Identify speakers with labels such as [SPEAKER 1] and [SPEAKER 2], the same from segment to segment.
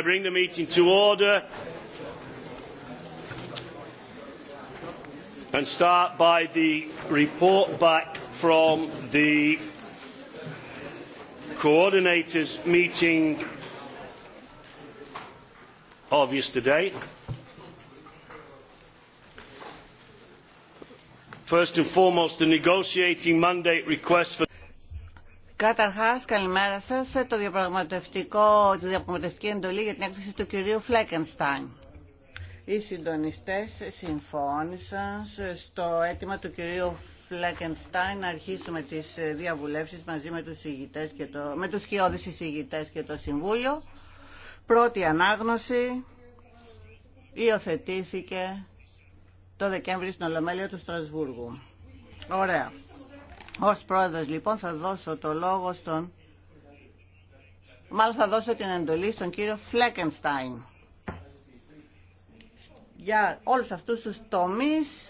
[SPEAKER 1] I bring the meeting to order and start by the report back from the coordinators meeting of yesterday. First and foremost, the negotiating mandate request for
[SPEAKER 2] Καταρχά, καλημέρα σα. Το διαπραγματευτικό, τη διαπραγματευτική εντολή για την έκθεση του κυρίου Φλέκενστάιν. Οι συντονιστέ, συμφώνησαν στο αίτημα του κυρίου Φλέκενστάιν να αρχίσουμε τι διαβουλεύσεις μαζί με τους, ηγητές και το, με τους και το Συμβούλιο. Πρώτη ανάγνωση υιοθετήθηκε το Δεκέμβρη στην Ολομέλεια του Στρασβούργου. Ωραία. Ως πρόεδρος λοιπόν θα δώσω το λόγο στον... Μάλλον θα δώσω την εντολή στον κύριο Φλέκενστάιν για όλους αυτούς τους τομείς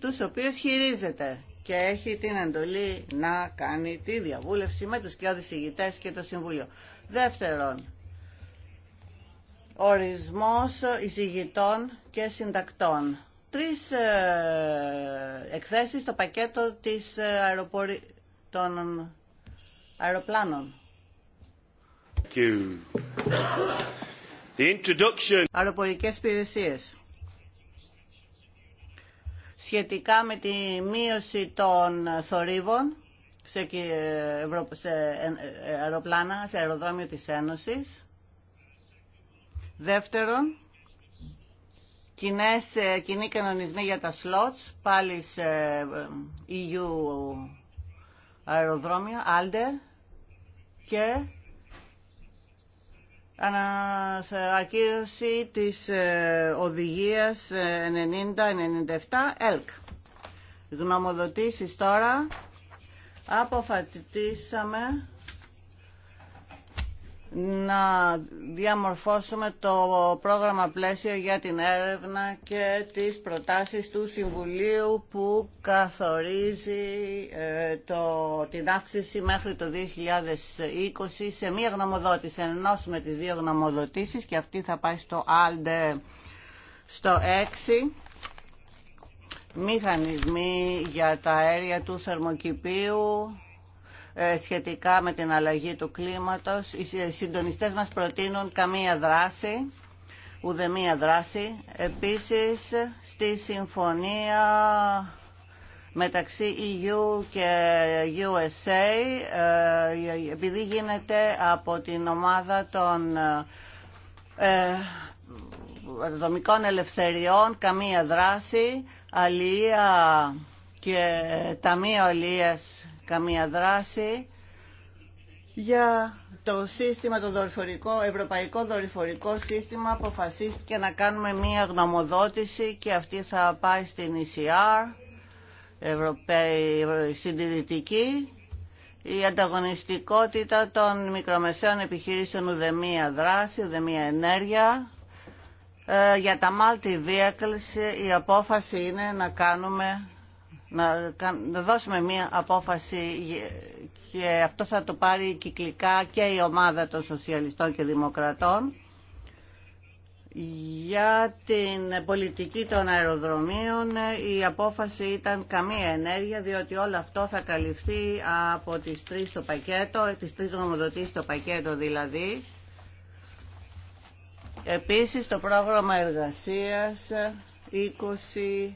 [SPEAKER 2] τους οποίους χειρίζεται και έχει την εντολή να κάνει τη διαβούλευση με τους κοιόδης ηγητές και το Συμβούλιο. Δεύτερον, ορισμός εισηγητών και συντακτών τρεις ε, εκθέσεις στο πακέτο της ε, αεροπορι... των αεροπλάνων.
[SPEAKER 1] The introduction.
[SPEAKER 2] Αεροπορικές σχετικά με τη μείωση των θορύβων σε, ε, αεροπλάνα, σε αεροδρόμιο της Ένωσης. Δεύτερον, κοινές, ε, κοινοί κανονισμοί για τα σλότς, πάλι σε EU ε, αεροδρόμια, ALDE και ανακύρωση της ε, οδηγίας 90-97 ΕΛΚ. Γνωμοδοτήσεις τώρα αποφατητήσαμε να διαμορφώσουμε το πρόγραμμα πλαίσιο για την έρευνα και τις προτάσεις του Συμβουλίου που καθορίζει ε, το, την αύξηση μέχρι το 2020 σε μία γνωμοδότηση. Ενώσουμε τις δύο γνωμοδοτήσεις και αυτή θα πάει στο ALDE στο 6 μηχανισμοί για τα αέρια του θερμοκηπίου ε, σχετικά με την αλλαγή του κλίματος. Οι συντονιστές μας προτείνουν καμία δράση, ουδεμία δράση. Επίσης, στη συμφωνία μεταξύ EU και USA, ε, επειδή γίνεται από την ομάδα των ε, δομικών ελευθεριών, καμία δράση, αλληλεία και ταμείο αλληλείας καμία δράση για το σύστημα, το δορυφορικό, ευρωπαϊκό δορυφορικό σύστημα αποφασίστηκε να κάνουμε μία γνωμοδότηση και αυτή θα πάει στην ECR, Ευρωπαϊκή Συντηρητική. Η ανταγωνιστικότητα των μικρομεσαίων επιχειρήσεων ουδεμία δράση, ουδεμία ενέργεια. Ε, για τα multi vehicles η απόφαση είναι να κάνουμε να δώσουμε μία απόφαση και αυτό θα το πάρει κυκλικά και η ομάδα των Σοσιαλιστών και Δημοκρατών για την πολιτική των αεροδρομίων η απόφαση ήταν καμία ενέργεια διότι όλο αυτό θα καλυφθεί από τις τρεις στο πακέτο, τις τρεις νομοδοτήσεις στο πακέτο δηλαδή. Επίσης το πρόγραμμα εργασίας 20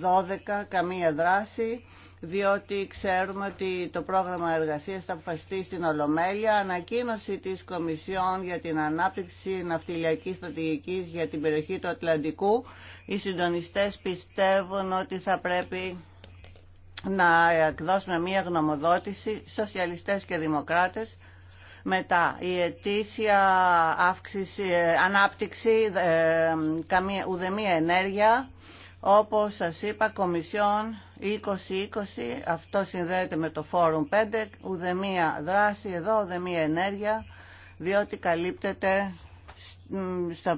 [SPEAKER 2] 12 καμία δράση διότι ξέρουμε ότι το πρόγραμμα εργασίας θα αποφασιστεί στην Ολομέλεια. Ανακοίνωση της Κομισιόν για την ανάπτυξη ναυτιλιακής στρατηγικής για την περιοχή του Ατλαντικού. Οι συντονιστές πιστεύουν ότι θα πρέπει να εκδώσουμε μία γνωμοδότηση σοσιαλιστές και δημοκράτες μετά η ετήσια αύξηση, ε, ανάπτυξη, ε, καμία, ουδεμία ενέργεια, όπως σας είπα, Κομισιόν 2020, αυτό συνδέεται με το Φόρουμ 5, ουδέμια δράση εδώ, ουδέμια ενέργεια, διότι καλύπτεται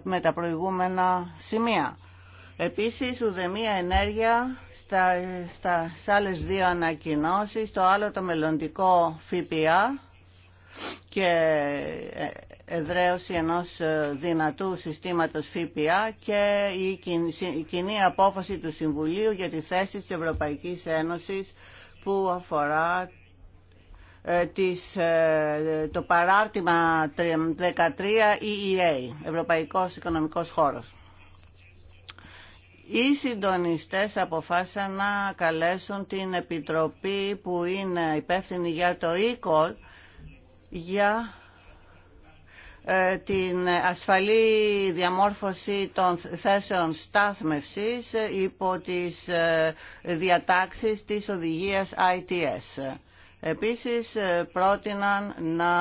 [SPEAKER 2] με τα προηγούμενα σημεία. Επίσης, ουδέμια ενέργεια στα, στα, δύο ανακοινώσεις, το άλλο το μελλοντικό ΦΠΑ και ε, εδραίωση ενός ε, δυνατού συστήματος ΦΠΑ και η κοινή απόφαση του Συμβουλίου για τη θέση της Ευρωπαϊκής Ένωσης που αφορά ε, της, ε, το παράρτημα 13 EEA, Ευρωπαϊκός Οικονομικός Χώρος. Οι συντονιστές αποφάσισαν να καλέσουν την Επιτροπή που είναι υπεύθυνη για το ECOL για ε, την ασφαλή διαμόρφωση των θέσεων στάθμευσης ε, υπό τις ε, διατάξεις της οδηγίας ITS. Επίσης πρότειναν να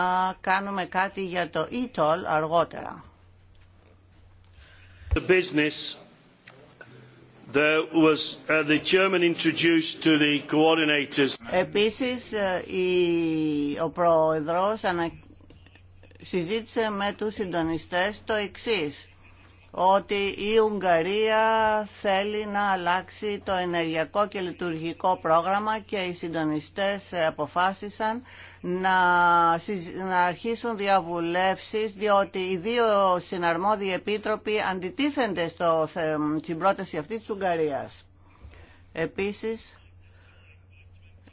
[SPEAKER 2] κάνουμε κάτι για το e αργότερα. The Επίσης, ο Πρόεδρος ανα, συζήτησε με τους συντονιστές το εξής ότι η Ουγγαρία θέλει να αλλάξει το ενεργειακό και λειτουργικό πρόγραμμα και οι συντονιστές αποφάσισαν να, να αρχίσουν διαβουλεύσεις διότι οι δύο συναρμόδιοι επίτροποι αντιτίθενται στο, στην πρόταση αυτή της Ουγγαρίας. Επίσης,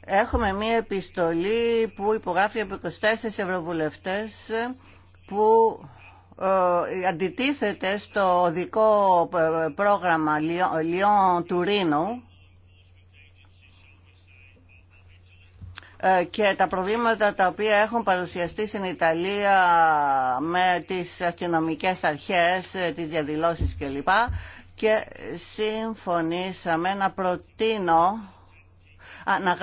[SPEAKER 2] Έχουμε μία επιστολή που υπογράφει από 24 ευρωβουλευτές που ε, αντιτίθεται στο οδικό ε, πρόγραμμα Λιόν Τουρίνου ε, και τα προβλήματα τα οποία έχουν παρουσιαστεί στην Ιταλία με τις αστυνομικές αρχές, τις διαδηλώσεις κλπ. Και συμφωνήσαμε να προτείνω να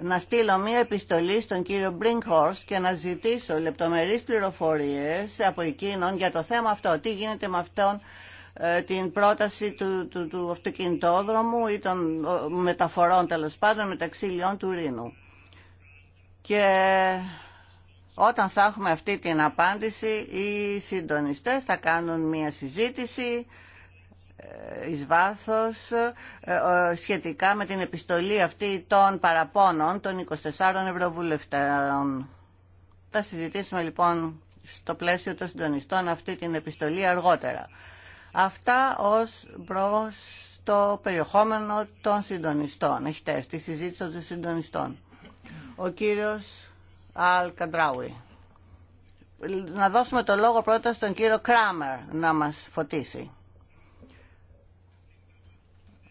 [SPEAKER 2] να στείλω μία επιστολή στον κύριο Μπρίνκχορστ και να ζητήσω λεπτομερείς πληροφορίες από εκείνον για το θέμα αυτό. Τι γίνεται με αυτόν ε, την πρόταση του, του, αυτοκινητόδρομου ή των μεταφορών τέλο πάντων μεταξύ Λιών του Ρήνου. Και όταν θα έχουμε αυτή την απάντηση οι συντονιστές θα κάνουν μία συζήτηση ε, εις βάθος ε, ε, σχετικά με την επιστολή αυτή των παραπώνων των 24 Ευρωβουλευτών. Θα συζητήσουμε λοιπόν στο πλαίσιο των συντονιστών αυτή την επιστολή αργότερα. Αυτά ως προς το περιεχόμενο των συντονιστών, εχθές, τη συζήτηση των συντονιστών. Ο κύριος Αλ Καντράουι. Να δώσουμε το λόγο πρώτα στον κύριο Κράμερ να μας φωτίσει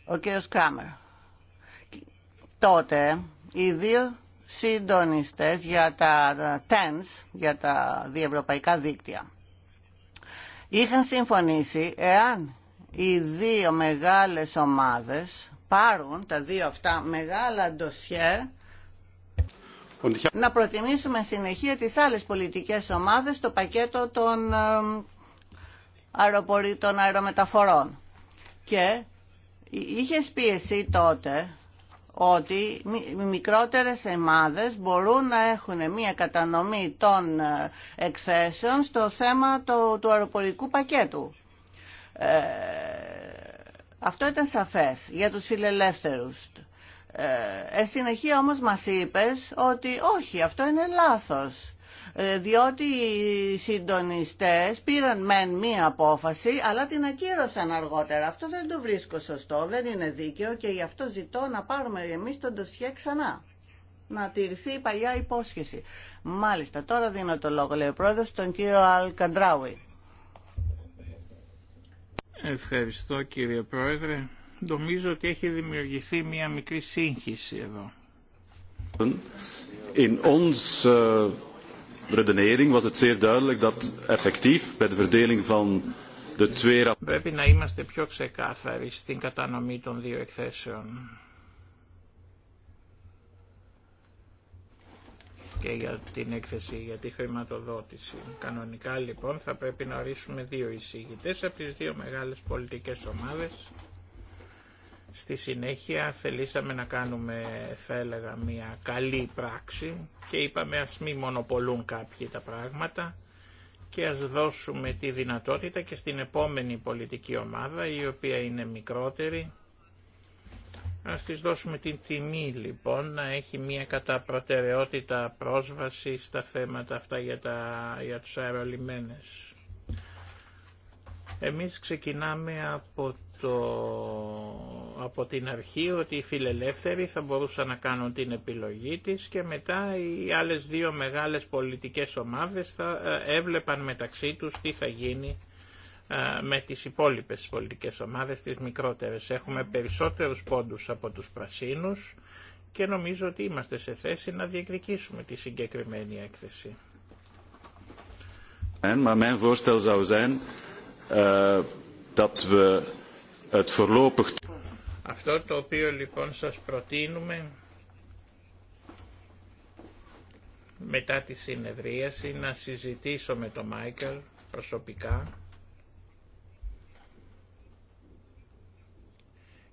[SPEAKER 2] ο κύριος Κράμερ. Τότε οι δύο συντονιστές για τα TENS, για τα διευρωπαϊκά δίκτυα, είχαν συμφωνήσει εάν οι δύο μεγάλες ομάδες πάρουν τα δύο αυτά μεγάλα ντοσιέ να προτιμήσουμε συνεχεία τις άλλες πολιτικές ομάδες στο πακέτο των, ε, αεροπορήτων των αερομεταφορών. Και είχε εσύ τότε ότι οι μικρότερες εμάδες μπορούν να έχουν μια κατανομή των ε, εξαίσεων στο θέμα του, του αεροπορικού πακέτου. Ε, αυτό ήταν σαφές για τους φιλελεύθερους. Ε, συνεχεία όμως μας είπες ότι όχι, αυτό είναι λάθος. Ε, διότι οι συντονιστές πήραν μεν μία απόφαση, αλλά την ακύρωσαν αργότερα. Αυτό δεν το βρίσκω σωστό, δεν είναι δίκαιο και γι' αυτό ζητώ να πάρουμε εμείς τον ντοσιέ ξανά. Να τηρηθεί η παλιά υπόσχεση. Μάλιστα, τώρα δίνω το λόγο, λέει ο πρόεδρος, στον κύριο Αλκαντράουι.
[SPEAKER 3] Ευχαριστώ κύριε Πρόεδρε. Νομίζω ότι έχει δημιουργηθεί μια μικρή σύγχυση εδώ.
[SPEAKER 1] In ε, Πρέπει
[SPEAKER 3] να είμαστε πιο ξεκάθαροι στην κατανομή των δύο εκθέσεων. και για την έκθεση για τη χρηματοδότηση. Κανονικά λοιπόν θα πρέπει να ορίσουμε δύο εισηγητές από τις δύο μεγάλες πολιτικές ομάδες Στη συνέχεια θελήσαμε να κάνουμε, θα έλεγα, μια καλή πράξη και είπαμε ας μη μονοπολούν κάποιοι τα πράγματα και ας δώσουμε τη δυνατότητα και στην επόμενη πολιτική ομάδα, η οποία είναι μικρότερη, ας της δώσουμε την τιμή λοιπόν να έχει μια κατά προτεραιότητα πρόσβαση στα θέματα αυτά για, τα, για τους αερολιμένες. Εμείς ξεκινάμε από από την αρχή ότι οι φιλελεύθεροι θα μπορούσαν να κάνουν την επιλογή της και μετά οι άλλες δύο μεγάλες πολιτικές ομάδες θα ε, έβλεπαν μεταξύ τους τι θα γίνει ε, με τις υπόλοιπες πολιτικές ομάδες, τις μικρότερες. Έχουμε περισσότερους πόντους από τους πρασίνους και νομίζω ότι είμαστε σε θέση να διεκδικήσουμε τη συγκεκριμένη έκθεση.
[SPEAKER 1] mijn voorstel zou zijn eh,
[SPEAKER 3] αυτό το οποίο λοιπόν σας προτείνουμε μετά τη συνεδρίαση να συζητήσω με τον Μάικελ προσωπικά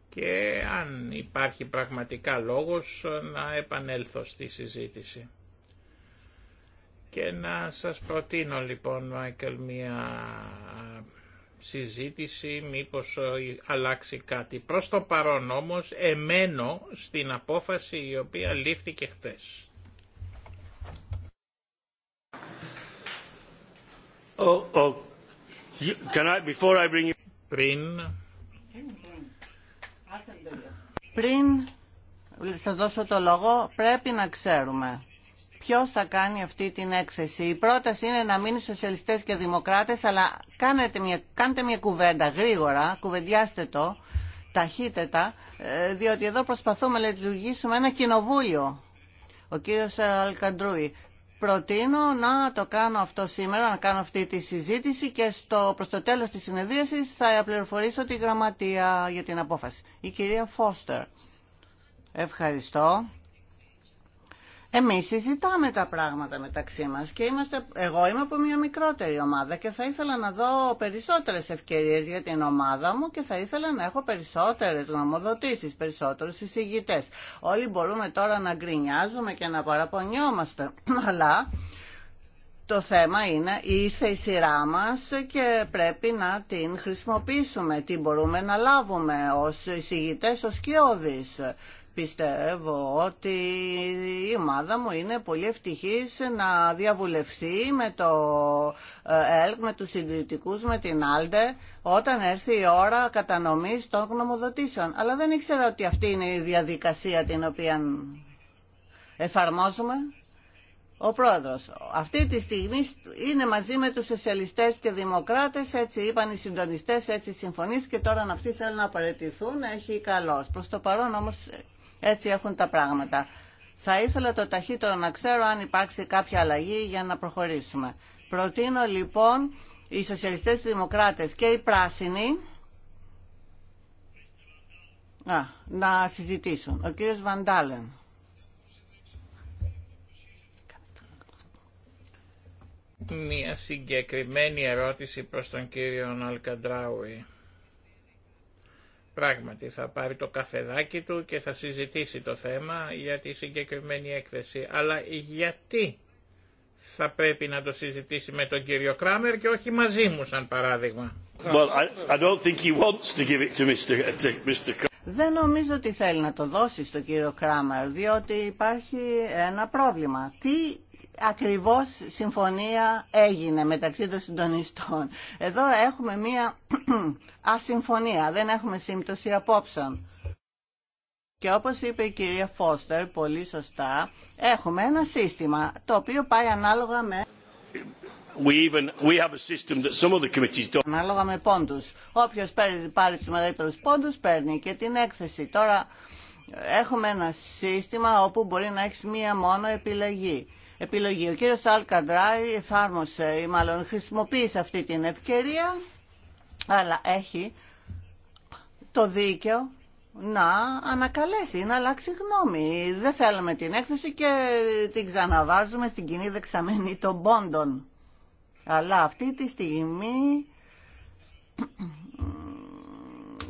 [SPEAKER 3] και αν υπάρχει πραγματικά λόγος να επανέλθω στη συζήτηση. Και να σας προτείνω λοιπόν Μάικελ μια συζήτηση μήπως ε, αλλάξει κάτι. Προς το παρόν όμως εμένω στην απόφαση η οποία λήφθηκε χτες.
[SPEAKER 1] Oh, oh. Can I, before
[SPEAKER 2] I bring you... Πριν... Πριν σας δώσω το λόγο, πρέπει να ξέρουμε Ποιο θα κάνει αυτή την έκθεση. Η πρόταση είναι να μείνει σοσιαλιστέ και δημοκράτες, αλλά κάνετε μια, κάντε μια κουβέντα γρήγορα, κουβεντιάστε το, ταχύτερα, ε, διότι εδώ προσπαθούμε να λειτουργήσουμε ένα κοινοβούλιο. Ο κύριος Αλκαντρούη. Προτείνω να το κάνω αυτό σήμερα, να κάνω αυτή τη συζήτηση και στο, προς το τέλος της συνεδρίασης θα πληροφορήσω τη γραμματεία για την απόφαση. Η κυρία Φώστερ. Ευχαριστώ. Εμείς συζητάμε τα πράγματα μεταξύ μας και είμαστε, εγώ είμαι από μια μικρότερη ομάδα και θα ήθελα να δω περισσότερες ευκαιρίες για την ομάδα μου και θα ήθελα να έχω περισσότερες γνωμοδοτήσεις, περισσότερους εισηγητές. Όλοι μπορούμε τώρα να γκρινιάζουμε και να παραπονιόμαστε, αλλά το θέμα είναι ήρθε η σειρά μας και πρέπει να την χρησιμοποιήσουμε, τι μπορούμε να λάβουμε ως εισηγητές, ως κοιόδης. Πιστεύω ότι η ομάδα μου είναι πολύ ευτυχής να διαβουλευθεί με το ε, ΕΛΚ, με τους συντηρητικούς, με την Άλντε, όταν έρθει η ώρα κατανομής των γνωμοδοτήσεων. Αλλά δεν ήξερα ότι αυτή είναι η διαδικασία την οποία εφαρμόζουμε. Ο πρόεδρος αυτή τη στιγμή είναι μαζί με τους σοσιαλιστές και δημοκράτες, έτσι είπαν οι συντονιστές, έτσι συμφωνείς και τώρα αν αυτοί θέλουν να παραιτηθούν έχει καλός. Προς το παρόν όμως έτσι έχουν τα πράγματα. Θα ήθελα το ταχύτερο να ξέρω αν υπάρξει κάποια αλλαγή για να προχωρήσουμε. Προτείνω λοιπόν οι σοσιαλιστές οι δημοκράτες και οι πράσινοι να συζητήσουν. Ο κύριος Βαντάλεν.
[SPEAKER 3] Μία συγκεκριμένη ερώτηση προς τον κύριο Αλκαντράουι. Πράγματι θα πάρει το καφεδάκι του και θα συζητήσει το θέμα για τη συγκεκριμένη έκθεση. Αλλά γιατί θα πρέπει να το συζητήσει με τον κύριο Κράμερ και όχι μαζί μου σαν παράδειγμα.
[SPEAKER 2] Δεν νομίζω ότι θέλει να το δώσει στον κύριο Κράμερ, διότι υπάρχει ένα πρόβλημα. Τι ακριβώς συμφωνία έγινε μεταξύ των συντονιστών. Εδώ έχουμε μία ασυμφωνία, δεν έχουμε σύμπτωση απόψεων. Και όπως είπε η κυρία Φώστερ πολύ σωστά, έχουμε ένα σύστημα το οποίο πάει ανάλογα με...
[SPEAKER 1] We even, we have a system that some of the committees don't. Ανάλογα με
[SPEAKER 2] πόντους. Όποιος πάρει, πάρει τους μεγαλύτερους πόντους παίρνει και την έκθεση. Τώρα έχουμε ένα σύστημα όπου μπορεί να έχεις μία μόνο επιλογή επιλογή. Ο κύριος Αλκαντράι εφάρμοσε ή μάλλον χρησιμοποίησε αυτή την ευκαιρία, αλλά έχει το δίκαιο να ανακαλέσει, να αλλάξει γνώμη. Δεν θέλουμε την έκθεση και την ξαναβάζουμε στην κοινή δεξαμενή των πόντων. Αλλά αυτή τη στιγμή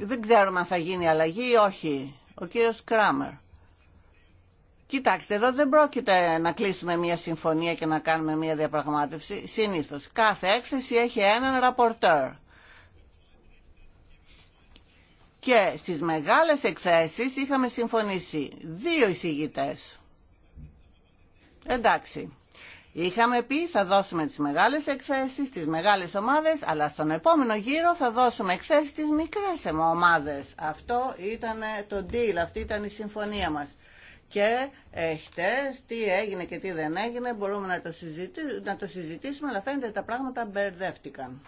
[SPEAKER 2] δεν ξέρουμε αν θα γίνει αλλαγή ή όχι. Ο κύριος Κράμερ. Κοιτάξτε, εδώ δεν πρόκειται να κλείσουμε μια συμφωνία και να κάνουμε μια διαπραγμάτευση. Συνήθως, κάθε έκθεση έχει έναν ραπορτέρ. Και στι μεγάλες εκθέσει είχαμε συμφωνήσει δύο εισηγητέ. Εντάξει. Είχαμε πει θα δώσουμε τις μεγάλες εκθέσεις, τις μεγάλες ομάδες, αλλά στον επόμενο γύρο θα δώσουμε εκθέσεις στις μικρές ομάδες. Αυτό ήταν το deal, αυτή ήταν η συμφωνία μας και ε, χτες τι έγινε και τι δεν έγινε μπορούμε να το, συζητήσουμε αλλά φαίνεται τα πράγματα μπερδεύτηκαν.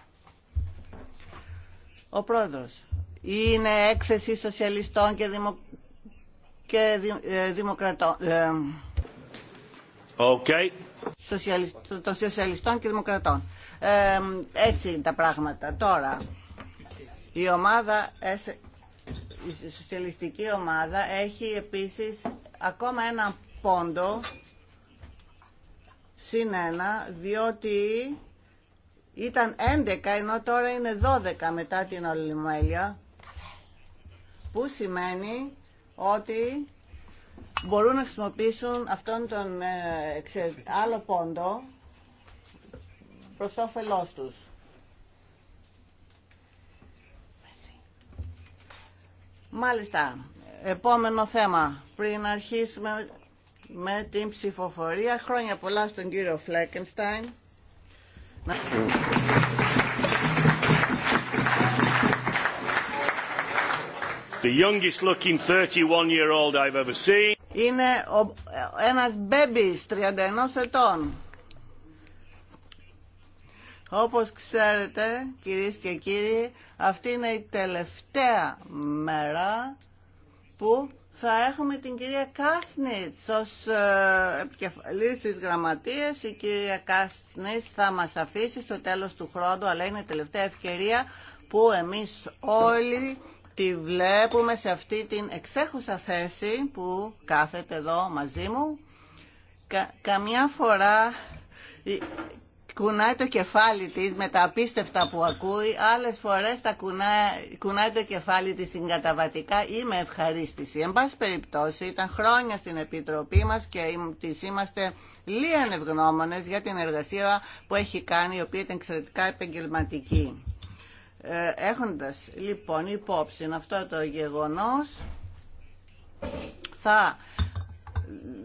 [SPEAKER 2] Ο πρόεδρος. Είναι έκθεση σοσιαλιστών και, και ε, δημοκρατών. Okay. Ε, σοσιαλιστών και δημοκρατών. έτσι είναι τα πράγματα. Τώρα, η ομάδα, η σοσιαλιστική ομάδα έχει επίσης ακόμα ένα πόντο συν ένα, διότι ήταν 11 ενώ τώρα είναι 12 μετά την ολιμέλεια που σημαίνει ότι μπορούν να χρησιμοποιήσουν αυτόν τον ε, άλλο πόντο προς όφελός τους. Μάλιστα, Επόμενο θέμα. Πριν αρχίσουμε με την ψηφοφορία, χρόνια πολλά στον κύριο Φλέκενστάιν. 31 Είναι ο, ένας μπέμπις 31 ετών. Όπως ξέρετε, κυρίες και κύριοι, αυτή είναι η τελευταία μέρα που θα έχουμε την κυρία Κάσνιτς ως ε, επικεφαλής της γραμματείας. Η κυρία Κάσνιτς θα μας αφήσει στο τέλος του χρόνου, αλλά είναι η τελευταία ευκαιρία που εμείς όλοι τη βλέπουμε σε αυτή την εξέχουσα θέση που κάθεται εδώ μαζί μου. καμιά φορά κουνάει το κεφάλι της με τα απίστευτα που ακούει, άλλες φορές τα κουνάει, κουνάει το κεφάλι της συγκαταβατικά ή με ευχαρίστηση. Εν πάση περιπτώσει ήταν χρόνια στην Επιτροπή μας και της είμαστε λίγαν ευγνώμονες για την εργασία που έχει κάνει, η οποία ήταν εξαιρετικά επαγγελματική. Ε, έχοντας λοιπόν υπόψη αυτό το γεγονός, θα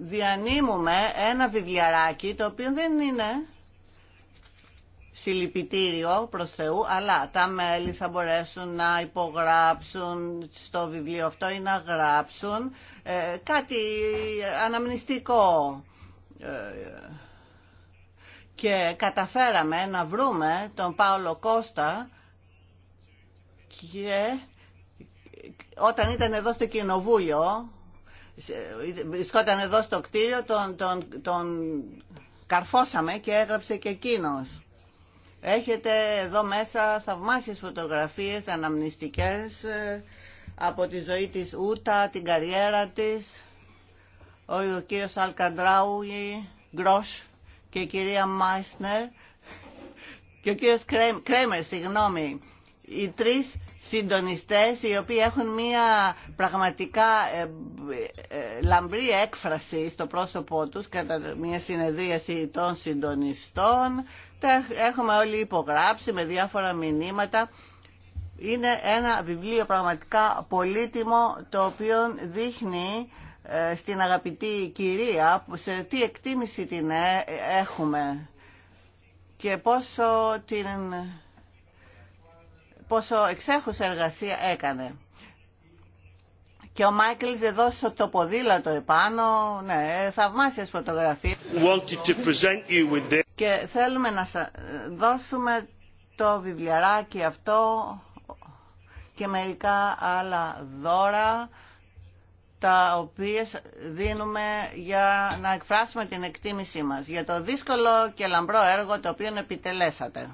[SPEAKER 2] διανύμουμε ένα βιβλιαράκι το οποίο δεν είναι συλληπιτήριο προς Θεού, αλλά τα μέλη θα μπορέσουν να υπογράψουν στο βιβλίο αυτό ή να γράψουν ε, κάτι αναμνηστικό. Ε, και καταφέραμε να βρούμε τον Πάολο Κώστα και όταν ήταν εδώ στο κοινοβούλιο, βρισκόταν εδώ στο κτίριο, τον, τον, τον καρφώσαμε και έγραψε και εκείνος. Έχετε εδώ μέσα θαυμάσιες φωτογραφίες αναμνηστικές ε, από τη ζωή της Ούτα, την καριέρα της, ο κύριος Αλκαντράουι, Γκρόσ και η κυρία Μάισνερ και ο κύριος Κρέμερ, συγγνώμη, οι τρεις συντονιστές οι οποίοι έχουν μία πραγματικά ε, ε, λαμπρή έκφραση στο πρόσωπό τους κατά μια συνεδρίαση των συντονιστών τα έχουμε όλοι υπογράψει με διάφορα μηνύματα. Είναι ένα βιβλίο πραγματικά πολύτιμο το οποίο δείχνει ε, στην αγαπητή κυρία σε τι εκτίμηση την ε, έχουμε και πόσο, την, πόσο εξέχουσα εργασία έκανε και ο Μάικλ εδώ στο το ποδήλατο επάνω, ναι, θαυμάσια φωτογραφίες. Και θέλουμε να σα δώσουμε το βιβλιαράκι αυτό και μερικά άλλα δώρα τα οποία δίνουμε για να εκφράσουμε την εκτίμησή μας για το δύσκολο και λαμπρό έργο το οποίο επιτελέσατε.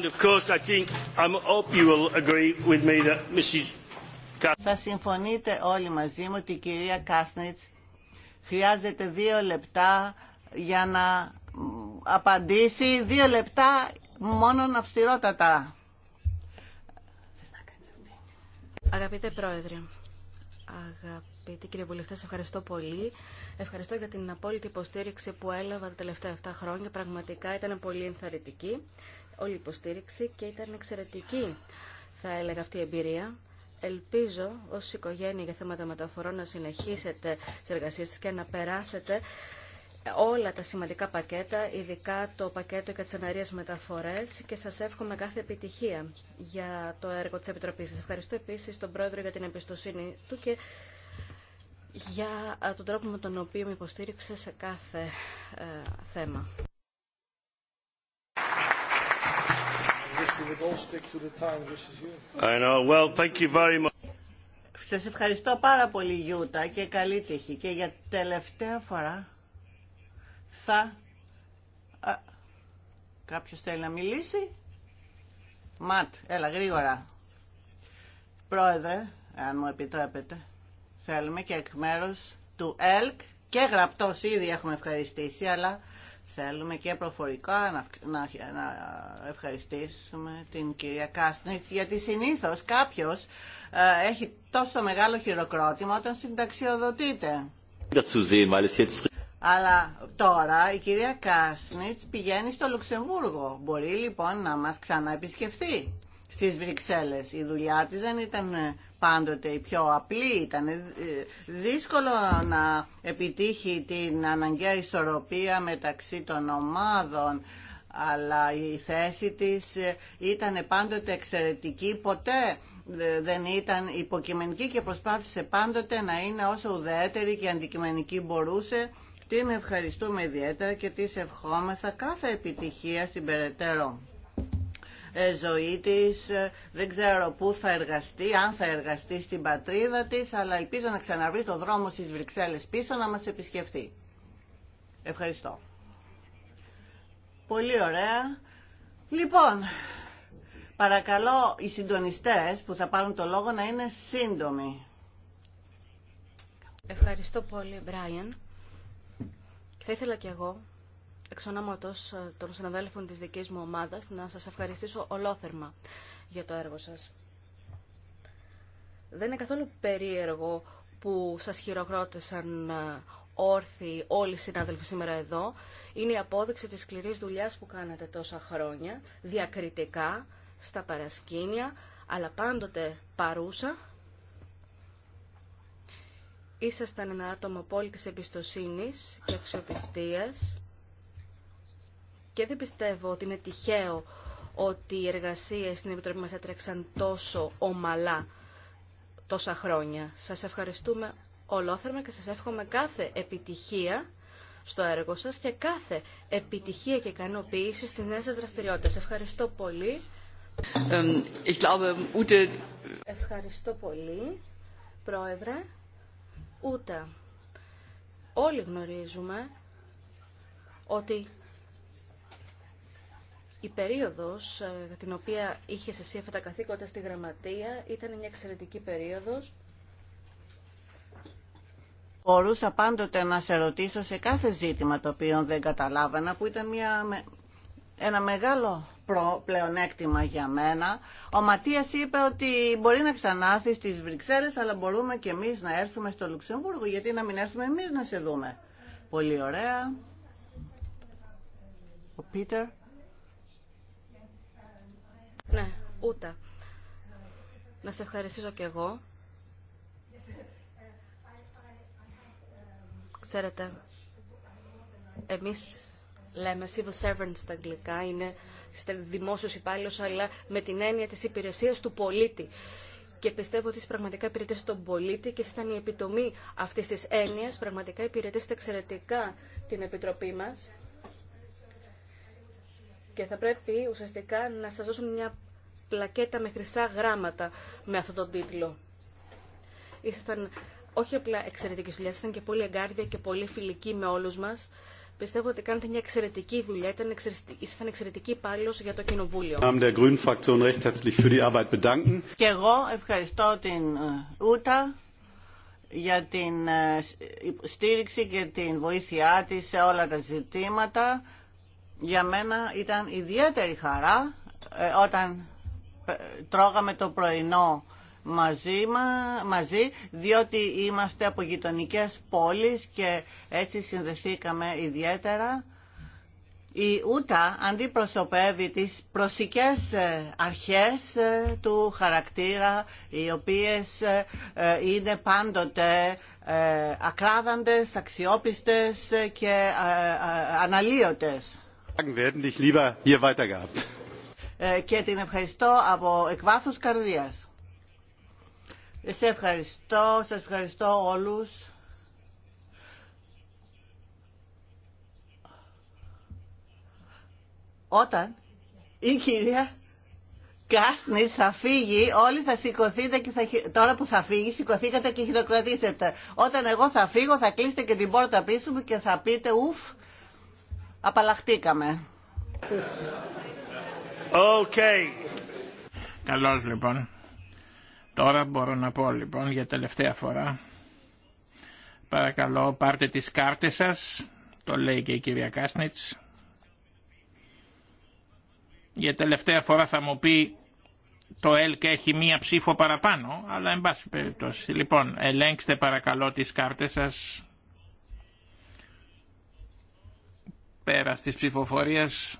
[SPEAKER 2] And of course Θα συμφωνείτε όλοι μαζί μου ότι η κυρία Κάσνιτς χρειάζεται δύο λεπτά για να απαντήσει. Δύο λεπτά μόνον αυστηρότατα.
[SPEAKER 4] Αγαπητέ Πρόεδρε, αγαπητή κύριε Βουλευτέ, ευχαριστώ πολύ. Ευχαριστώ για την απόλυτη υποστήριξη που έλαβα τα τελευταία 7 χρόνια. Πραγματικά ήταν πολύ ενθαρρυντική όλη η υποστήριξη και ήταν εξαιρετική, θα έλεγα, αυτή η εμπειρία. Ελπίζω ως οικογένεια για θέματα μεταφορών να συνεχίσετε τις εργασίες και να περάσετε όλα τα σημαντικά πακέτα, ειδικά το πακέτο για τις αναρίες μεταφορές και σας εύχομαι κάθε επιτυχία για το έργο της Επιτροπής. Σας ευχαριστώ επίσης τον Πρόεδρο για την εμπιστοσύνη του και για τον τρόπο με τον οποίο με υποστήριξε σε κάθε ε, θέμα.
[SPEAKER 2] Σας ευχαριστώ πάρα πολύ Γιούτα και καλή τύχη και για τελευταία φορά θα... κάποιο κάποιος θέλει να μιλήσει. Ματ, έλα γρήγορα. Πρόεδρε, αν μου επιτρέπετε, θέλουμε και εκ μέρους του ΕΛΚ και γραπτό ήδη έχουμε ευχαριστήσει, αλλά Θέλουμε και προφορικά να, ευχαριστήσουμε την κυρία Κάσνιτς γιατί συνήθως κάποιος ε, έχει τόσο μεγάλο χειροκρότημα όταν συνταξιοδοτείται. Αλλά τώρα η κυρία Κάσνιτς πηγαίνει στο Λουξεμβούργο. Μπορεί λοιπόν να μας ξαναεπισκεφθεί στις Βρυξέλλες. Η δουλειά της δεν ήταν πάντοτε η πιο απλή, ήταν ε, δύσκολο να επιτύχει την αναγκαία ισορροπία μεταξύ των ομάδων, αλλά η θέση της ε, ήταν πάντοτε εξαιρετική, ποτέ ε, δεν ήταν υποκειμενική και προσπάθησε πάντοτε να είναι όσο ουδέτερη και αντικειμενική μπορούσε. Την ευχαριστούμε ιδιαίτερα και της ευχόμεθα κάθε επιτυχία στην περαιτέρω ε, ζωή της, ε, δεν ξέρω πού θα εργαστεί, αν θα εργαστεί στην πατρίδα της, αλλά ελπίζω να ξαναβρει το δρόμο στις Βρυξέλλες πίσω να μας επισκεφτεί. Ευχαριστώ. Πολύ ωραία. Λοιπόν, παρακαλώ οι συντονιστές που θα πάρουν το λόγο να είναι σύντομοι.
[SPEAKER 4] Ευχαριστώ πολύ, Μπράιεν. Θα ήθελα κι εγώ εξ ονόματος ε, των συναδέλφων της δικής μου ομάδας να σας ευχαριστήσω ολόθερμα για το έργο σας. Δεν είναι καθόλου περίεργο που σας χειροκρότησαν ε, όρθιοι όλοι οι συνάδελφοι σήμερα εδώ. Είναι η απόδειξη της σκληρής δουλειάς που κάνατε τόσα χρόνια, διακριτικά, στα παρασκήνια, αλλά πάντοτε παρούσα. Ήσασταν ένα άτομο απόλυτης εμπιστοσύνης και αξιοπιστίας και δεν πιστεύω ότι είναι τυχαίο ότι οι εργασίες στην Επιτροπή μας έτρεξαν τόσο ομαλά τόσα χρόνια. Σας ευχαριστούμε ολόθερμα και σας εύχομαι κάθε επιτυχία στο έργο σας και κάθε επιτυχία και ικανοποίηση στις νέες σας δραστηριότητες. Ευχαριστώ πολύ. Ευχαριστώ πολύ, Πρόεδρε. Ούτε όλοι γνωρίζουμε ότι η περίοδος ε, την οποία είχε εσύ αυτά τα καθήκοντα στη γραμματεία ήταν μια εξαιρετική περίοδος.
[SPEAKER 2] Μπορούσα πάντοτε να σε ρωτήσω σε κάθε ζήτημα το οποίο δεν καταλάβανα που ήταν μια, ένα μεγάλο πλεονέκτημα για μένα. Ο Ματίας είπε ότι μπορεί να ξανάρθει στις Βρυξέλλες αλλά μπορούμε και εμείς να έρθουμε στο Λουξεμβούργο γιατί να μην έρθουμε εμείς να σε δούμε. Πολύ ωραία. Ο Πίτερ. Ναι, ούτε.
[SPEAKER 4] Να σε ευχαριστήσω και εγώ. Ξέρετε, εμείς λέμε civil servants στα αγγλικά, είναι δημόσιος υπάλληλος, αλλά με την έννοια της υπηρεσίας του πολίτη. Και πιστεύω ότι πραγματικά υπηρετήσετε τον πολίτη και ήταν η επιτομή αυτής της έννοιας. Πραγματικά υπηρετήσετε εξαιρετικά την Επιτροπή μας και θα πρέπει ουσιαστικά να σας δώσουν μια πλακέτα με χρυσά γράμματα με αυτόν τον τίτλο. Ήσασταν όχι απλά εξαιρετική δουλειά, ήσασταν και πολύ εγκάρδια και πολύ φιλική με όλους μας. Πιστεύω ότι κάνετε μια εξαιρετική δουλειά, ήταν ήσασταν εξαιρετική υπάλληλο για το Κοινοβούλιο.
[SPEAKER 1] Και
[SPEAKER 2] εγώ ευχαριστώ την ε, Ούτα για την ε, στήριξη και την βοήθειά της σε όλα τα ζητήματα για μένα ήταν ιδιαίτερη χαρά ε, όταν ε, τρώγαμε το πρωινό μαζί, μαζί διότι είμαστε από γειτονικέ πόλεις και έτσι συνδεθήκαμε ιδιαίτερα. Η Ούτα αντιπροσωπεύει τις προσικές ε, αρχές του χαρακτήρα, οι οποίες είναι πάντοτε ακράδαντες, αξιόπιστες και αναλύωτες. Ε, και την ευχαριστώ από εκβάθους καρδίας. Σε ευχαριστώ, Σα ευχαριστώ όλους. Όταν η κυρία Κάσνη θα φύγει, όλοι θα σηκωθείτε και θα... τώρα που θα φύγει, σηκωθήκατε και χειροκροτήσετε. Όταν εγώ θα φύγω, θα κλείσετε και την πόρτα πίσω μου και θα πείτε ουφ, Απαλλαχτήκαμε.
[SPEAKER 3] Okay. Καλώς λοιπόν. Τώρα μπορώ να πω λοιπόν για τελευταία φορά. Παρακαλώ πάρτε τις κάρτες σας. Το λέει και η κυρία Κάσνιτς. Για τελευταία φορά θα μου πει το ΕΛΚ έχει μία ψήφο παραπάνω, αλλά εν πάση περιπτώσει. Λοιπόν, ελέγξτε παρακαλώ τις κάρτες σας. Πέρα της ψηφοφορίας.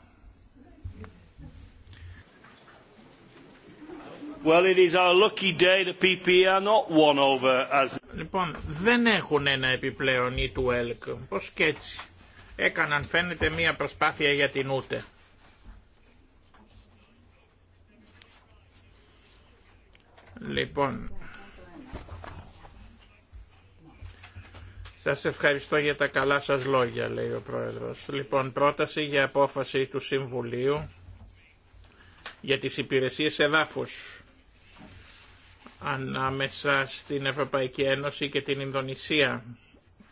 [SPEAKER 3] Well, it is our lucky
[SPEAKER 1] day the PPE are not won over as...
[SPEAKER 3] Λοιπόν, δεν έχουν ένα επιπλέον ή του ΕΛΚ. Πώς και έτσι. Έκαναν φαίνεται μία προσπάθεια για την ούτε. Λοιπόν, Σας ευχαριστώ για τα καλά σας λόγια, λέει ο Πρόεδρος. Λοιπόν, πρόταση για απόφαση του Συμβουλίου για τις υπηρεσίες εδάφους ανάμεσα στην Ευρωπαϊκή Ένωση και την Ινδονησία.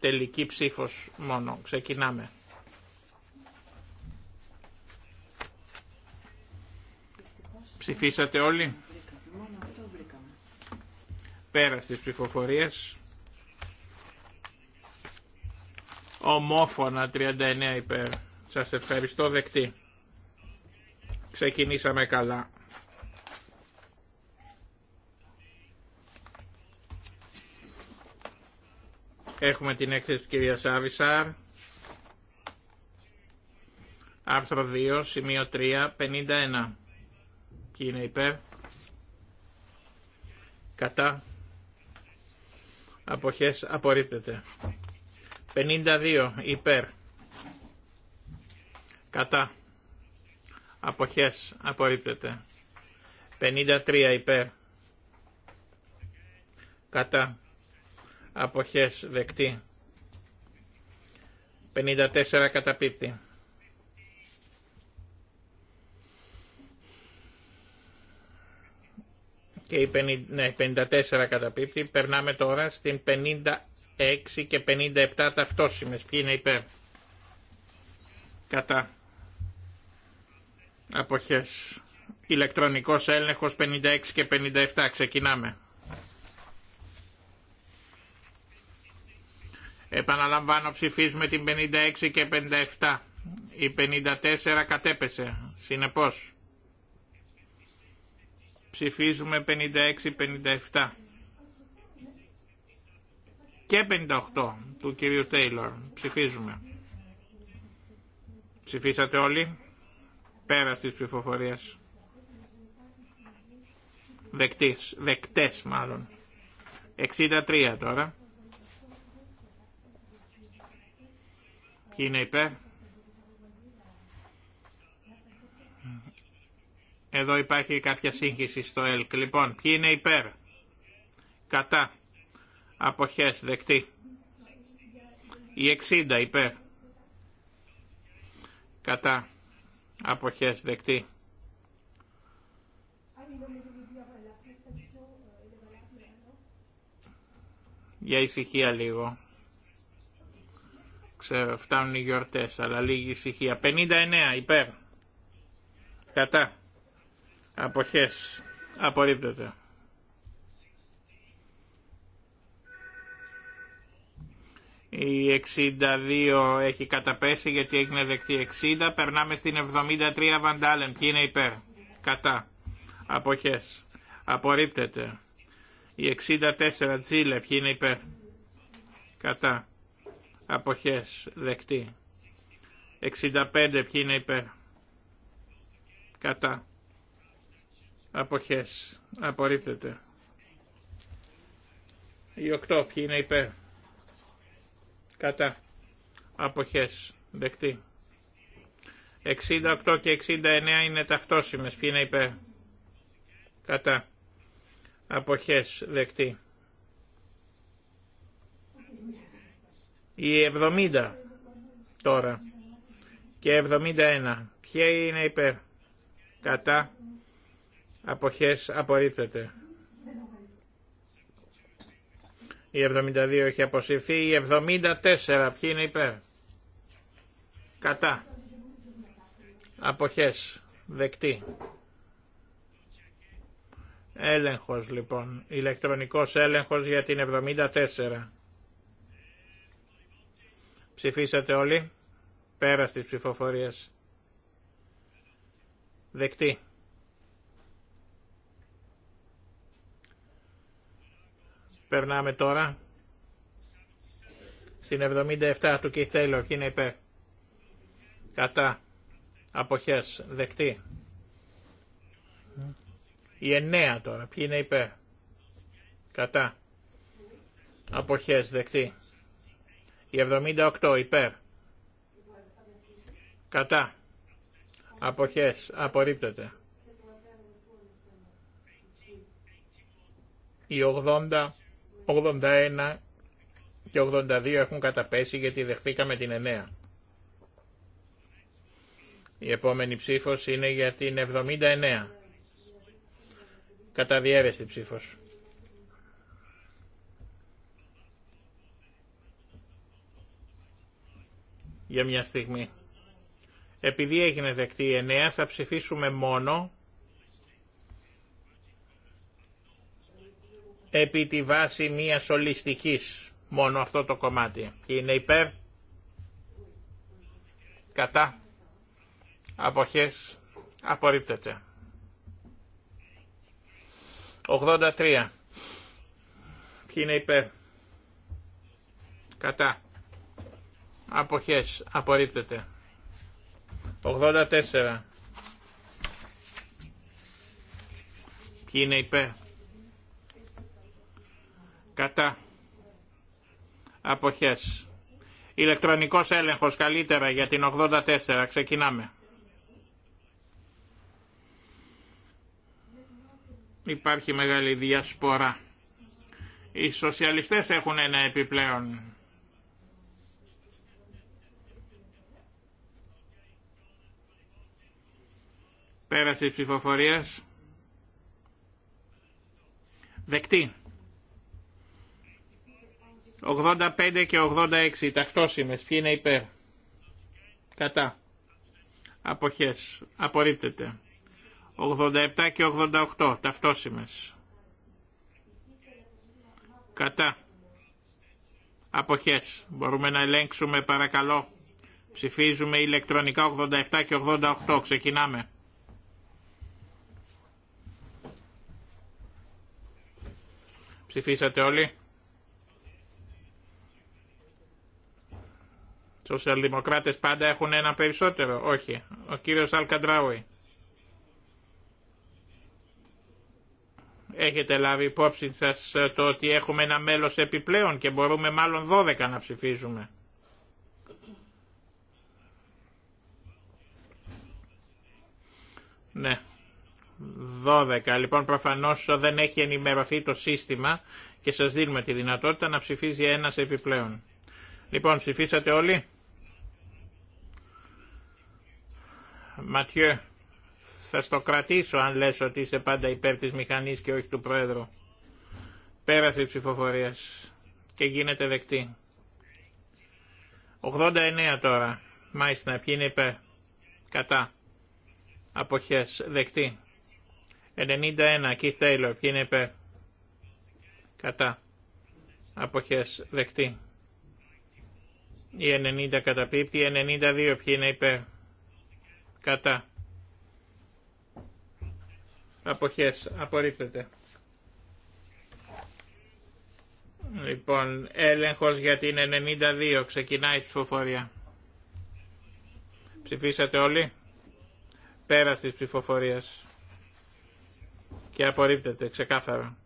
[SPEAKER 3] Τελική ψήφος μόνο. Ξεκινάμε. Ψηφίσατε όλοι. Πέρα στις ψηφοφορίες. Ομόφωνα 39 υπέρ. Σας ευχαριστώ δεκτή. Ξεκινήσαμε καλά. Έχουμε την έκθεση της κυρίας Άβυσαρ. Άρθρο 2, σημείο 3, 51. Ποιοι είναι υπέρ. Κατά. Αποχές απορρίπτεται. 52 υπέρ. Κατά. Αποχές. Απορρίπτεται. 53 υπέρ. Κατά. Αποχές. Δεκτή. 54 καταπίπτει. 54 ναι, καταπίπτει. Περνάμε τώρα στην 50 6 και 57 ταυτόσιμες. Ποιοι είναι υπέρ. Κατά. Αποχές. Ηλεκτρονικός έλεγχος 56 και 57. Ξεκινάμε. Επαναλαμβάνω ψηφίζουμε την 56 και 57. Η 54 κατέπεσε. Συνεπώς. Ψηφίζουμε 56-57 και 58 του κυρίου Τέιλορ. Ψηφίζουμε. Ψηφίσατε όλοι. Πέρα στις ψηφοφορίες. Δεκτής, δεκτές μάλλον. 63 τώρα. Ποιοι είναι υπέρ. Εδώ υπάρχει κάποια σύγχυση στο ΕΛΚ. Λοιπόν, ποιοι είναι υπέρ. Κατά. Αποχές δεκτή. Η 60 υπέρ. Κατά. Αποχές δεκτή. Για ησυχία λίγο. Ξέρω, φτάνουν οι γιορτές, αλλά λίγη ησυχία. 59 υπέρ. Κατά. Αποχές. Απορρίπτεται. Η 62 έχει καταπέσει γιατί έγινε δεκτή 60. Περνάμε στην 73 Βαντάλεν. Ποιοι είναι υπέρ. Κατά. Αποχές. Απορρίπτεται. Η 64 Τζίλε. Ποιοι είναι υπέρ. Κατά. Αποχές. Δεκτή. 65 ποιοι είναι υπέρ. Κατά. Αποχές. Απορρίπτεται. Η 8 ποιοι είναι υπέρ κατά αποχές δεκτή. 68 και 69 είναι ταυτόσιμες. Ποιοι είναι υπέρ. Κατά. Αποχές δεκτή. Η 70 τώρα και 71. Ποιοι είναι υπέρ. Κατά. Αποχές απορρίπτεται. Η 72 έχει αποσυρθεί. Η 74 ποιοι είναι υπέρ. Κατά. Αποχές. Δεκτή. Έλεγχος λοιπόν. Ηλεκτρονικός έλεγχος για την 74. Ψηφίσατε όλοι. Πέρα στις ψηφοφορίες. Δεκτή. Περνάμε τώρα στην 77 του Keith Taylor, είναι υπέρ. Κατά. Αποχές. Δεκτή. Η 9 τώρα. Ποιοι είναι υπέρ. Κατά. Αποχές. Δεκτή. Η 78 υπέρ. Κατά. Αποχές. Απορρίπτεται. Η 80 81 και 82 έχουν καταπέσει γιατί δεχθήκαμε την 9. Η επόμενη ψήφος είναι για την 79. Κατά διέρεστη ψήφος. Για μια στιγμή. Επειδή έγινε δεκτή η 9 θα ψηφίσουμε μόνο επί τη βάση μία ολιστικής, μόνο αυτό το κομμάτι. Είναι υπέρ, κατά, αποχές, απορρίπτεται. 83. Ποιοι είναι υπέρ, κατά, αποχές, απορρίπτεται. 84. Ποιοι είναι υπέρ, Κατά. Αποχές. Ηλεκτρονικός έλεγχος καλύτερα για την 84. Ξεκινάμε. Υπάρχει μεγάλη διασπορά. Οι σοσιαλιστές έχουν ένα επιπλέον. Πέραση ψηφοφορίας. Δεκτή. 85 και 86 ταυτόσημες. Ποιοι είναι υπέρ. Κατά. Αποχές. Απορρίπτεται. 87 και 88 ταυτόσημες. Κατά. Αποχές. Μπορούμε να ελέγξουμε παρακαλώ. Ψηφίζουμε ηλεκτρονικά 87 και 88. Ξεκινάμε. Ψηφίσατε όλοι. Σοσιαλδημοκράτε πάντα έχουν ένα περισσότερο. Όχι. Ο κύριο Αλκαντράουι. Έχετε λάβει υπόψη σα το ότι έχουμε ένα μέλο επιπλέον και μπορούμε μάλλον 12 να ψηφίζουμε. Ναι. 12. Λοιπόν, προφανώ δεν έχει ενημερωθεί το σύστημα και σα δίνουμε τη δυνατότητα να ψηφίζει ένα επιπλέον. Λοιπόν, ψηφίσατε όλοι. Ματιέ, θα στο κρατήσω αν λες ότι είστε πάντα υπέρ της μηχανής και όχι του Πρόεδρου. Πέρασε η ψηφοφορία και γίνεται δεκτή. 89 τώρα. Μάλιστα, ποιοι είναι υπέρ. Κατά. Αποχές. Δεκτή. 91. Keith Taylor. Ποιοι είναι υπέρ. Κατά. Αποχές. Δεκτή. Η 90 καταπίπτει. 92. Ποιοι είναι υπέρ κατά αποχές απορρίπτεται. Λοιπόν, έλεγχος για την 92, ξεκινάει η ψηφοφορία. Ψηφίσατε όλοι. πέρα της ψηφοφορίας. Και απορρίπτεται, ξεκάθαρα.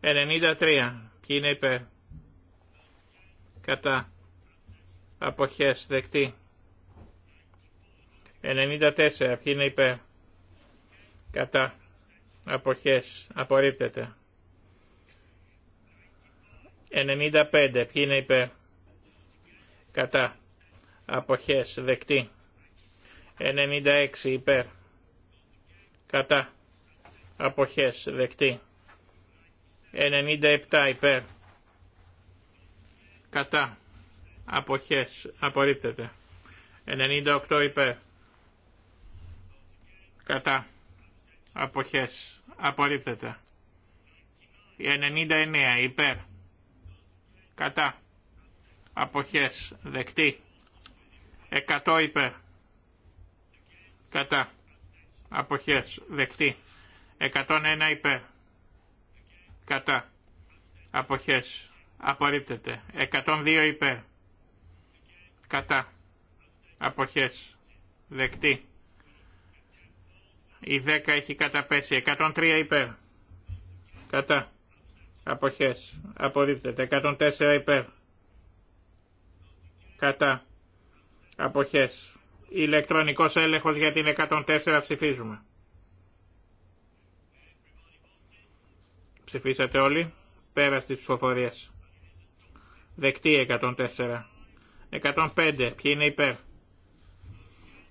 [SPEAKER 3] 93. Ποιοι είναι υπέρ. Κατά. Αποχές. Δεκτή. 94. Ποιοι είναι υπέρ. Κατά. Αποχές. Απορρίπτεται. 95. Ποιοι είναι υπέρ. Κατά. Αποχές. Δεκτή. 96. Υπέρ. Κατά. Αποχές. Δεκτή. 97. Υπέρ. Κατά. Αποχές. Απορρίπτεται. 98. Υπέρ κατά αποχές απορρίπτεται. 99 υπέρ κατά αποχές δεκτή. 100 υπέρ κατά αποχές δεκτή. 101 υπέρ κατά αποχές απορρίπτεται. 102 υπέρ κατά αποχές δεκτή. Η 10 έχει καταπέσει. 103 υπέρ. Κατά. Αποχές. Απορρίπτεται. 104 υπέρ. Κατά. Αποχές. Ηλεκτρονικός έλεγχος για την 104 ψηφίζουμε. Ψηφίσατε όλοι. Πέρα στις ψηφοφορίες. Δεκτή 104. 105. Ποιοι είναι υπέρ.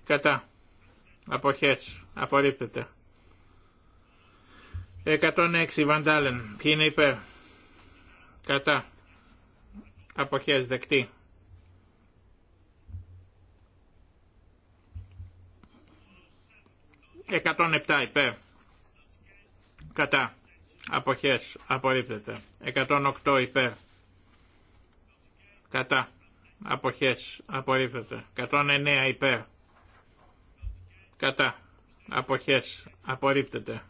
[SPEAKER 3] Κατά. Αποχές. Απορρίπτεται. 106 Βαντάλεν. Ποιοι είναι υπέρ. Κατά. Αποχές. Δεκτή. 107 υπέρ. Κατά. Αποχές. Απορρίπτεται. 108 υπέρ. Κατά. Αποχές. Απορρίπτεται. 109 υπέρ. Κατά. Αποχές. Απορρίπτεται.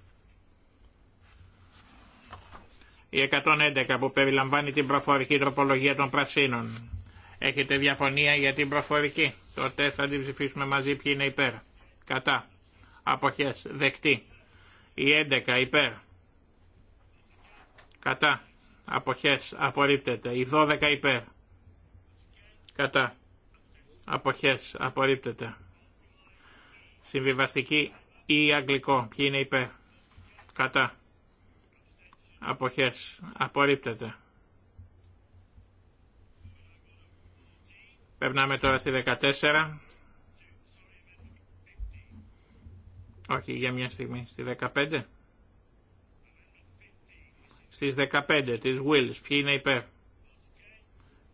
[SPEAKER 3] Η 111 που περιλαμβάνει την προφορική τροπολογία των πρασίνων. Έχετε διαφωνία για την προφορική. Τότε θα την ψηφίσουμε μαζί ποιοι είναι υπέρ. Κατά. Αποχές. Δεκτή. Η 11 υπέρ. Κατά. Αποχές. Απορρίπτεται. Η 12 υπέρ. Κατά. Αποχές. Απορρίπτεται. Συμβιβαστική ή αγγλικό. Ποιοι είναι υπέρ. Κατά. Αποχές. Απορρίπτεται. Περνάμε τώρα στη 14. Όχι, για μια στιγμή. Στη 15. Στις 15 της Wills. Ποιοι είναι υπέρ.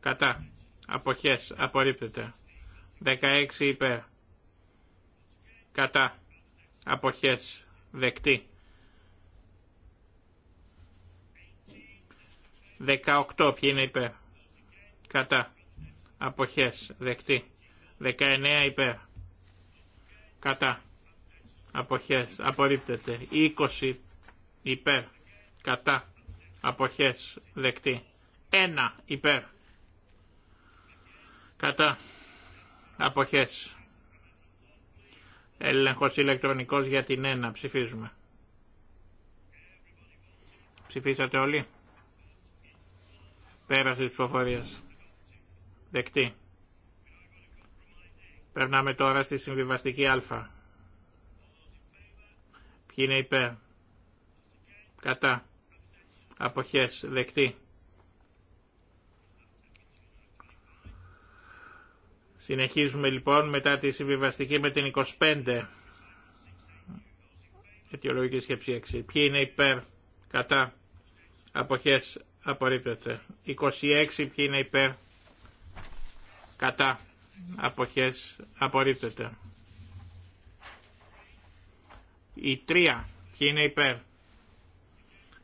[SPEAKER 3] Κατά. Αποχές. Απορρίπτεται. 16 υπέρ κατά αποχές δεκτή. 18 ποιοι είναι υπέρ κατά αποχές δεκτή. 19 υπέρ κατά αποχές απορρίπτεται. 20 υπέρ κατά αποχές δεκτή. 1 υπέρ κατά αποχές Έλεγχος ηλεκτρονικός για την 1. Ψηφίζουμε. Ψηφίσατε όλοι. Πέραση τη ψηφοφορίας. Δεκτή. Περνάμε τώρα στη συμβιβαστική α. Ποιοι είναι υπέρ. Κατά. Αποχές. Δεκτή. Συνεχίζουμε λοιπόν μετά τη συμβιβαστική με την 25. Αιτιολογική σκέψη 6. Ποιοι είναι υπέρ, κατά, αποχές, απορρίπτεται. 26. Ποιοι είναι υπέρ, κατά, αποχές, απορρίπτεται. Η 3. Ποιοι είναι υπέρ,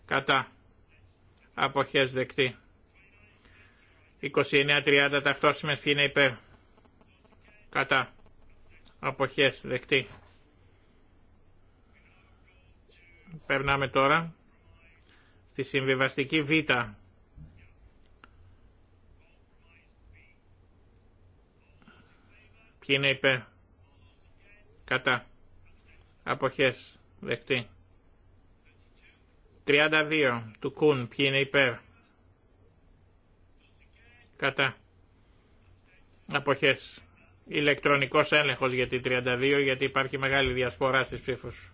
[SPEAKER 3] κατά, αποχές δεκτή. 29-30 ταυτόσιμες ποιοι είναι υπέρ κατά αποχές δεκτή. Περνάμε τώρα στη συμβιβαστική Β. Ποιοι είναι υπέρ, κατά, αποχές, δεκτή. 32 του Κουν, ποιοι είναι υπέρ, κατά, αποχές, Ηλεκτρονικός έλεγχος για την 32 γιατί υπάρχει μεγάλη διασπορά στις ψήφους.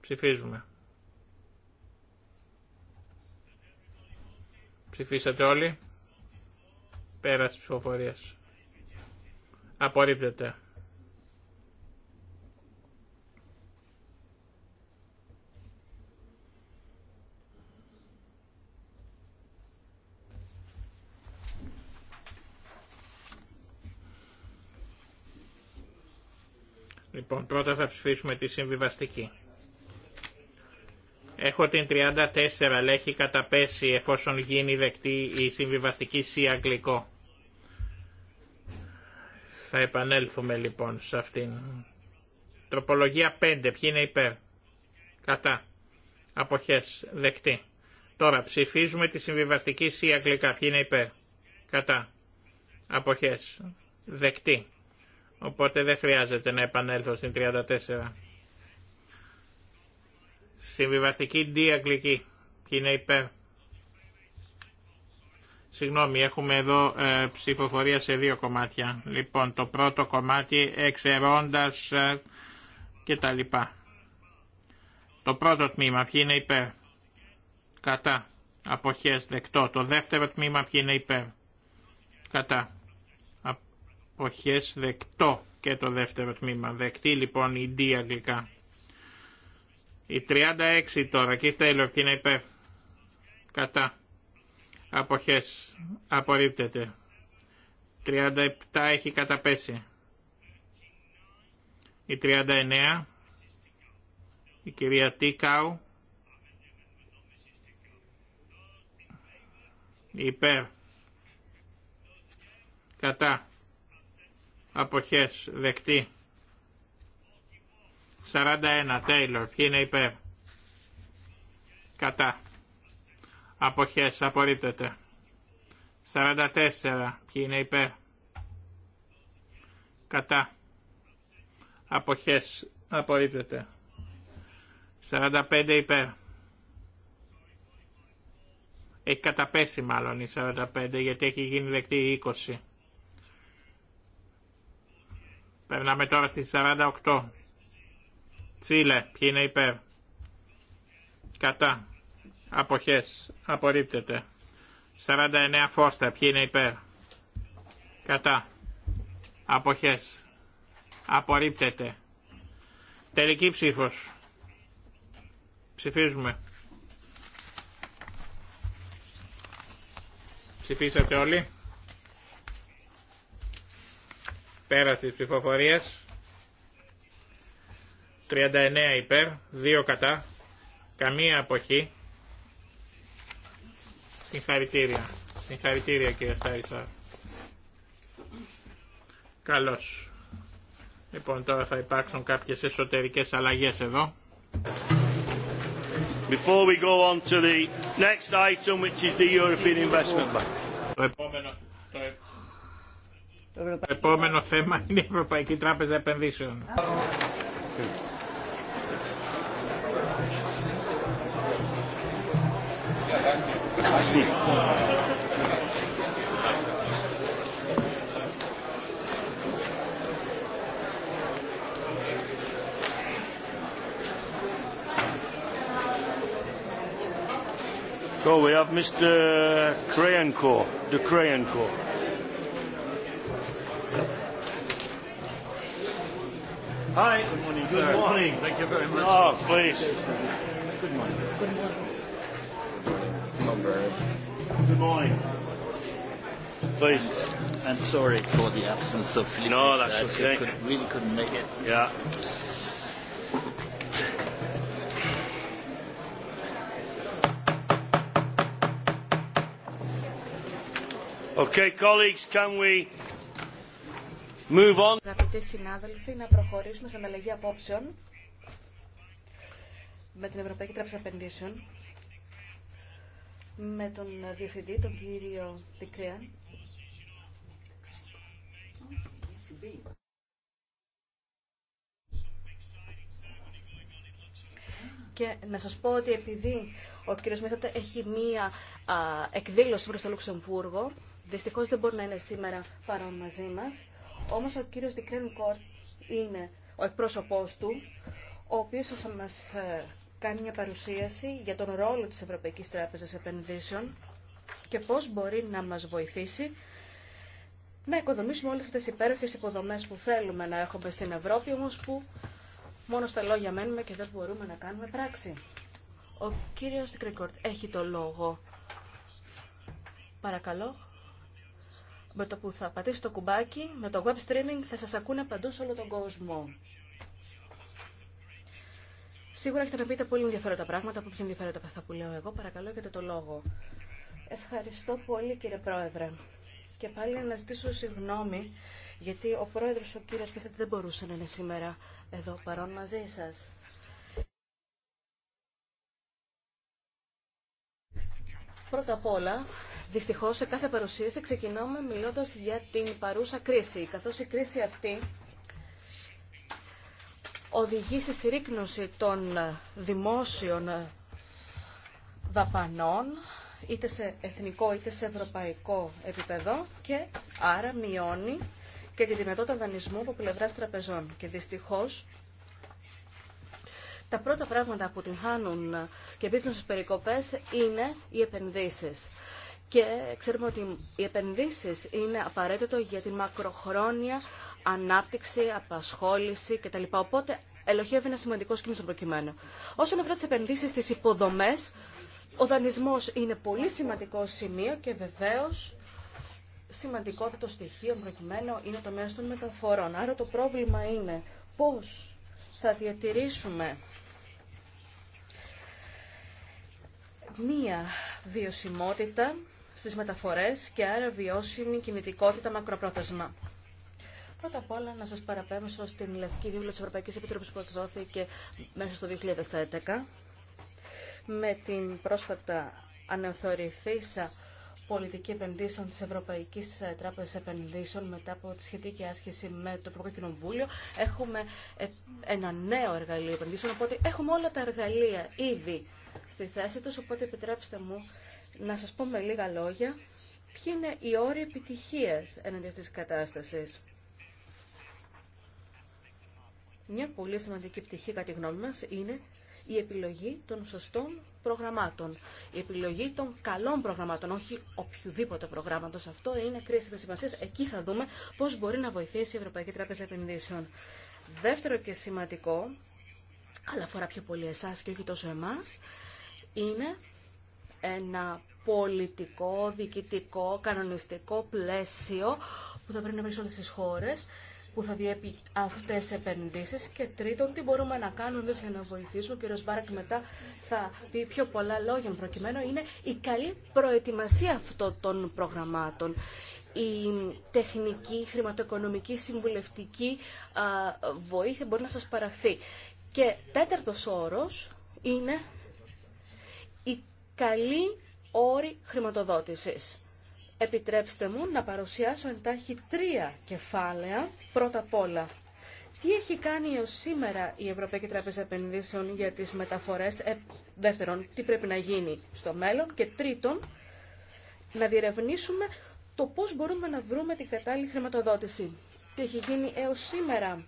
[SPEAKER 3] Ψηφίζουμε. Ψηφίσατε όλοι. Πέραση ψηφοφορίας. Απορρίπτεται. Λοιπόν, πρώτα θα ψηφίσουμε τη συμβιβαστική. Έχω την 34, αλλά έχει καταπέσει εφόσον γίνει δεκτή η συμβιβαστική C αγγλικό. Θα επανέλθουμε λοιπόν σε αυτήν. Τροπολογία 5. Ποιοι είναι υπέρ. Κατά. Αποχές. Δεκτή. Τώρα ψηφίζουμε τη συμβιβαστική C αγγλικά. Ποιοι είναι υπέρ. Κατά. Αποχές. Δεκτή. Οπότε δεν χρειάζεται να επανέλθω στην 34. Συμβιβαστική D αγγλική. Και είναι υπέρ. Συγγνώμη, έχουμε εδώ ε, ψηφοφορία σε δύο κομμάτια. Λοιπόν, το πρώτο κομμάτι εξαιρώντας ε, και τα λοιπά. Το πρώτο τμήμα, ποιοι είναι υπέρ. Κατά. Αποχές δεκτό. Το δεύτερο τμήμα, ποιοι είναι υπέρ. Κατά αποχές δεκτό και το δεύτερο τμήμα. Δεκτή λοιπόν η D αγγλικά. Η 36 τώρα, και η Taylor και είναι υπέρ. Κατά. Αποχές. Απορρίπτεται. 37 έχει καταπέσει. Η 39. Η κυρία Τίκαου. Υπέρ. Κατά αποχές δεκτή 41 Τέιλορ ποιοι είναι υπέρ κατά αποχές απορρίπτεται 44 ποιοι είναι υπέρ κατά αποχές απορρίπτεται 45 υπέρ έχει καταπέσει μάλλον η 45 γιατί έχει γίνει δεκτή η 20 Περνάμε τώρα στη 48. Τσίλε, ποιοι είναι υπέρ. Κατά. Αποχές. Απορρίπτεται. 49 Φώστα, ποιοι είναι υπέρ. Κατά. Αποχές. Απορρίπτεται. Τελική ψήφος. Ψηφίζουμε. Ψηφίσατε όλοι. Πέρασε της ψηφοφορίας. 39 υπέρ, 2 κατά, καμία αποχή. Συγχαρητήρια. Συγχαρητήρια κύριε Σάρισα. Καλώς. Λοιπόν, τώρα θα υπάρξουν κάποιες εσωτερικές αλλαγές εδώ. Before we το επόμενο θέμα είναι η Ευρωπαϊκή Τράπεζα Επενδύσεων.
[SPEAKER 1] So we have Mr. Krayenko, the Krayenko. Hi. Good morning, sir. Good morning. Thank you very much. Oh, please. Good morning. Good morning. Good morning. Please. And sorry for the absence of you. No, that's okay. Could, really couldn't make it. Yeah. Okay, colleagues, can we move on?
[SPEAKER 4] αγαπητοί συνάδελφοι, να προχωρήσουμε στην ανταλλαγή απόψεων με την Ευρωπαϊκή Τράπεζα Επενδύσεων, με τον Διευθυντή, τον κύριο Τικρέαν. Και να σας πω ότι επειδή ο κύριος Μίθατε έχει μία εκδήλωση προς το Λουξεμβούργο, δυστυχώς δεν μπορεί να είναι σήμερα παρόν μαζί μας, όμως ο κύριος Δικρέν είναι ο εκπρόσωπός του, ο οποίος θα μας ε, κάνει μια παρουσίαση για τον ρόλο της Ευρωπαϊκής Τράπεζας Επενδύσεων και πώς μπορεί να μας βοηθήσει να οικοδομήσουμε όλες αυτές τις υπέροχες υποδομές που θέλουμε να έχουμε στην Ευρώπη, όμως που μόνο στα λόγια μένουμε και δεν μπορούμε να κάνουμε πράξη. Ο κύριος Κόρτ έχει το λόγο. Παρακαλώ με το που θα πατήσει το κουμπάκι, με το web streaming θα σας ακούνε παντού σε όλο τον κόσμο. Σίγουρα έχετε να πείτε πολύ ενδιαφέροντα πράγματα, πιο ενδιαφέροντα από αυτά που λέω εγώ. Παρακαλώ, έχετε το λόγο. Ευχαριστώ πολύ, κύριε Πρόεδρε. Και πάλι να ζητήσω συγγνώμη, γιατί ο Πρόεδρος, ο κύριος Πίθετ, δεν μπορούσε να είναι σήμερα εδώ παρόν μαζί σας. Πρώτα απ' όλα, Δυστυχώ σε κάθε παρουσίαση ξεκινάμε μιλώντας για την παρούσα κρίση, καθώς η κρίση αυτή οδηγεί στη συρρήκνωση των δημόσιων δαπανών, είτε σε εθνικό είτε σε ευρωπαϊκό επίπεδο και άρα μειώνει και τη δυνατότητα δανεισμού από πλευρά τραπεζών. Και δυστυχώς τα πρώτα πράγματα που την χάνουν και επίπτωση στις περικοπές είναι οι επενδύσεις και ξέρουμε ότι οι επενδύσεις είναι απαραίτητο για την μακροχρόνια ανάπτυξη, απασχόληση κτλ. Οπότε ελοχεύει ένα σημαντικό στον προκειμένου. Όσον αφορά τις επενδύσεις στις υποδομές ο δανεισμός είναι πολύ σημαντικό σημείο και βεβαίω σημαντικότατο στοιχείο προκειμένου είναι το μέσο των μεταφορών. Άρα το πρόβλημα είναι πώ θα διατηρήσουμε μία βιωσιμότητα στις μεταφορές και άρα βιώσιμη κινητικότητα μακροπρόθεσμα. Πρώτα απ' όλα να σας παραπέμψω στην Λευκή Βίβλο της Ευρωπαϊκής Επιτροπής που εκδόθηκε μέσα στο 2011 με την πρόσφατα αναθεωρηθήσα πολιτική επενδύσεων της Ευρωπαϊκής Τράπεζας Επενδύσεων μετά από τη σχετική άσκηση με το Ευρωπαϊκό Κοινοβούλιο. Έχουμε ε, ένα νέο εργαλείο επενδύσεων, οπότε έχουμε όλα τα εργαλεία ήδη στη θέση τους, οπότε επιτρέψτε μου να σας πω με λίγα λόγια ποιοι είναι οι όροι επιτυχίας εναντί αυτής της κατάστασης. Μια πολύ σημαντική πτυχή κατά τη γνώμη μας είναι η επιλογή των σωστών προγραμμάτων. Η επιλογή των καλών προγραμμάτων, όχι οποιοδήποτε προγράμματος. Αυτό είναι κρίσιμη σημασία. Εκεί θα δούμε πώς μπορεί να βοηθήσει η Ευρωπαϊκή Τράπεζα Επενδύσεων. Δεύτερο και σημαντικό, αλλά αφορά πιο πολύ εσάς και όχι τόσο εμάς, είναι ένα πολιτικό, διοικητικό, κανονιστικό πλαίσιο που θα πρέπει να βρει σε χώρες που θα διέπει αυτές τις επενδύσεις και τρίτον τι μπορούμε να κάνουμε για να βοηθήσουμε. Ο κ. Μπάρακ μετά θα πει πιο πολλά λόγια προκειμένου. Είναι η καλή προετοιμασία αυτών των προγραμμάτων. Η τεχνική, χρηματοοικονομική, συμβουλευτική βοήθεια μπορεί να σας παραχθεί. Και τέταρτος όρος είναι Καλή όρη χρηματοδότησης. Επιτρέψτε μου να παρουσιάσω εντάχει τρία κεφάλαια. Πρώτα απ' όλα, τι έχει κάνει έως σήμερα η Ευρωπαϊκή Τράπεζα Επενδύσεων για τις μεταφορές. Ε, δεύτερον, τι πρέπει να γίνει στο μέλλον. Και τρίτον, να διερευνήσουμε το πώς μπορούμε να βρούμε την κατάλληλη χρηματοδότηση. Τι έχει γίνει έως σήμερα.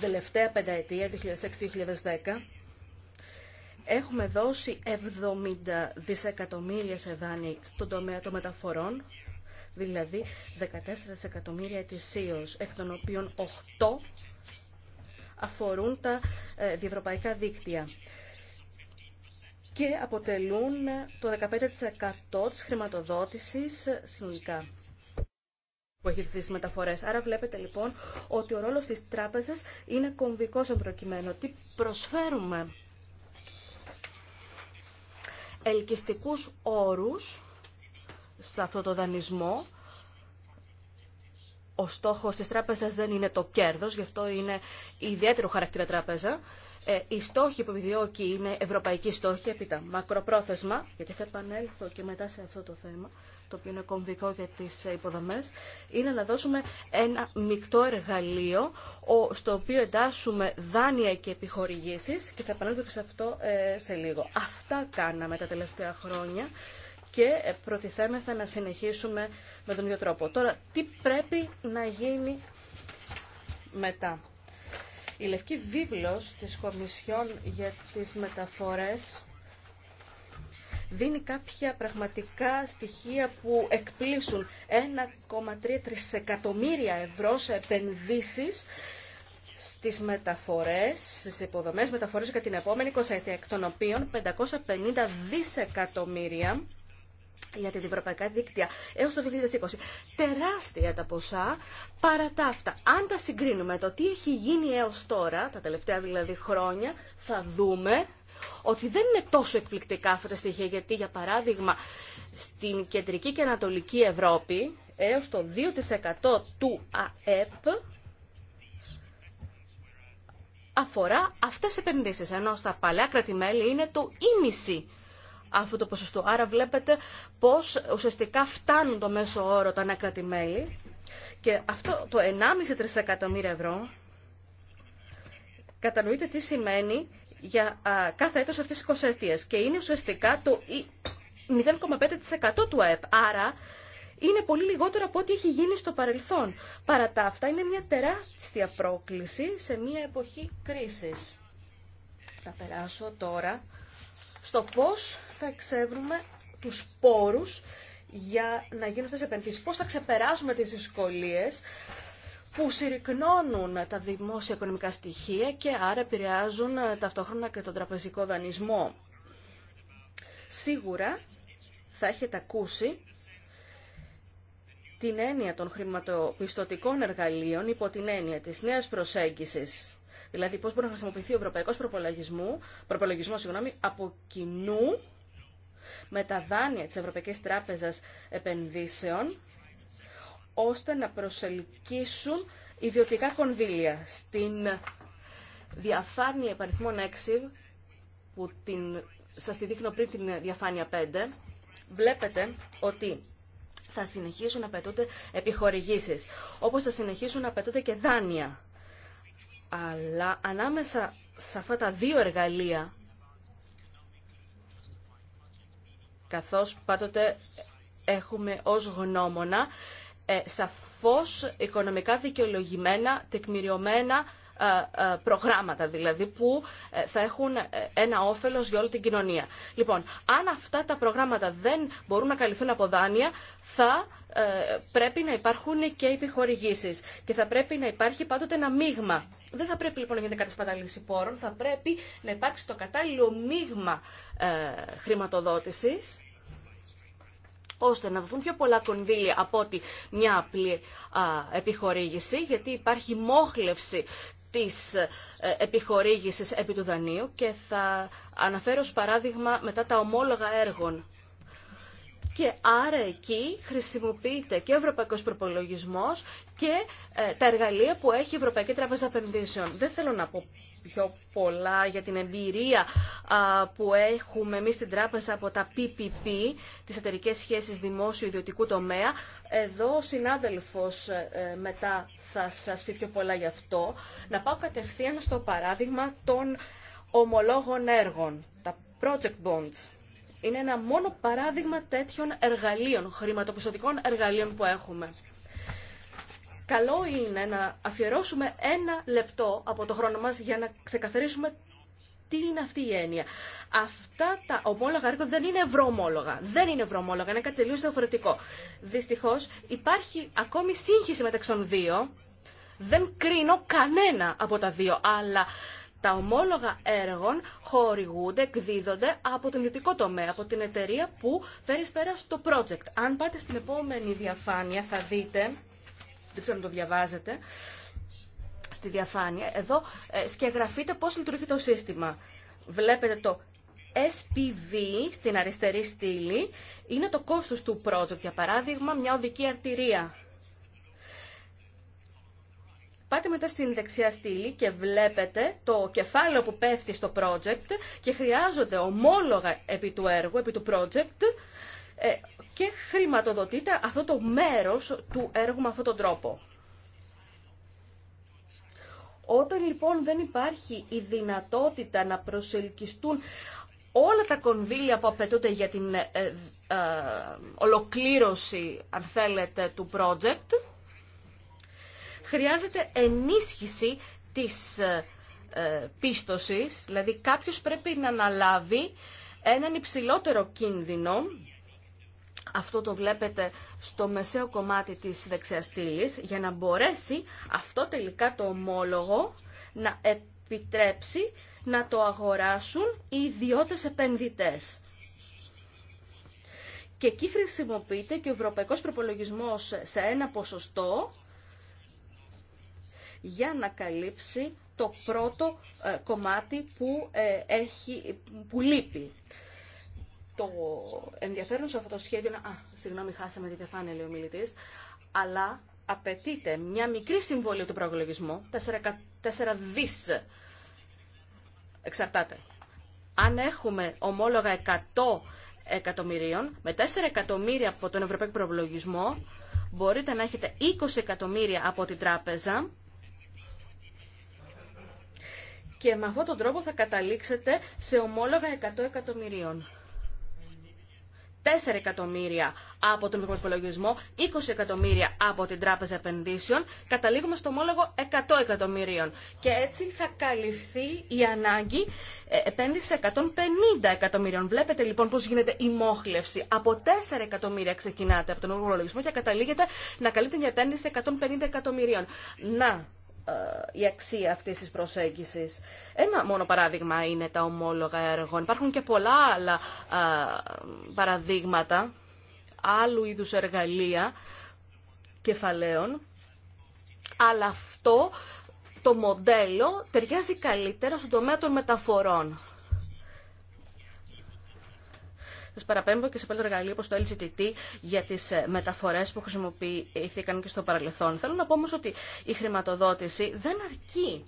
[SPEAKER 4] Τελευταία πενταετία, 2006-2010, Έχουμε δώσει 70 δισεκατομμύρια σε δάνει στον τομέα των μεταφορών, δηλαδή 14 δισεκατομμύρια ετησίως, εκ των οποίων 8 αφορούν τα ε, διευρωπαϊκά δίκτυα και αποτελούν ε, το 15% της χρηματοδότησης ε, συνολικά που έχει δοθεί στις μεταφορές. Άρα βλέπετε λοιπόν ότι ο ρόλος της τράπεζας είναι κομβικό εν προκειμένου. Τι προσφέρουμε ελκυστικούς όρους σε αυτό το δανεισμό. Ο στόχος της τράπεζας δεν είναι το κέρδος, γι' αυτό είναι ιδιαίτερο χαρακτήρα τράπεζα. Ε, οι στόχοι που επιδιώκει είναι ευρωπαϊκοί στόχοι, έπειτα. μακροπρόθεσμα, γιατί θα επανέλθω και μετά σε αυτό το θέμα το οποίο είναι κομβικό για τις υποδομές, είναι να δώσουμε ένα μεικτό εργαλείο στο οποίο εντάσσουμε δάνεια και επιχορηγήσεις και θα επανέλθω και σε αυτό ε, σε λίγο. Αυτά κάναμε τα τελευταία χρόνια και ε, προτιθέμεθα να συνεχίσουμε με τον ίδιο τρόπο. Τώρα, τι πρέπει να γίνει μετά. Η Λευκή Βίβλος της Κομισιόν για τις μεταφορές δίνει κάποια πραγματικά στοιχεία που εκπλήσουν 1,3 τρισεκατομμύρια ευρώ σε επενδύσεις στις μεταφορές, στις υποδομές μεταφορές για την επόμενη 20 εκ των οποίων 550 δισεκατομμύρια για την ευρωπαϊκά δίκτυα έως το 2020. Τεράστια τα ποσά παρά τα αυτά. Αν τα συγκρίνουμε το τι έχει γίνει έως τώρα, τα τελευταία δηλαδή χρόνια, θα δούμε ότι δεν είναι τόσο εκπληκτικά αυτά τα στοιχεία, γιατί για παράδειγμα στην κεντρική και ανατολική Ευρώπη έως το 2% του ΑΕΠ αφορά αυτές τις επενδύσεις, ενώ στα παλαιά κρατημέλη είναι το ίμιση αυτό το ποσοστό. Άρα βλέπετε πώς ουσιαστικά φτάνουν το μέσο όρο τα νέα κρατημέλη και αυτό το 1,5 εκατομμύρια ευρώ κατανοείτε τι σημαίνει για κάθε έτος αυτής της 20 και είναι ουσιαστικά το 0,5% του ΑΕΠ. Άρα είναι πολύ λιγότερο από ό,τι έχει γίνει στο παρελθόν. Παρά τα αυτά είναι μια τεράστια πρόκληση σε μια εποχή κρίσης. Θα περάσω τώρα στο πώς θα εξεύρουμε τους πόρους για να γίνουν αυτές τις επενδύσεις. Πώς θα ξεπεράσουμε τις δυσκολίες που συρρυκνώνουν τα δημόσια οικονομικά στοιχεία και άρα επηρεάζουν ε, ταυτόχρονα και τον τραπεζικό δανεισμό. Σίγουρα θα έχετε ακούσει την έννοια των χρηματοπιστωτικών εργαλείων υπό την έννοια της νέας προσέγγισης. Δηλαδή πώς μπορεί να χρησιμοποιηθεί ο ευρωπαϊκός προπολογισμός συγγνώμη, από κοινού με τα δάνεια της Ευρωπαϊκής Τράπεζας Επενδύσεων ώστε να προσελκύσουν ιδιωτικά κονδύλια. Στην διαφάνεια υπαριθμών 6, που την, σας τη δείχνω πριν την διαφάνεια 5, βλέπετε ότι θα συνεχίσουν να πετούνται επιχορηγήσεις, όπως θα συνεχίσουν να πετούνται και δάνεια. Αλλά ανάμεσα σε αυτά τα δύο εργαλεία, καθώς πάντοτε έχουμε ως γνώμονα ε, σαφώς οικονομικά δικαιολογημένα, τεκμηριωμένα ε, ε, προγράμματα δηλαδή που θα έχουν ένα όφελος για όλη την κοινωνία. Λοιπόν, αν αυτά τα προγράμματα δεν μπορούν να καλυφθούν από δάνεια, θα πρέπει να υπάρχουν και επιχορηγήσεις και θα πρέπει να υπάρχει πάντοτε ένα μείγμα. Δεν θα πρέπει λοιπόν να γίνεται κατασπατάληση πόρων, θα πρέπει να υπάρξει το κατάλληλο μείγμα χρηματοδότησης ώστε να δοθούν πιο πολλά κονδύλια από ότι μια απλή επιχορήγηση, γιατί υπάρχει μόχλευση της ε, επιχορήγησης επί του δανείου και θα αναφέρω ως παράδειγμα μετά τα ομόλογα έργων. Και άρα εκεί χρησιμοποιείται και ο Ευρωπαϊκό Προπολογισμό και ε, τα εργαλεία που έχει η Ευρωπαϊκή Τράπεζα Επενδύσεων. Δεν θέλω να πω πιο πολλά για την εμπειρία που έχουμε εμείς στην τράπεζα από τα PPP, τις εταιρικές σχέσεις δημόσιο-ιδιωτικού τομέα. Εδώ ο συνάδελφος ε, μετά θα σας πει πιο πολλά γι' αυτό. Να πάω κατευθείαν στο παράδειγμα των ομολόγων έργων, τα project bonds. Είναι ένα μόνο παράδειγμα τέτοιων εργαλείων, χρηματοπιστωτικών εργαλείων που έχουμε καλό είναι να αφιερώσουμε ένα λεπτό από το χρόνο μας για να ξεκαθαρίσουμε τι είναι αυτή η έννοια. Αυτά τα ομόλογα έργα δεν είναι ευρωομόλογα. Δεν είναι ευρωομόλογα, είναι κάτι τελείως διαφορετικό. Δυστυχώς υπάρχει ακόμη σύγχυση μεταξύ των δύο. Δεν κρίνω κανένα από τα δύο, αλλά τα ομόλογα έργων χορηγούνται, εκδίδονται από τον ιδιωτικό τομέα, από την εταιρεία που φέρει πέρα στο project. Αν πάτε στην επόμενη διαφάνεια θα δείτε δεν ξέρω αν το διαβάζετε, στη διαφάνεια. Εδώ ε, σκεγγραφείτε πώς λειτουργεί το σύστημα. Βλέπετε το SPV στην αριστερή στήλη είναι το κόστος του project. Για παράδειγμα, μια οδική αρτηρία. Πάτε μετά στην δεξιά στήλη και βλέπετε το κεφάλαιο που πέφτει στο project και χρειάζονται ομόλογα επί του έργου, επί του project, ε, και χρηματοδοτείται αυτό το μέρος του έργου με αυτόν τον τρόπο. Όταν λοιπόν δεν υπάρχει η δυνατότητα να προσελκυστούν όλα τα κονδύλια που απαιτούνται για την ε, ε, ολοκλήρωση, αν θέλετε, του project, χρειάζεται ενίσχυση της ε, πίστοσης, δηλαδή κάποιος πρέπει να αναλάβει έναν υψηλότερο κίνδυνο αυτό το βλέπετε στο μεσαίο κομμάτι της δεξιάς στήλης, για να μπορέσει αυτό τελικά το ομόλογο να επιτρέψει να το αγοράσουν οι ιδιώτες επενδυτές. Και εκεί χρησιμοποιείται και ο ευρωπαϊκός προπολογισμός σε ένα ποσοστό για να καλύψει το πρώτο ε, κομμάτι που, ε, έχει, που λείπει το ενδιαφέρον σε αυτό το σχέδιο... Α, συγγνώμη, χάσαμε τη διαφάνεια, λέει ο μιλητής, αλλά απαιτείται μια μικρή συμβόλαιο του προλογισμού 4 δις εξαρτάται. Αν έχουμε ομόλογα 100 εκατομμυρίων, με 4 εκατομμύρια από τον Ευρωπαϊκό Προπολογισμό, μπορείτε να έχετε 20 εκατομμύρια από την τράπεζα και με αυτόν τον τρόπο θα καταλήξετε σε ομόλογα 100 εκατομμυρίων. 4 εκατομμύρια από τον υπολογισμό, 20 εκατομμύρια από την Τράπεζα Επενδύσεων, καταλήγουμε στο μόλογο 100 εκατομμύριων. Και έτσι θα καλυφθεί η ανάγκη ε, επένδυση 150 εκατομμύριων. Βλέπετε λοιπόν πώς γίνεται η μόχλευση. Από 4 εκατομμύρια ξεκινάτε από τον υπολογισμό και καταλήγετε να καλύπτει μια επένδυση 150 εκατομμυρίων. Να, ε, η αξία αυτής της προσέγγισης. Ένα μόνο παράδειγμα είναι τα ομόλογα έργων. Υπάρχουν και πολλά άλλα ε, παραδείγματα άλλου είδους εργαλεία κεφαλαίων, αλλά αυτό το μοντέλο ταιριάζει καλύτερα στον τομέα των μεταφορών. Σα παραπέμπω και σε πέντε εργαλείο όπω το LGTT για τι ε, μεταφορέ που χρησιμοποιήθηκαν και στο παρελθόν. Θέλω να πω όμω ότι η χρηματοδότηση δεν αρκεί.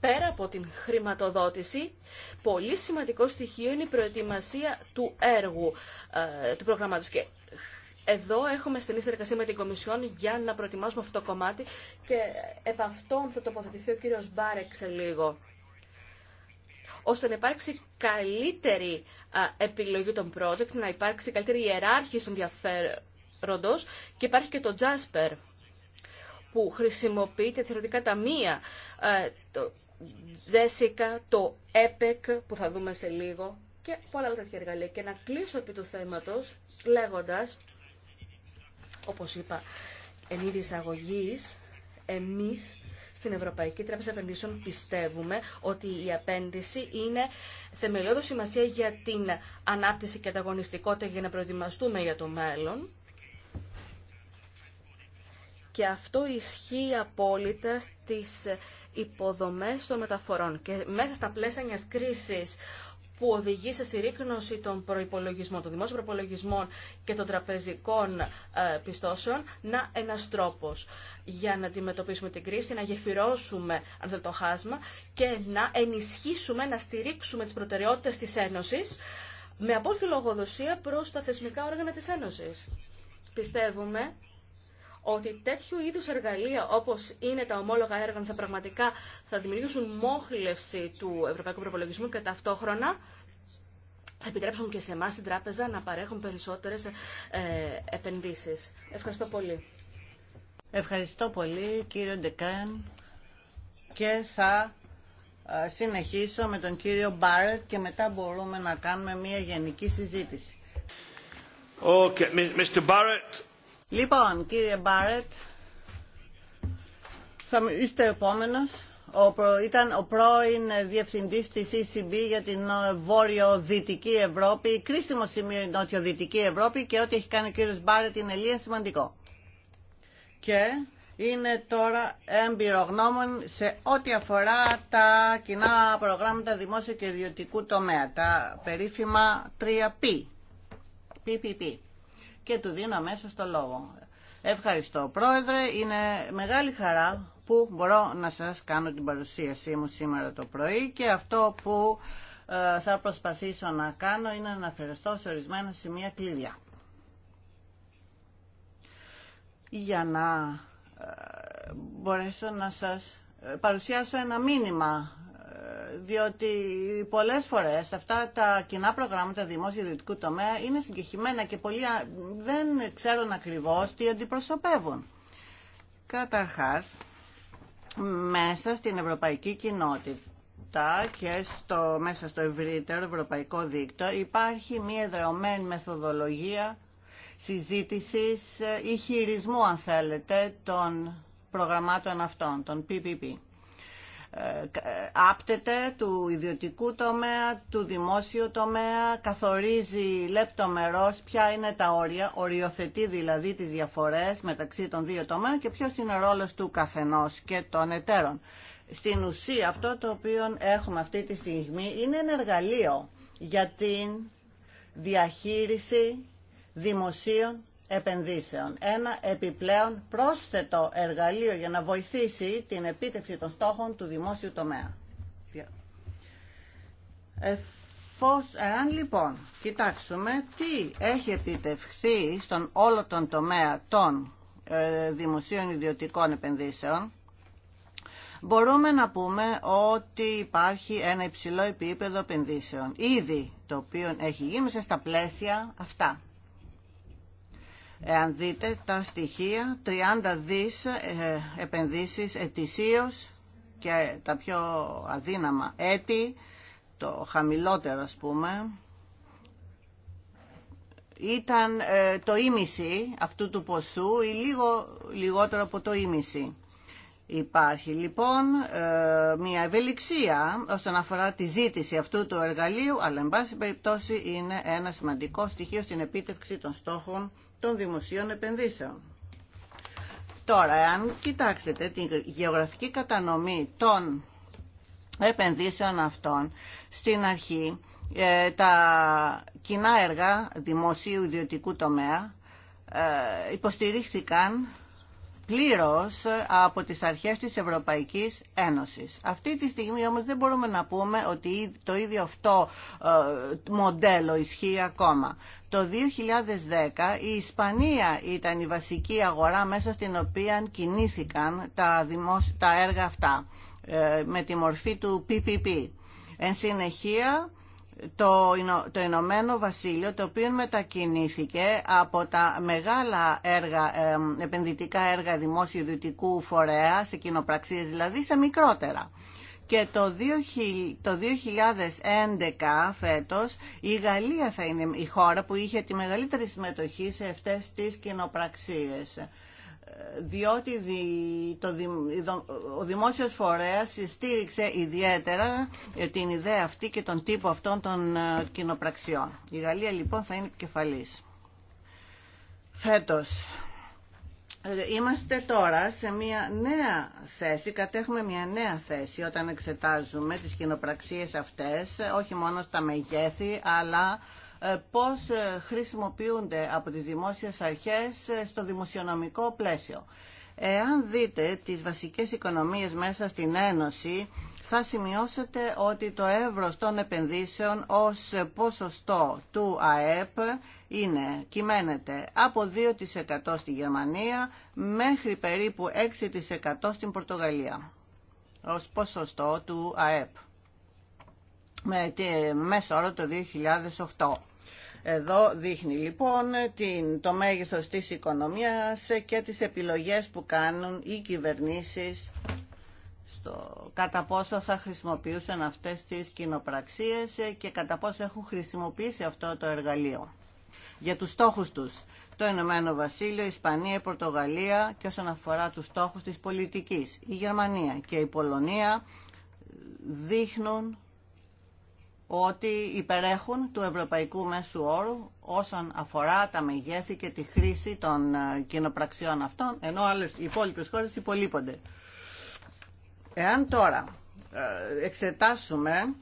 [SPEAKER 4] Πέρα από την χρηματοδότηση, πολύ σημαντικό στοιχείο είναι η προετοιμασία του έργου ε, του προγράμματο. Και εδώ έχουμε στενή συνεργασία με την Κομισιόν για να προετοιμάσουμε αυτό το κομμάτι και επ' αυτό θα τοποθετηθεί ο κύριος Μπάρεξ λίγο ώστε να υπάρξει καλύτερη επιλογή των project, να υπάρξει καλύτερη ιεράρχηση των ενδιαφέροντος και υπάρχει και το Jasper που θεωρητικά τα θεωρητικά ταμεία, το Jessica, το EPEC που θα δούμε σε λίγο και πολλά άλλα τέτοια εργαλεία. Και να κλείσω επί του θέματος λέγοντας, όπως είπα, εν είδη εμείς στην Ευρωπαϊκή Τράπεζα Επενδύσεων πιστεύουμε ότι η απέντηση είναι θεμελιώδη σημασία για την ανάπτυξη και ανταγωνιστικότητα για να προετοιμαστούμε για το μέλλον. Και αυτό ισχύει απόλυτα στις υποδομές των μεταφορών. Και μέσα στα πλαίσια μιας κρίσης που οδηγεί σε συρρήκνωση των προϋπολογισμών, των δημόσιων προπολογισμών και των τραπεζικών ε, πιστώσεων, να ένα τρόπο. για να αντιμετωπίσουμε την κρίση, να γεφυρώσουμε αν το χάσμα και να ενισχύσουμε, να στηρίξουμε τι προτεραιότητε της Ένωσης με απόλυτη λογοδοσία προ τα θεσμικά όργανα της Ένωσης. Πιστεύουμε ότι τέτοιου είδους εργαλεία όπως είναι τα ομόλογα έργα θα πραγματικά θα δημιουργήσουν μόχλευση του ευρωπαϊκού προπολογισμού και ταυτόχρονα θα επιτρέψουν και σε εμά την τράπεζα να παρέχουν περισσότερες ε,
[SPEAKER 2] επενδύσεις. Ευχαριστώ πολύ. Ευχαριστώ πολύ κύριο Ντεκρέν και θα ε, συνεχίσω με τον κύριο Μπάρετ και μετά μπορούμε να κάνουμε μια γενική συζήτηση.
[SPEAKER 1] Okay, Mr. Barrett.
[SPEAKER 2] Λοιπόν, κύριε Μπάρετ, είστε επόμενο. ήταν ο πρώην διευθυντή της ECB για την ε, βόρειο-δυτική Ευρώπη, κρίσιμο σημείο η νότιο-δυτική Ευρώπη και ό,τι έχει κάνει ο κύριο Μπάρετ είναι λίγο σημαντικό. Και είναι τώρα εμπειρογνώμων σε ό,τι αφορά τα κοινά προγράμματα δημόσιο και ιδιωτικού τομέα, τα περίφημα 3P. PPP και του δίνω αμέσω το λόγο. Ευχαριστώ πρόεδρε, είναι μεγάλη χαρά που μπορώ να σας κάνω την παρουσίασή μου σήμερα το πρωί και αυτό που ε, θα προσπαθήσω να κάνω είναι να αναφερθώ σε ορισμένα σημεία κλειδιά. Για να ε, μπορέσω να σας ε, παρουσιάσω ένα μήνυμα διότι πολλές φορές αυτά τα κοινά προγράμματα δημόσιο ιδιωτικού τομέα είναι συγκεχημένα και πολλοί δεν ξέρουν ακριβώς τι αντιπροσωπεύουν. Καταρχάς, μέσα στην ευρωπαϊκή κοινότητα και στο, μέσα στο ευρύτερο ευρωπαϊκό δίκτυο υπάρχει μία εδρεωμένη μεθοδολογία συζήτησης ε, ή χειρισμού, αν θέλετε, των προγραμμάτων αυτών, των PPP άπτεται του ιδιωτικού τομέα, του δημόσιου τομέα, καθορίζει λεπτομερώς ποια είναι τα όρια, οριοθετεί δηλαδή τις διαφορές μεταξύ των δύο τομέων και ποιος είναι ο ρόλος του καθενός και των εταίρων. Στην ουσία αυτό το οποίο έχουμε αυτή τη στιγμή είναι ένα εργαλείο για την διαχείριση δημοσίων επενδύσεων. Ένα επιπλέον πρόσθετο εργαλείο για να βοηθήσει την επίτευξη των στόχων του δημόσιου τομέα. Εάν λοιπόν κοιτάξουμε τι έχει επιτευχθεί στον όλο τον τομέα των ε, δημοσίων ιδιωτικών επενδύσεων, μπορούμε να πούμε ότι υπάρχει ένα υψηλό επίπεδο επενδύσεων. Ήδη το οποίο έχει γίνει στα πλαίσια αυτά. Εάν δείτε τα στοιχεία, 30 δις ε, επενδύσεις ετησίως και τα πιο αδύναμα έτη, το χαμηλότερο ας πούμε, ήταν ε, το ίμιση αυτού του ποσού ή λίγο λιγότερο από το ίμιση. Υπάρχει λοιπόν ε, μια ευελιξία όσον αφορά τη ζήτηση αυτού του εργαλείου, αλλά εν πάση περιπτώσει είναι ένα σημαντικό στοιχείο στην επίτευξη των στόχων των δημοσίων επενδύσεων. Τώρα, αν κοιτάξετε την γεωγραφική κατανομή των επενδύσεων αυτών, στην αρχή ε, τα κοινά έργα δημοσίου ιδιωτικού τομέα ε, υποστηρίχθηκαν πλήρως από τις αρχές της Ευρωπαϊκής Ένωσης. Αυτή τη στιγμή όμως δεν μπορούμε να πούμε ότι το ίδιο αυτό ε, μοντέλο ισχύει ακόμα. Το 2010 η Ισπανία ήταν η βασική αγορά μέσα στην οποία κινήθηκαν τα, τα έργα αυτά ε, με τη μορφή του PPP. Εν συνεχεία το, το Ηνωμένο Βασίλειο το οποίο μετακινήθηκε από τα μεγάλα έργα, επενδυτικά έργα δημόσιου ιδιωτικού φορέα, σε κοινοπραξίες δηλαδή, σε μικρότερα. Και το 2011 φέτος η Γαλλία θα είναι η χώρα που είχε τη μεγαλύτερη συμμετοχή σε αυτές τις κοινοπραξίες διότι ο δημόσιος φορέας στήριξε ιδιαίτερα την ιδέα αυτή και τον τύπο αυτών των ε, κοινοπραξιών. Η Γαλλία λοιπόν θα είναι επικεφαλής. Φέτος ε, είμαστε τώρα σε μια νέα θέση, κατέχουμε μια νέα θέση όταν εξετάζουμε τις κοινοπραξίες αυτές, όχι μόνο στα μεγέθη αλλά ε, πώς ε, χρησιμοποιούνται από τις δημόσιες αρχές ε, στο δημοσιονομικό πλαίσιο. Εάν δείτε τις βασικές οικονομίες μέσα στην Ένωση, θα σημειώσετε ότι το εύρος των επενδύσεων ως ποσοστό του ΑΕΠ είναι, κυμαίνεται από 2% στη Γερμανία μέχρι περίπου 6% στην Πορτογαλία ως ποσοστό του ΑΕΠ με μέσο όρο το 2008. Εδώ δείχνει λοιπόν την, το μέγεθος της οικονομίας και τις επιλογές που κάνουν οι κυβερνήσεις στο κατά πόσο θα χρησιμοποιούσαν αυτές τις κοινοπραξίες και κατά πόσο έχουν χρησιμοποιήσει αυτό το εργαλείο. Για τους στόχους τους, το Ηνωμένο Βασίλειο, η Ισπανία, η Πορτογαλία και όσον αφορά τους στόχους της πολιτικής, η Γερμανία και η Πολωνία δείχνουν ότι υπερέχουν του ευρωπαϊκού μέσου όρου όσον αφορά τα μεγέθη και τη χρήση των ε, κοινοπραξιών αυτών, ενώ άλλες, οι υπόλοιπες χώρες υπολείπονται. Εάν τώρα ε, εξετάσουμε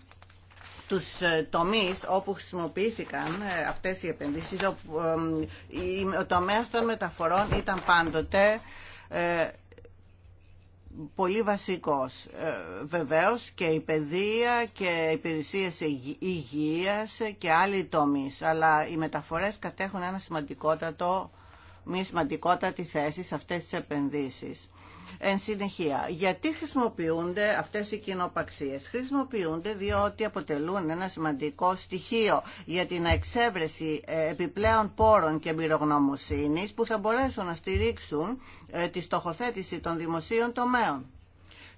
[SPEAKER 2] τους ε, τομείς όπου χρησιμοποιήθηκαν αυτές οι επενδύσεις, ο τομέας των μεταφορών ήταν πάντοτε πολύ βασικός. Ε, βεβαίως και η παιδεία και οι υπηρεσίες υγείας και άλλοι τομείς, αλλά οι μεταφορές κατέχουν ένα σημαντικότατο, μη σημαντικότατη θέση σε αυτές τις επενδύσεις. Εν συνεχεία, γιατί χρησιμοποιούνται αυτές οι κοινοπαξίες. Χρησιμοποιούνται διότι αποτελούν ένα σημαντικό στοιχείο για την εξέβρεση ε, επιπλέον πόρων και εμπειρογνωμοσύνης που θα μπορέσουν να στηρίξουν ε, τη στοχοθέτηση των δημοσίων τομέων.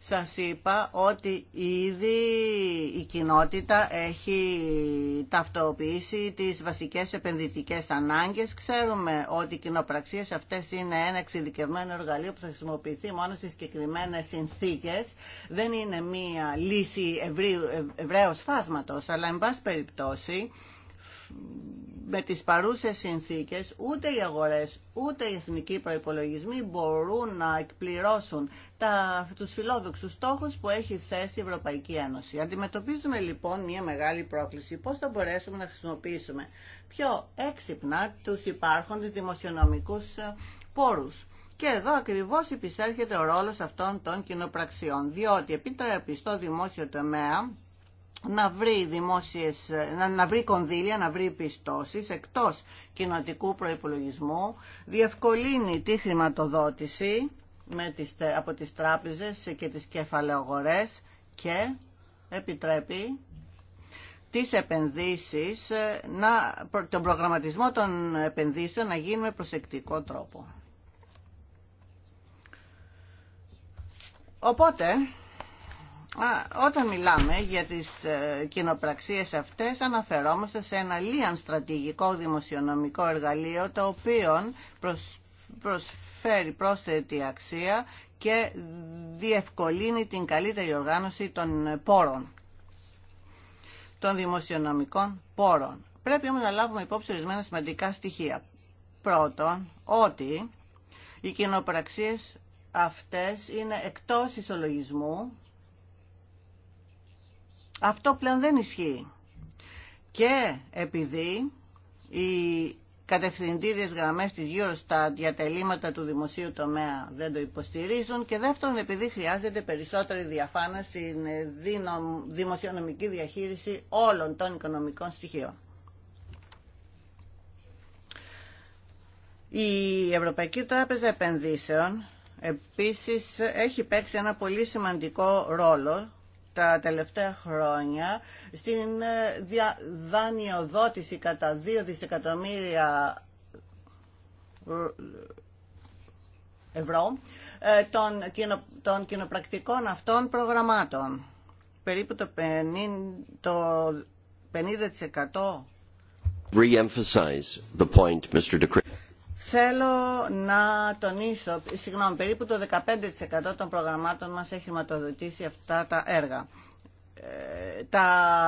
[SPEAKER 2] Σας είπα ότι ήδη η κοινότητα έχει ταυτοποιήσει τις βασικές επενδυτικές ανάγκες. Ξέρουμε ότι οι κοινοπραξίες αυτές είναι ένα εξειδικευμένο εργαλείο που θα χρησιμοποιηθεί μόνο στις συγκεκριμένες συνθήκες. Δεν είναι μία λύση ευρέως φάσματος, αλλά εν πάση περιπτώσει με τις παρούσες συνθήκες ούτε οι αγορές ούτε οι εθνικοί προϋπολογισμοί μπορούν να εκπληρώσουν τα, τους φιλόδοξους στόχους που έχει θέσει η Ευρωπαϊκή Ένωση. Αντιμετωπίζουμε λοιπόν μια μεγάλη πρόκληση. Πώς θα μπορέσουμε να χρησιμοποιήσουμε πιο έξυπνα τους υπάρχοντες δημοσιονομικούς ε, πόρους. Και εδώ ακριβώ υπησέρχεται ο ρόλο αυτών των κοινοπραξιών, διότι επιτρέπει στο δημόσιο τομέα να βρει, δημόσιες, να βρει κονδύλια, να βρει πιστώσεις εκτός κοινοτικού προϋπολογισμού, διευκολύνει τη χρηματοδότηση με τις, από τις τράπεζες και τις κεφαλαιογορές και επιτρέπει τις επενδύσεις, να, τον προγραμματισμό των επενδύσεων να γίνει με προσεκτικό τρόπο. Οπότε, όταν μιλάμε για τις ε, κοινοπραξίες αυτές αναφερόμαστε σε ένα λίαν στρατηγικό δημοσιονομικό εργαλείο το οποίο προσφέρει πρόσθετη αξία και διευκολύνει την καλύτερη οργάνωση των πόρων, των δημοσιονομικών πόρων. Πρέπει όμως να λάβουμε υπόψη ορισμένα σημαντικά στοιχεία. Πρώτον, ότι οι κοινοπραξίες αυτές είναι εκτός ισολογισμού αυτό πλέον δεν ισχύει. Και επειδή οι κατευθυντήριες γραμμές της Eurostat για τα ελλείμματα του δημοσίου τομέα δεν το υποστηρίζουν και δεύτερον επειδή χρειάζεται περισσότερη διαφάνεια στην δημοσιονομική διαχείριση όλων των οικονομικών στοιχείων. Η Ευρωπαϊκή Τράπεζα Επενδύσεων επίσης έχει παίξει ένα πολύ σημαντικό ρόλο τα τελευταία χρόνια στην ε, δανειοδότηση κατά 2 δισεκατομμύρια ε, ευρώ ε, των, κοινο, των κοινοπρακτικών αυτών προγραμμάτων. Περίπου το 50%, το 50% Θέλω να τονίσω, συγγνώμη, περίπου το 15% των προγραμμάτων μας έχει χρηματοδοτήσει αυτά τα έργα. Ε, τα,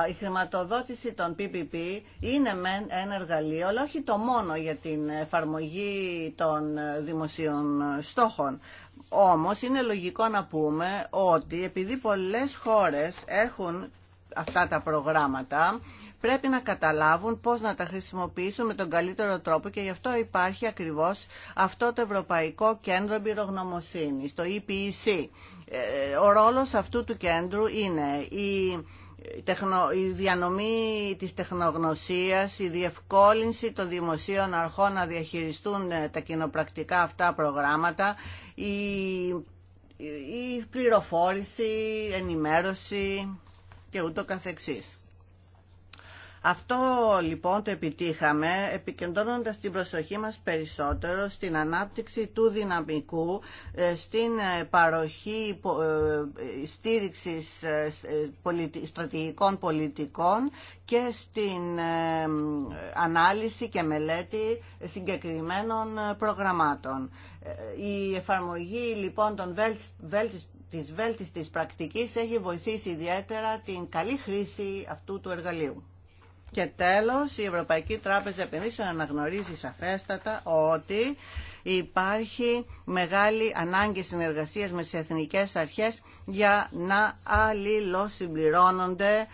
[SPEAKER 2] η χρηματοδότηση των PPP είναι μεν ένα εργαλείο, αλλά όχι το μόνο για την εφαρμογή των δημοσίων στόχων. Όμως είναι λογικό να πούμε ότι επειδή πολλές χώρες έχουν αυτά τα προγράμματα, πρέπει να καταλάβουν πώς να τα χρησιμοποιήσουν με τον καλύτερο τρόπο και γι' αυτό υπάρχει ακριβώς αυτό το Ευρωπαϊκό Κέντρο Εμπειρογνωμοσύνης, το EPEC. Ε, ο ρόλος αυτού του κέντρου είναι η διανομή της τεχνογνωσίας, η διευκόλυνση των δημοσίων αρχών να διαχειριστούν ε, τα κοινοπρακτικά αυτά προγράμματα, η, η ενημέρωση και ούτω καθεξής. Αυτό λοιπόν το επιτύχαμε επικεντρώνοντας την προσοχή μας περισσότερο στην ανάπτυξη του δυναμικού, ε, στην ε, παροχή ε, στήριξης στρατηγικών πολιτικών και στην ανάλυση και μελέτη συγκεκριμένων προγραμμάτων. Η εφαρμογή λοιπόν των βέλτιστων της βέλτιστης έχει βοηθήσει ιδιαίτερα την καλή χρήση αυτού του εργαλείου. Και τέλος, η Ευρωπαϊκή Τράπεζα Επενδύσεων αναγνωρίζει σαφέστατα ότι υπάρχει μεγάλη ανάγκη συνεργασίας με τις εθνικές αρχές για να αλληλοσυμπληρώνονται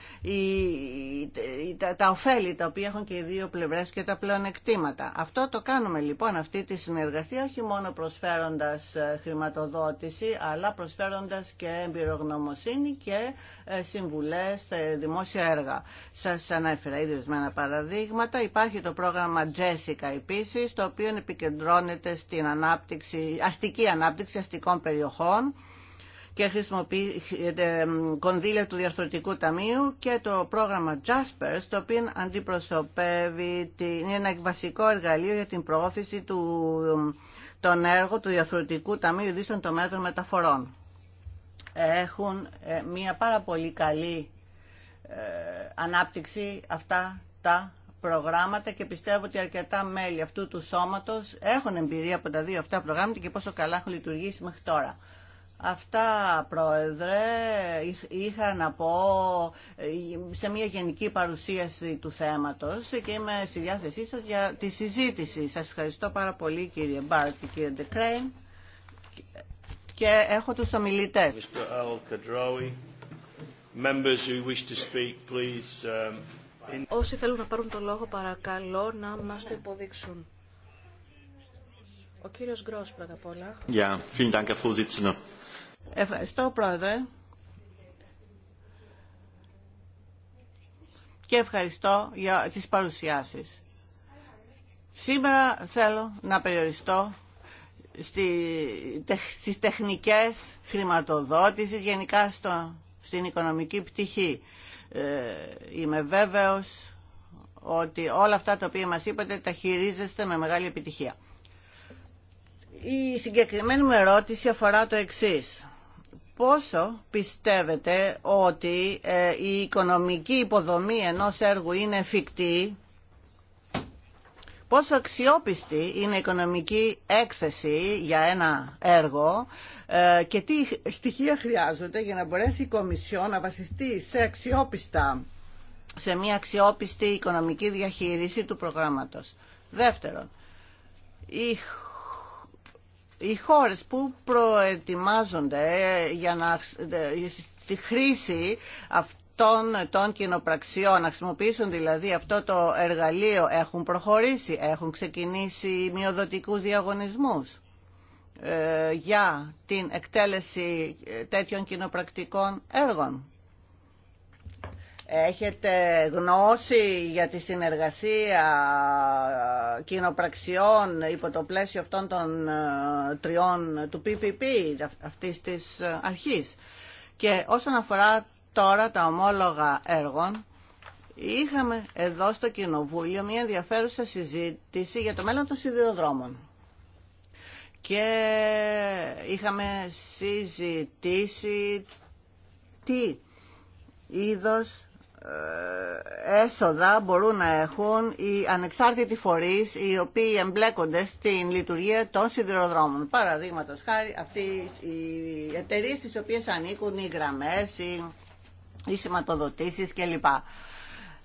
[SPEAKER 2] τα ωφέλη τα οποία έχουν και οι δύο πλευρές και τα πλεονεκτήματα. Αυτό το κάνουμε λοιπόν αυτή τη συνεργασία όχι μόνο προσφέροντας ε, χρηματοδότηση αλλά προσφέροντας και εμπειρογνωμοσύνη και ε, συμβουλές σε δημόσια έργα. Σας ανέφερα ήδη ορισμένα παραδείγματα. Υπάρχει το πρόγραμμα Jessica επίσης το οποίο επικεντρώνεται στην ανάπτυξη, αστική ανάπτυξη αστικών περιοχών και χρησιμοποιεί κονδύλια του Διαρθρωτικού Ταμείου και το πρόγραμμα Jaspers, το οποίο αντιπροσωπεύει είναι ένα βασικό εργαλείο για την προώθηση του, των έργων του Διαρθρωτικού Ταμείου, Ειδήσεων των τομέα μεταφορών. Έχουν ε, μια πάρα πολύ καλή ε, ανάπτυξη αυτά τα προγράμματα και πιστεύω ότι αρκετά μέλη αυτού του σώματος έχουν εμπειρία από τα δύο αυτά προγράμματα και πόσο καλά έχουν λειτουργήσει μέχρι τώρα. Αυτά, Πρόεδρε, είχα να πω ε, σε μια γενική παρουσίαση του θέματος και είμαι στη διάθεσή σας για τη συζήτηση. Σας ευχαριστώ πάρα πολύ κύριε Μπάρτ και κύριε Ντεκρέιν και έχω τους ομιλητές.
[SPEAKER 1] Um,
[SPEAKER 4] Όσοι θέλουν να πάρουν το λόγο παρακαλώ να μας το υποδείξουν.
[SPEAKER 2] Ο κύριος Γκρός πρώτα απ' όλα.
[SPEAKER 1] vielen Dank, Herr
[SPEAKER 2] Ευχαριστώ πρόεδρε. Και ευχαριστώ για τις παρουσιάσεις. Σήμερα θέλω να περιοριστώ στις τεχνικές χρηματοδότησης, γενικά στο, στην οικονομική πτυχή. Ε, είμαι βέβαιος ότι όλα αυτά τα οποία μας είπατε τα χειρίζεστε με μεγάλη επιτυχία. Η συγκεκριμένη μου ερώτηση αφορά το εξής πόσο πιστεύετε ότι ε, η οικονομική υποδομή ενός έργου είναι εφικτή, πόσο αξιόπιστη είναι η οικονομική έκθεση για ένα έργο ε, και τι στοιχεία χρειάζονται για να μπορέσει η Κομισιό να βασιστεί σε αξιόπιστα, σε μια αξιόπιστη οικονομική διαχείριση του προγράμματος. Δεύτερον, η οι χώρες που προετοιμάζονται για να, στη χρήση αυτών των κοινοπραξιών, να χρησιμοποιήσουν δηλαδή αυτό το εργαλείο, έχουν προχωρήσει, έχουν ξεκινήσει μειοδοτικούς διαγωνισμούς ε, για την εκτέλεση ε, τέτοιων κοινοπρακτικών έργων. Έχετε γνώση για τη συνεργασία κοινοπραξιών υπό το πλαίσιο αυτών των ε, τριών του PPP, αυτής της ε, αρχής. Και όσον αφορά τώρα τα ομόλογα έργων, είχαμε εδώ στο Κοινοβούλιο μια ενδιαφέρουσα συζήτηση για το μέλλον των σιδηροδρόμων. Και είχαμε συζητήσει τι είδος ε, έσοδα μπορούν να έχουν οι ανεξάρτητοι φορείς οι οποίοι εμπλέκονται στην λειτουργία των σιδηροδρόμων. Παραδείγματο χάρη αυτοί οι εταιρείε στις οποίες ανήκουν οι γραμμές, οι, οι σηματοδοτήσεις κλπ.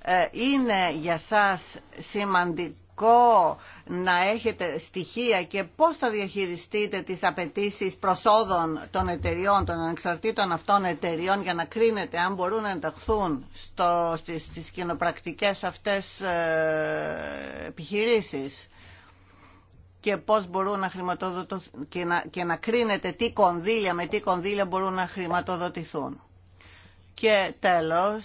[SPEAKER 2] Ε, είναι για σας σημαντικό σημαντικό να έχετε στοιχεία και πώς θα διαχειριστείτε τις απαιτήσει προσόδων των εταιριών, των ανεξαρτήτων αυτών εταιριών για να κρίνετε αν μπορούν να ενταχθούν στο, στις, στις κοινοπρακτικές αυτές ε, επιχειρήσεις και πώς μπορούν να χρηματοδοτηθούν και να, και να κρίνετε τι κονδύλια με τι κονδύλια μπορούν να χρηματοδοτηθούν. Και τέλος,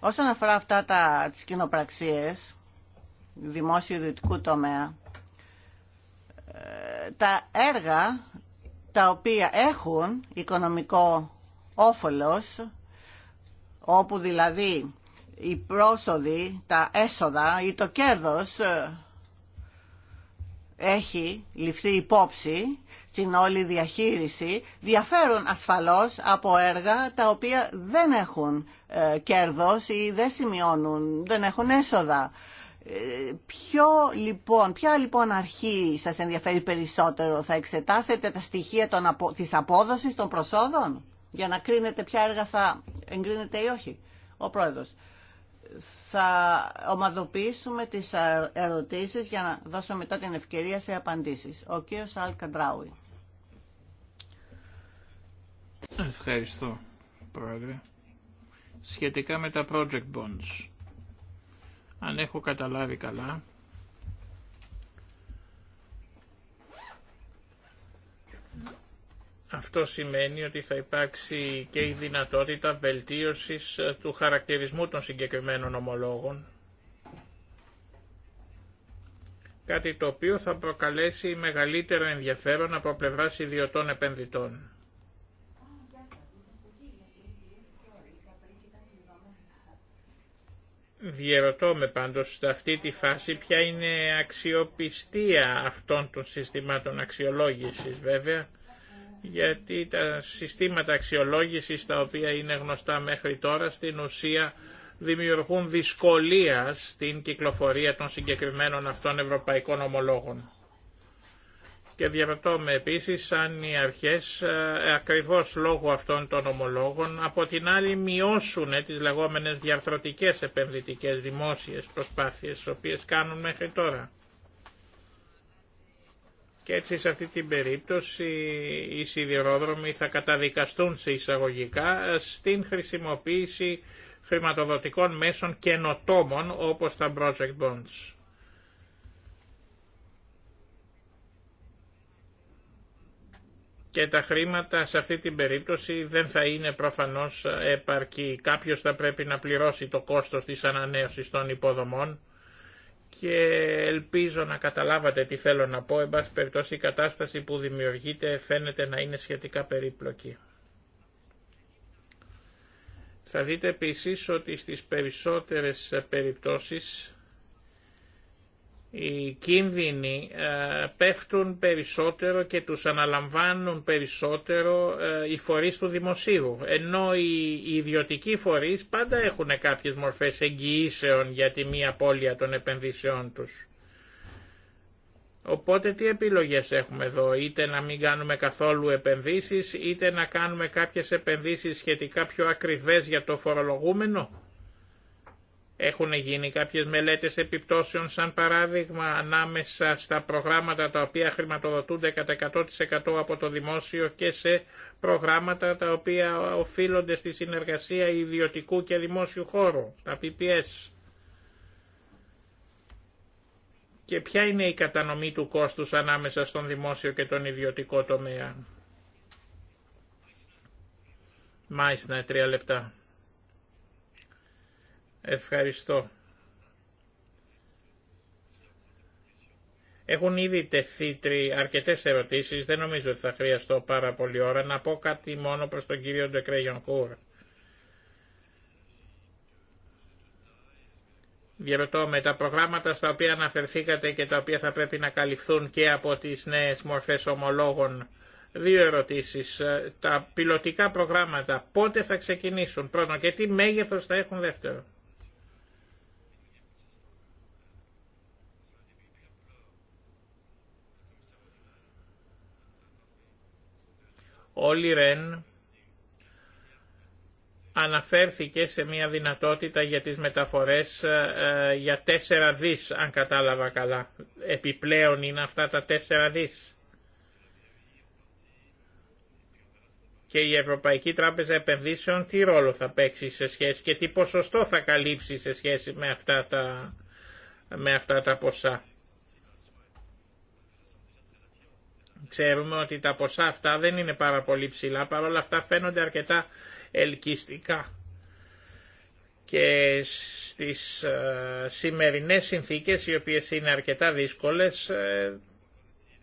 [SPEAKER 2] όσον αφορά αυτά τα, τις κοινοπραξίες, δημόσιο ιδιωτικού τομέα. Ε, τα έργα τα οποία έχουν οικονομικό όφελος, όπου δηλαδή οι πρόσοδοι, τα έσοδα ή το κέρδος ε, έχει ληφθεί υπόψη στην όλη διαχείριση, διαφέρουν ασφαλώς από έργα τα οποία δεν έχουν ε, κέρδος ή δεν σημειώνουν, δεν έχουν έσοδα. Ποιο λοιπόν, ποια λοιπόν αρχή σας ενδιαφέρει περισσότερο, θα εξετάσετε τα στοιχεία των απο, της απόδοσης των προσόδων για να κρίνετε ποια έργα θα εγκρίνετε ή όχι. Ο πρόεδρος, θα ομαδοποιήσουμε τις ερωτήσεις για να δώσουμε μετά την ευκαιρία σε απαντήσεις. Ο κ. Αλ Καντράουι.
[SPEAKER 3] Ευχαριστώ, πρόεδρε. Σχετικά με τα project bonds αν έχω καταλάβει καλά, αυτό σημαίνει ότι θα υπάρξει και η δυνατότητα βελτίωσης του χαρακτηρισμού των συγκεκριμένων ομολόγων, κάτι το οποίο θα προκαλέσει μεγαλύτερο ενδιαφέρον από πλευράς ιδιωτών επενδυτών. Διερωτώ με πάντως σε αυτή τη φάση ποια είναι αξιοπιστία αυτών των συστημάτων αξιολόγησης βέβαια γιατί τα συστήματα αξιολόγησης τα οποία είναι γνωστά μέχρι τώρα στην ουσία δημιουργούν δυσκολία στην κυκλοφορία των συγκεκριμένων αυτών ευρωπαϊκών ομολόγων. Και διαρωτώ με αν οι αρχές ε, ακριβώς λόγω αυτών των ομολόγων από την άλλη μειώσουν τις λεγόμενες διαρθρωτικές επενδυτικές δημόσιε προσπάθειε τις οποίες κάνουν μέχρι τώρα. Και έτσι σε αυτή την περίπτωση οι σιδηρόδρομοι θα καταδικαστούν σε εισαγωγικά ε, στην χρησιμοποίηση χρηματοδοτικών μέσων καινοτόμων όπως τα project bonds. και τα χρήματα σε αυτή την περίπτωση δεν θα είναι προφανώς επαρκή. Κάποιος θα πρέπει να πληρώσει το κόστος της ανανέωσης των υποδομών και ελπίζω να καταλάβατε τι θέλω να πω. Εν πάση περιπτώσει η κατάσταση που δημιουργείται φαίνεται να είναι σχετικά περίπλοκη. Θα δείτε επίσης ότι στις περισσότερες περιπτώσεις οι κίνδυνοι ε, πέφτουν περισσότερο και τους αναλαμβάνουν περισσότερο ε, οι φορείς του δημοσίου, ενώ οι ιδιωτικοί φορείς πάντα έχουν κάποιες μορφές εγγυήσεων για τη μία απώλεια των επενδύσεών τους. Οπότε τι επιλογές έχουμε εδώ, είτε να μην κάνουμε καθόλου επενδύσεις, είτε να κάνουμε κάποιες επενδύσεις σχετικά πιο ακριβές για το φορολογούμενο. Έχουν γίνει κάποιες μελέτες επιπτώσεων σαν παράδειγμα ανάμεσα στα προγράμματα τα οποία χρηματοδοτούνται κατά 100% από το δημόσιο και σε προγράμματα τα οποία οφείλονται στη συνεργασία ιδιωτικού και δημόσιου χώρου, τα PPS. Και ποια είναι η κατανομή του κόστους ανάμεσα στον δημόσιο και τον ιδιωτικό τομέα. Μάλιστα, τρία λεπτά. Ευχαριστώ. Έχουν ήδη τεθεί αρκετές ερωτήσεις, δεν νομίζω ότι θα χρειαστώ πάρα πολύ ώρα. Να πω κάτι μόνο προς τον κύριο Ντεκρέγιον Κούρ. Διαρωτώ με τα προγράμματα στα οποία αναφερθήκατε και τα οποία θα πρέπει να καλυφθούν και από τις νέες μορφές ομολόγων. Δύο ερωτήσεις. Ε, τα πιλωτικά προγράμματα πότε θα ξεκινήσουν πρώτον και τι μέγεθος θα έχουν δεύτερον. Όλη Ρεν αναφέρθηκε σε μια δυνατότητα για τις μεταφορές ε, για 4 δις, αν κατάλαβα καλά. Επιπλέον είναι αυτά τα 4 δις. Και η Ευρωπαϊκή Τράπεζα Επενδύσεων τι ρόλο θα παίξει σε σχέση και τι ποσοστό θα καλύψει σε σχέση με αυτά τα, με αυτά τα ποσά. Ξέρουμε ότι τα ποσά αυτά δεν είναι πάρα πολύ ψηλά, παρόλα αυτά φαίνονται αρκετά ελκυστικά. Και στις ε, σημερινές συνθήκες, οι οποίες είναι αρκετά δύσκολες, ε,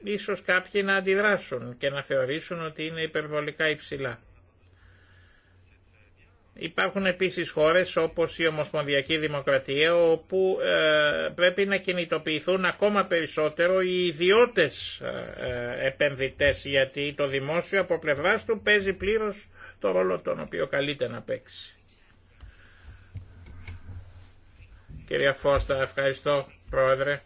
[SPEAKER 3] ίσως κάποιοι να αντιδράσουν και να θεωρήσουν ότι είναι υπερβολικά υψηλά. Υπάρχουν επίσης χώρες όπως η Ομοσπονδιακή Δημοκρατία όπου ε, πρέπει να κινητοποιηθούν ακόμα περισσότερο οι ιδιώτες ε, ε, επενδυτές γιατί το δημόσιο από πλευράς του παίζει πλήρως το ρόλο τον οποίο καλείται να παίξει. Κυρία Φώστα, ευχαριστώ Πρόεδρε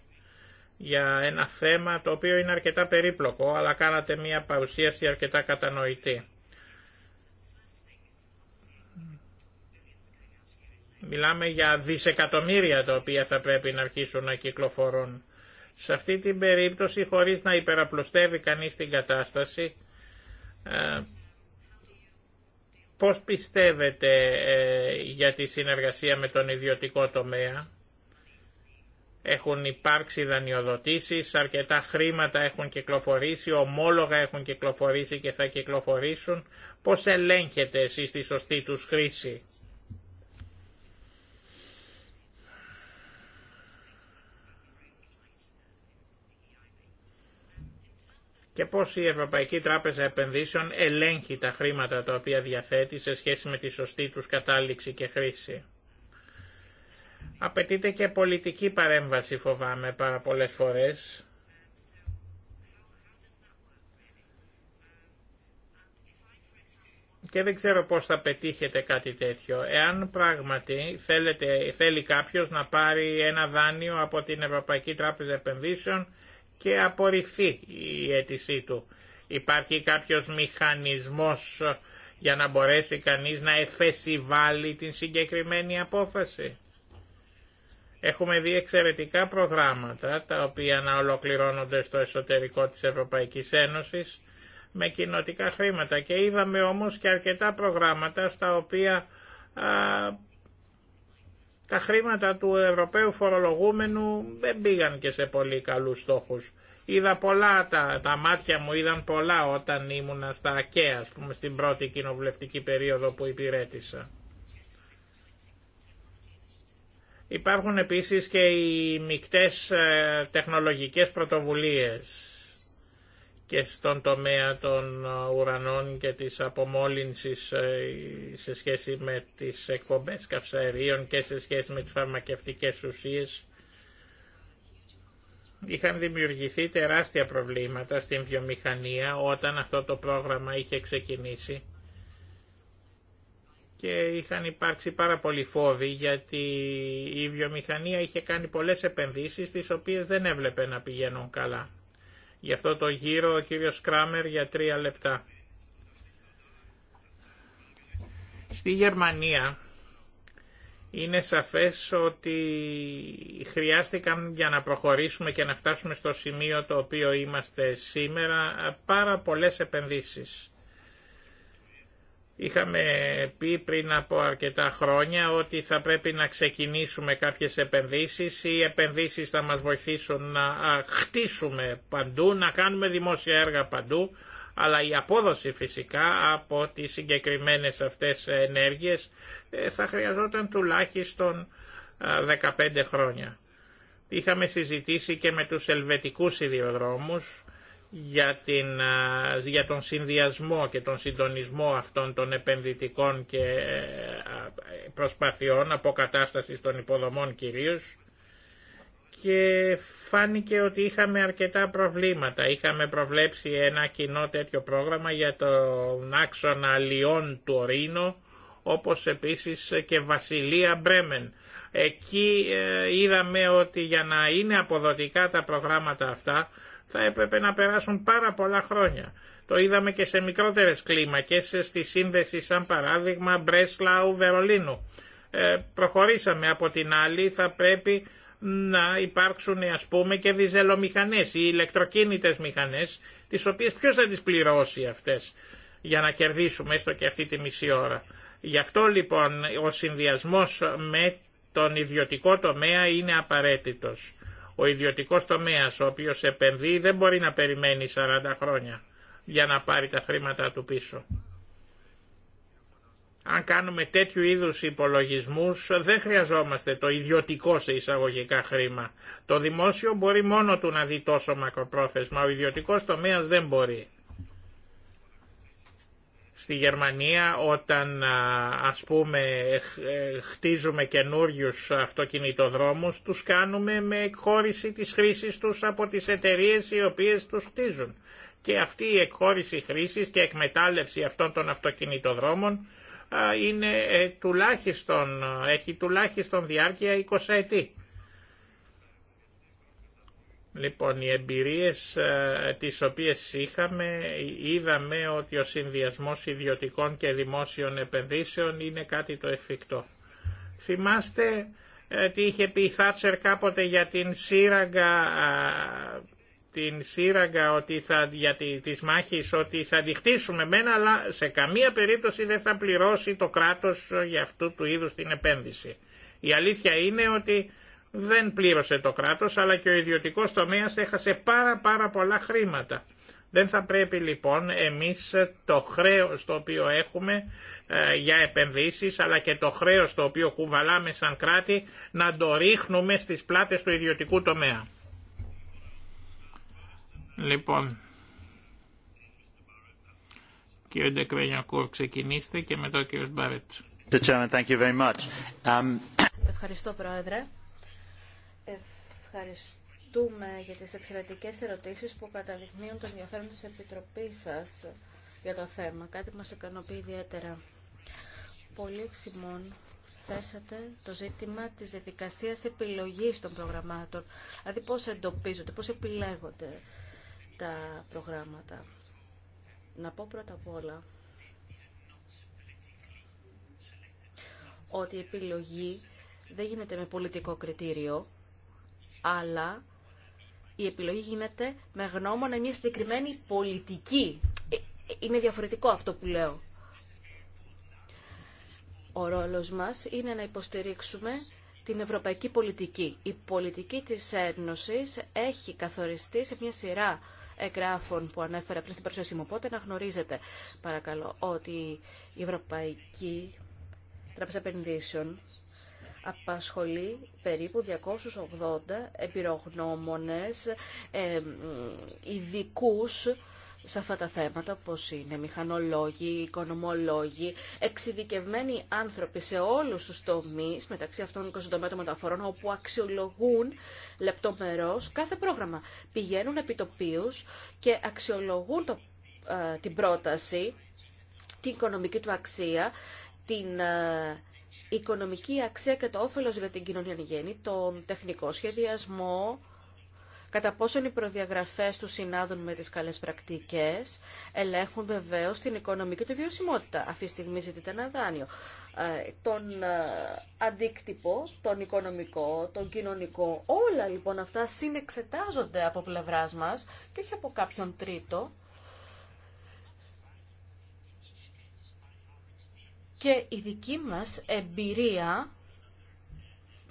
[SPEAKER 3] για ένα θέμα το οποίο είναι αρκετά περίπλοκο αλλά κάνατε μια παρουσίαση αρκετά κατανοητή. Μιλάμε για δισεκατομμύρια τα οποία θα πρέπει να αρχίσουν να κυκλοφορούν. Σε αυτή την περίπτωση, χωρίς να υπεραπλουστεύει κανείς την κατάσταση, ε, πώς πιστεύετε ε, για τη συνεργασία με τον ιδιωτικό τομέα. Έχουν υπάρξει δανειοδοτήσεις, αρκετά χρήματα έχουν κυκλοφορήσει, ομόλογα έχουν κυκλοφορήσει και θα κυκλοφορήσουν. Πώς ελέγχετε εσείς τη σωστή τους χρήση. και πώς η Ευρωπαϊκή Τράπεζα Επενδύσεων ελέγχει τα χρήματα τα οποία διαθέτει σε σχέση με τη σωστή τους κατάληξη και χρήση. Απαιτείται και πολιτική παρέμβαση φοβάμαι πάρα πολλές φορές. Και δεν ξέρω πώς θα πετύχετε κάτι τέτοιο. Εάν πράγματι θέλετε, θέλει κάποιος να πάρει ένα δάνειο από την Ευρωπαϊκή Τράπεζα Επενδύσεων και απορριφθεί η αίτησή του. Υπάρχει κάποιος μηχανισμός ε, για να μπορέσει κανείς να εφεσιβάλει την συγκεκριμένη απόφαση. Έχουμε δει εξαιρετικά προγράμματα τα οποία να ολοκληρώνονται στο εσωτερικό της Ευρωπαϊκής Ένωσης με κοινοτικά χρήματα και είδαμε όμως και αρκετά προγράμματα στα οποία τα χρήματα του Ευρωπαίου φορολογούμενου δεν πήγαν και σε πολύ καλούς στόχους. Είδα πολλά, τα, τα μάτια μου είδαν πολλά όταν ήμουνα στα ΑΚΕΑ, ας πούμε, στην πρώτη κοινοβουλευτική περίοδο που υπηρέτησα. Υπάρχουν επίσης και οι μικτές ε, τεχνολογικές πρωτοβουλίες και στον τομέα των ουρανών και της απομόλυνσης ε, σε σχέση με τις εκπομπές καυσαερίων και σε σχέση με τις φαρμακευτικές ουσίες είχαν δημιουργηθεί τεράστια προβλήματα στην βιομηχανία όταν αυτό το πρόγραμμα είχε ξεκινήσει και είχαν υπάρξει πάρα πολλοί φόβοι γιατί η βιομηχανία είχε κάνει πολλές επενδύσεις τις οποίες δεν έβλεπε να πηγαίνουν καλά. Γι' αυτό το γύρο ο κύριος Κράμερ για τρία λεπτά. Στη Γερμανία είναι σαφές ότι χρειάστηκαν για να προχωρήσουμε και να φτάσουμε στο σημείο το οποίο είμαστε σήμερα πάρα πολλές επενδύσεις. Είχαμε πει πριν από αρκετά χρόνια ότι θα πρέπει να ξεκινήσουμε κάποιες επενδύσεις. Οι επενδύσεις θα μας βοηθήσουν να χτίσουμε παντού, να κάνουμε δημόσια έργα παντού, αλλά η απόδοση φυσικά από τις συγκεκριμένες αυτές ενέργειες ε, θα χρειαζόταν τουλάχιστον 15 χρόνια. Είχαμε συζητήσει και με τους ελβετικούς ιδιοδρόμους, για, την, για τον συνδυασμό και τον συντονισμό αυτών των επενδυτικών και ε, προσπαθειών αποκατάστασης των υποδομών κυρίως και φάνηκε ότι είχαμε αρκετά προβλήματα. Είχαμε προβλέψει ένα κοινό τέτοιο πρόγραμμα για τον άξονα Λιών του Όρινο όπως επίσης και Βασιλεία Μπρέμεν. Εκεί ε, είδαμε ότι για να είναι αποδοτικά τα προγράμματα αυτά θα έπρεπε να περάσουν πάρα πολλά χρόνια. Το είδαμε και σε μικρότερες κλίμακες, στη σύνδεση σαν παράδειγμα Μπρέσλαου-Βερολίνου. Ε, προχωρήσαμε από την άλλη, θα πρέπει να υπάρξουν ας πούμε και διζελομηχανές ή ηλεκτροκίνητες μηχανές, τις οποίες ποιος θα τις πληρώσει αυτές για να κερδίσουμε έστω και αυτή τη μισή ώρα. Γι' αυτό λοιπόν ο συνδυασμός με τον ιδιωτικό τομέα είναι απαραίτητος. Ο ιδιωτικός τομέας ο οποίος επενδύει δεν μπορεί να περιμένει 40 χρόνια για να πάρει τα χρήματα του πίσω. Αν κάνουμε τέτοιου είδους υπολογισμούς δεν χρειαζόμαστε το ιδιωτικό σε εισαγωγικά χρήμα. Το δημόσιο μπορεί μόνο του να δει τόσο μακροπρόθεσμα, ο ιδιωτικός τομέας δεν μπορεί. Στη Γερμανία όταν ας πούμε ε, χτίζουμε καινούριου αυτοκινητοδρόμους τους κάνουμε με εκχώρηση της χρήσης τους από τις εταιρείες οι οποίες τους χτίζουν. Και αυτή η εκχώρηση χρήσης και εκμετάλλευση αυτών των αυτοκινητοδρόμων είναι ε, τουλάχιστον, έχει τουλάχιστον διάρκεια 20 ετή. Λοιπόν, οι εμπειρίες ε, τις οποίες είχαμε, ε, είδαμε ότι ο συνδυασμός ιδιωτικών και δημόσιων επενδύσεων είναι κάτι το εφικτό. Θυμάστε ε, τι είχε πει η Θάτσερ κάποτε για την σύραγγα, την σύραγγα ότι θα, για τη, της ότι θα διχτήσουμε μένα, αλλά σε καμία περίπτωση δεν θα πληρώσει το κράτος για αυτού του είδους την επένδυση. Η αλήθεια είναι ότι δεν πλήρωσε το κράτος αλλά και ο ιδιωτικός τομέας έχασε πάρα πάρα πολλά χρήματα. Δεν θα πρέπει λοιπόν εμείς το χρέος το οποίο έχουμε ε, για επενδύσεις αλλά και το χρέος το οποίο κουβαλάμε σαν κράτη να το ρίχνουμε στις πλάτες του ιδιωτικού τομέα. Λοιπόν, κύριε Ντεκβενιακού ξεκινήστε και μετά ο κύριος Μπάρετ.
[SPEAKER 1] Um,
[SPEAKER 4] Ευχαριστώ Πρόεδρε. Ευχαριστούμε για τις εξαιρετικές ερωτήσεις που καταδεικνύουν τον ενδιαφέρον της Επιτροπής σας για το θέμα. Κάτι που μας ικανοποιεί ιδιαίτερα. Πολύ εξημών θέσατε το ζήτημα της διαδικασία επιλογής των προγραμμάτων. Δηλαδή πώς εντοπίζονται, πώς επιλέγονται τα προγράμματα. Να πω πρώτα απ' όλα ότι η επιλογή δεν γίνεται με πολιτικό κριτήριο, αλλά η επιλογή γίνεται με γνώμονα μια συγκεκριμένη πολιτική. Ε, είναι διαφορετικό αυτό που λέω. Ο ρόλος μας είναι να υποστηρίξουμε την ευρωπαϊκή πολιτική. Η πολιτική της Ένωσης έχει καθοριστεί σε μια σειρά εγγράφων που ανέφερα πριν στην παρουσίαση μου. Οπότε να γνωρίζετε, παρακαλώ, ότι η Ευρωπαϊκή Τράπεζα Επενδύσεων απασχολεί περίπου 280 επιρογνώμονες ειδικού σε αυτά τα θέματα, όπως είναι μηχανολόγοι, οικονομολόγοι, εξειδικευμένοι άνθρωποι σε όλους τους τομείς, μεταξύ αυτών των τομέα των μεταφορών, όπου αξιολογούν λεπτομερώς κάθε πρόγραμμα. Πηγαίνουν επί και αξιολογούν το, ε, την πρόταση, την οικονομική του αξία, την ε, οικονομική αξία και το όφελος για την κοινωνία γέννη, τον τεχνικό σχεδιασμό, κατά πόσον οι προδιαγραφές του συνάδουν με τις καλές πρακτικές, ελέγχουν βεβαίως την οικονομική του βιωσιμότητα. Αυτή τη στιγμή ζητείται ένα δάνειο. Ε, τον ε, αντίκτυπο, τον οικονομικό, τον κοινωνικό, όλα λοιπόν αυτά συνεξετάζονται από πλευράς μας και όχι από κάποιον τρίτο. Και η δική μας εμπειρία,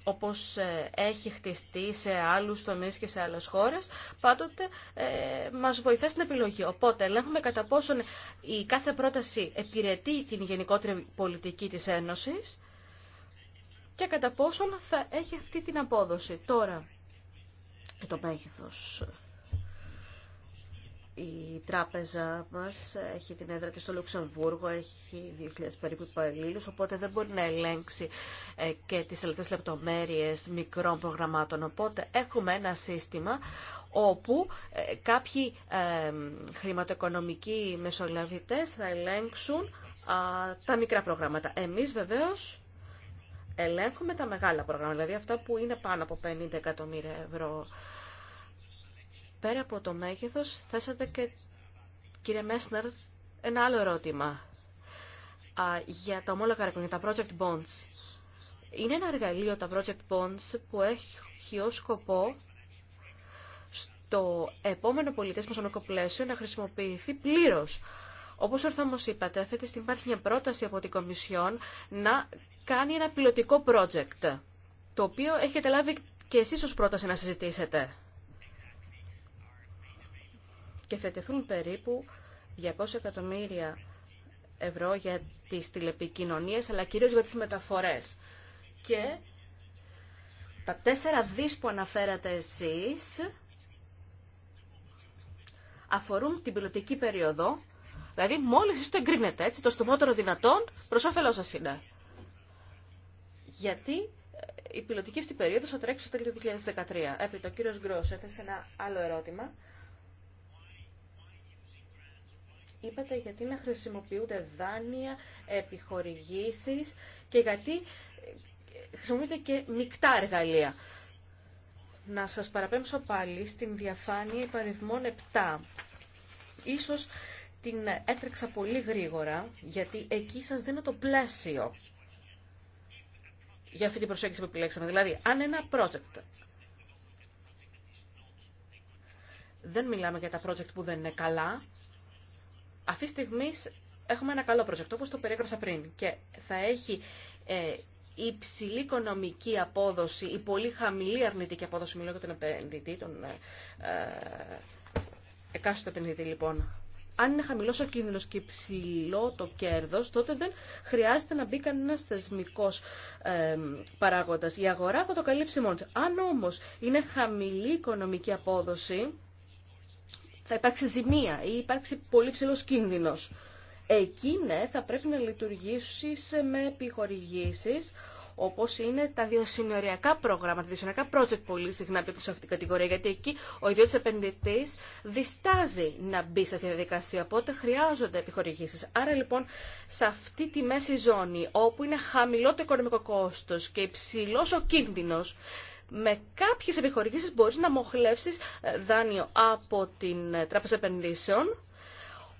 [SPEAKER 4] όπως ε, έχει χτιστεί σε άλλους τομείς και σε άλλες χώρες, πάντοτε ε, μας βοηθά στην επιλογή. Οπότε, ελέγχουμε κατά πόσον η κάθε πρόταση επιρετεί την γενικότερη πολιτική της Ένωσης και κατά πόσον θα έχει αυτή την απόδοση. Τώρα, το μέγεθος η τράπεζα μας έχει την έδρα και στο Λουξεμβούργο, έχει 2.000 περίπου υπαλλήλου, οπότε δεν μπορεί να ελέγξει ε, και τις τελευταίες λεπτομέρειες μικρών προγραμμάτων. Οπότε έχουμε ένα σύστημα όπου ε, κάποιοι ε, χρηματοοικονομικοί μεσολαβητές θα ελέγξουν τα μικρά προγράμματα. Εμείς βεβαίως ελέγχουμε τα μεγάλα προγράμματα, δηλαδή αυτά που είναι πάνω από 50 εκατομμύρια ευρώ πέρα από το μέγεθος, θέσατε και, κύριε Μέσνερ, ένα άλλο ερώτημα για τα ομόλογα έργων, για τα project bonds. Είναι ένα εργαλείο τα project bonds που έχει ως σκοπό στο επόμενο πολιτές μεσονοκό πλαίσιο να χρησιμοποιηθεί πλήρως. Όπως ορθά μου είπατε, αυτή τη υπάρχει μια πρόταση από την Κομισιόν να κάνει ένα πιλωτικό project, το οποίο έχετε λάβει και εσείς ως πρόταση να συζητήσετε και θα περίπου 200 εκατομμύρια ευρώ για τις τηλεπικοινωνίες, αλλά κυρίως για τις μεταφορές. Και τα τέσσερα δις που αναφέρατε εσείς αφορούν την πιλωτική περίοδο, δηλαδή μόλις εσείς το εγκρίνετε, έτσι, το στομότερο δυνατόν, προς όφελό σας είναι. Γιατί ε, η πιλωτική αυτή περίοδος θα τρέξει στο 2013. Έπειτα ο κύριος Γκρός έθεσε ένα άλλο ερώτημα είπατε γιατί να χρησιμοποιούνται δάνεια, επιχορηγήσεις και γιατί ε, χρησιμοποιούνται και μεικτά εργαλεία. Να σας παραπέμψω πάλι στην διαφάνεια υπαριθμών 7. Ίσως την έτρεξα πολύ γρήγορα, γιατί εκεί σας δίνω το πλαίσιο για αυτή την προσέγγιση που επιλέξαμε. Δηλαδή, αν ένα project... Δεν μιλάμε για τα project που δεν είναι καλά, αυτή τη στιγμή έχουμε ένα καλό project, όπως το περιέγραψα πριν, και θα έχει ε, υψηλή οικονομική απόδοση ή πολύ χαμηλή αρνητική απόδοση, Μιλώ για τον επενδυτή, τον ε, ε εκάστοτε επενδυτή λοιπόν. Αν είναι χαμηλό ο κίνδυνο και υψηλό το κέρδο, τότε δεν χρειάζεται να μπει κανένα θεσμικό ε, παράγοντα. Η αγορά θα το καλύψει μόνο. Αν όμω είναι χαμηλή οικονομική απόδοση, θα υπάρξει ζημία ή υπάρξει πολύ ψηλό κίνδυνο. Εκεί, ναι, θα πρέπει να λειτουργήσει με επιχορηγήσει, όπω είναι τα διοσυνοριακά προγράμματα, τα διοσυνοριακά project πολύ συχνά πέφτουν σε αυτήν την κατηγορία, γιατί εκεί ο ιδιώτη επενδυτή διστάζει να μπει σε αυτή τη διαδικασία, οπότε χρειάζονται επιχορηγήσει. Άρα λοιπόν σε αυτή τη μέση ζώνη, όπου είναι χαμηλό το οικονομικό κόστο και υψηλό ο κίνδυνο με κάποιε επιχορηγήσει μπορεί να μοχλεύσει ε, δάνειο από την ε, Τράπεζα Επενδύσεων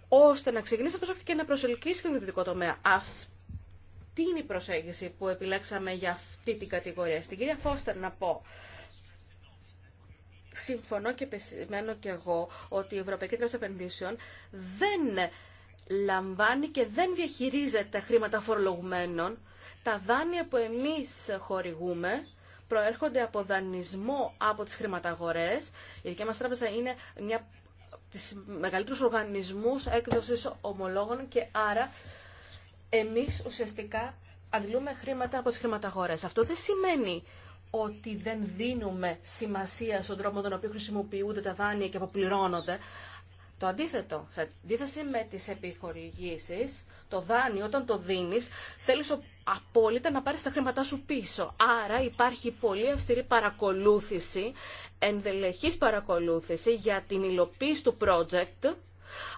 [SPEAKER 4] ώστε να ξεκινήσει αυτό και να προσελκύσει τον ιδιωτικό τομέα. Αυτή είναι η προσέγγιση που επιλέξαμε για αυτή την κατηγορία. Στην κυρία Φώστερ να πω συμφωνώ και επισημαίνω και εγώ ότι η Ευρωπαϊκή Τράπεζα Επενδύσεων δεν λαμβάνει και δεν διαχειρίζεται χρήματα φορολογουμένων. Τα δάνεια που εμείς χορηγούμε προέρχονται από δανεισμό από τις χρηματαγορές. Η δική μας τράπεζα είναι μια τις μεγαλύτερους οργανισμούς έκδοσης ομολόγων και άρα εμείς ουσιαστικά αντιλούμε χρήματα από τις χρηματαγορές. Αυτό δεν σημαίνει ότι δεν δίνουμε σημασία στον τρόπο τον οποίο χρησιμοποιούνται τα δάνεια και αποπληρώνονται. Το αντίθετο, σε αντίθεση με τις επιχορηγήσεις, το δάνειο όταν το δίνεις, θέλεις ο απόλυτα να πάρεις τα χρήματά σου πίσω. Άρα υπάρχει πολύ αυστηρή παρακολούθηση, ενδελεχής παρακολούθηση για την υλοποίηση του project,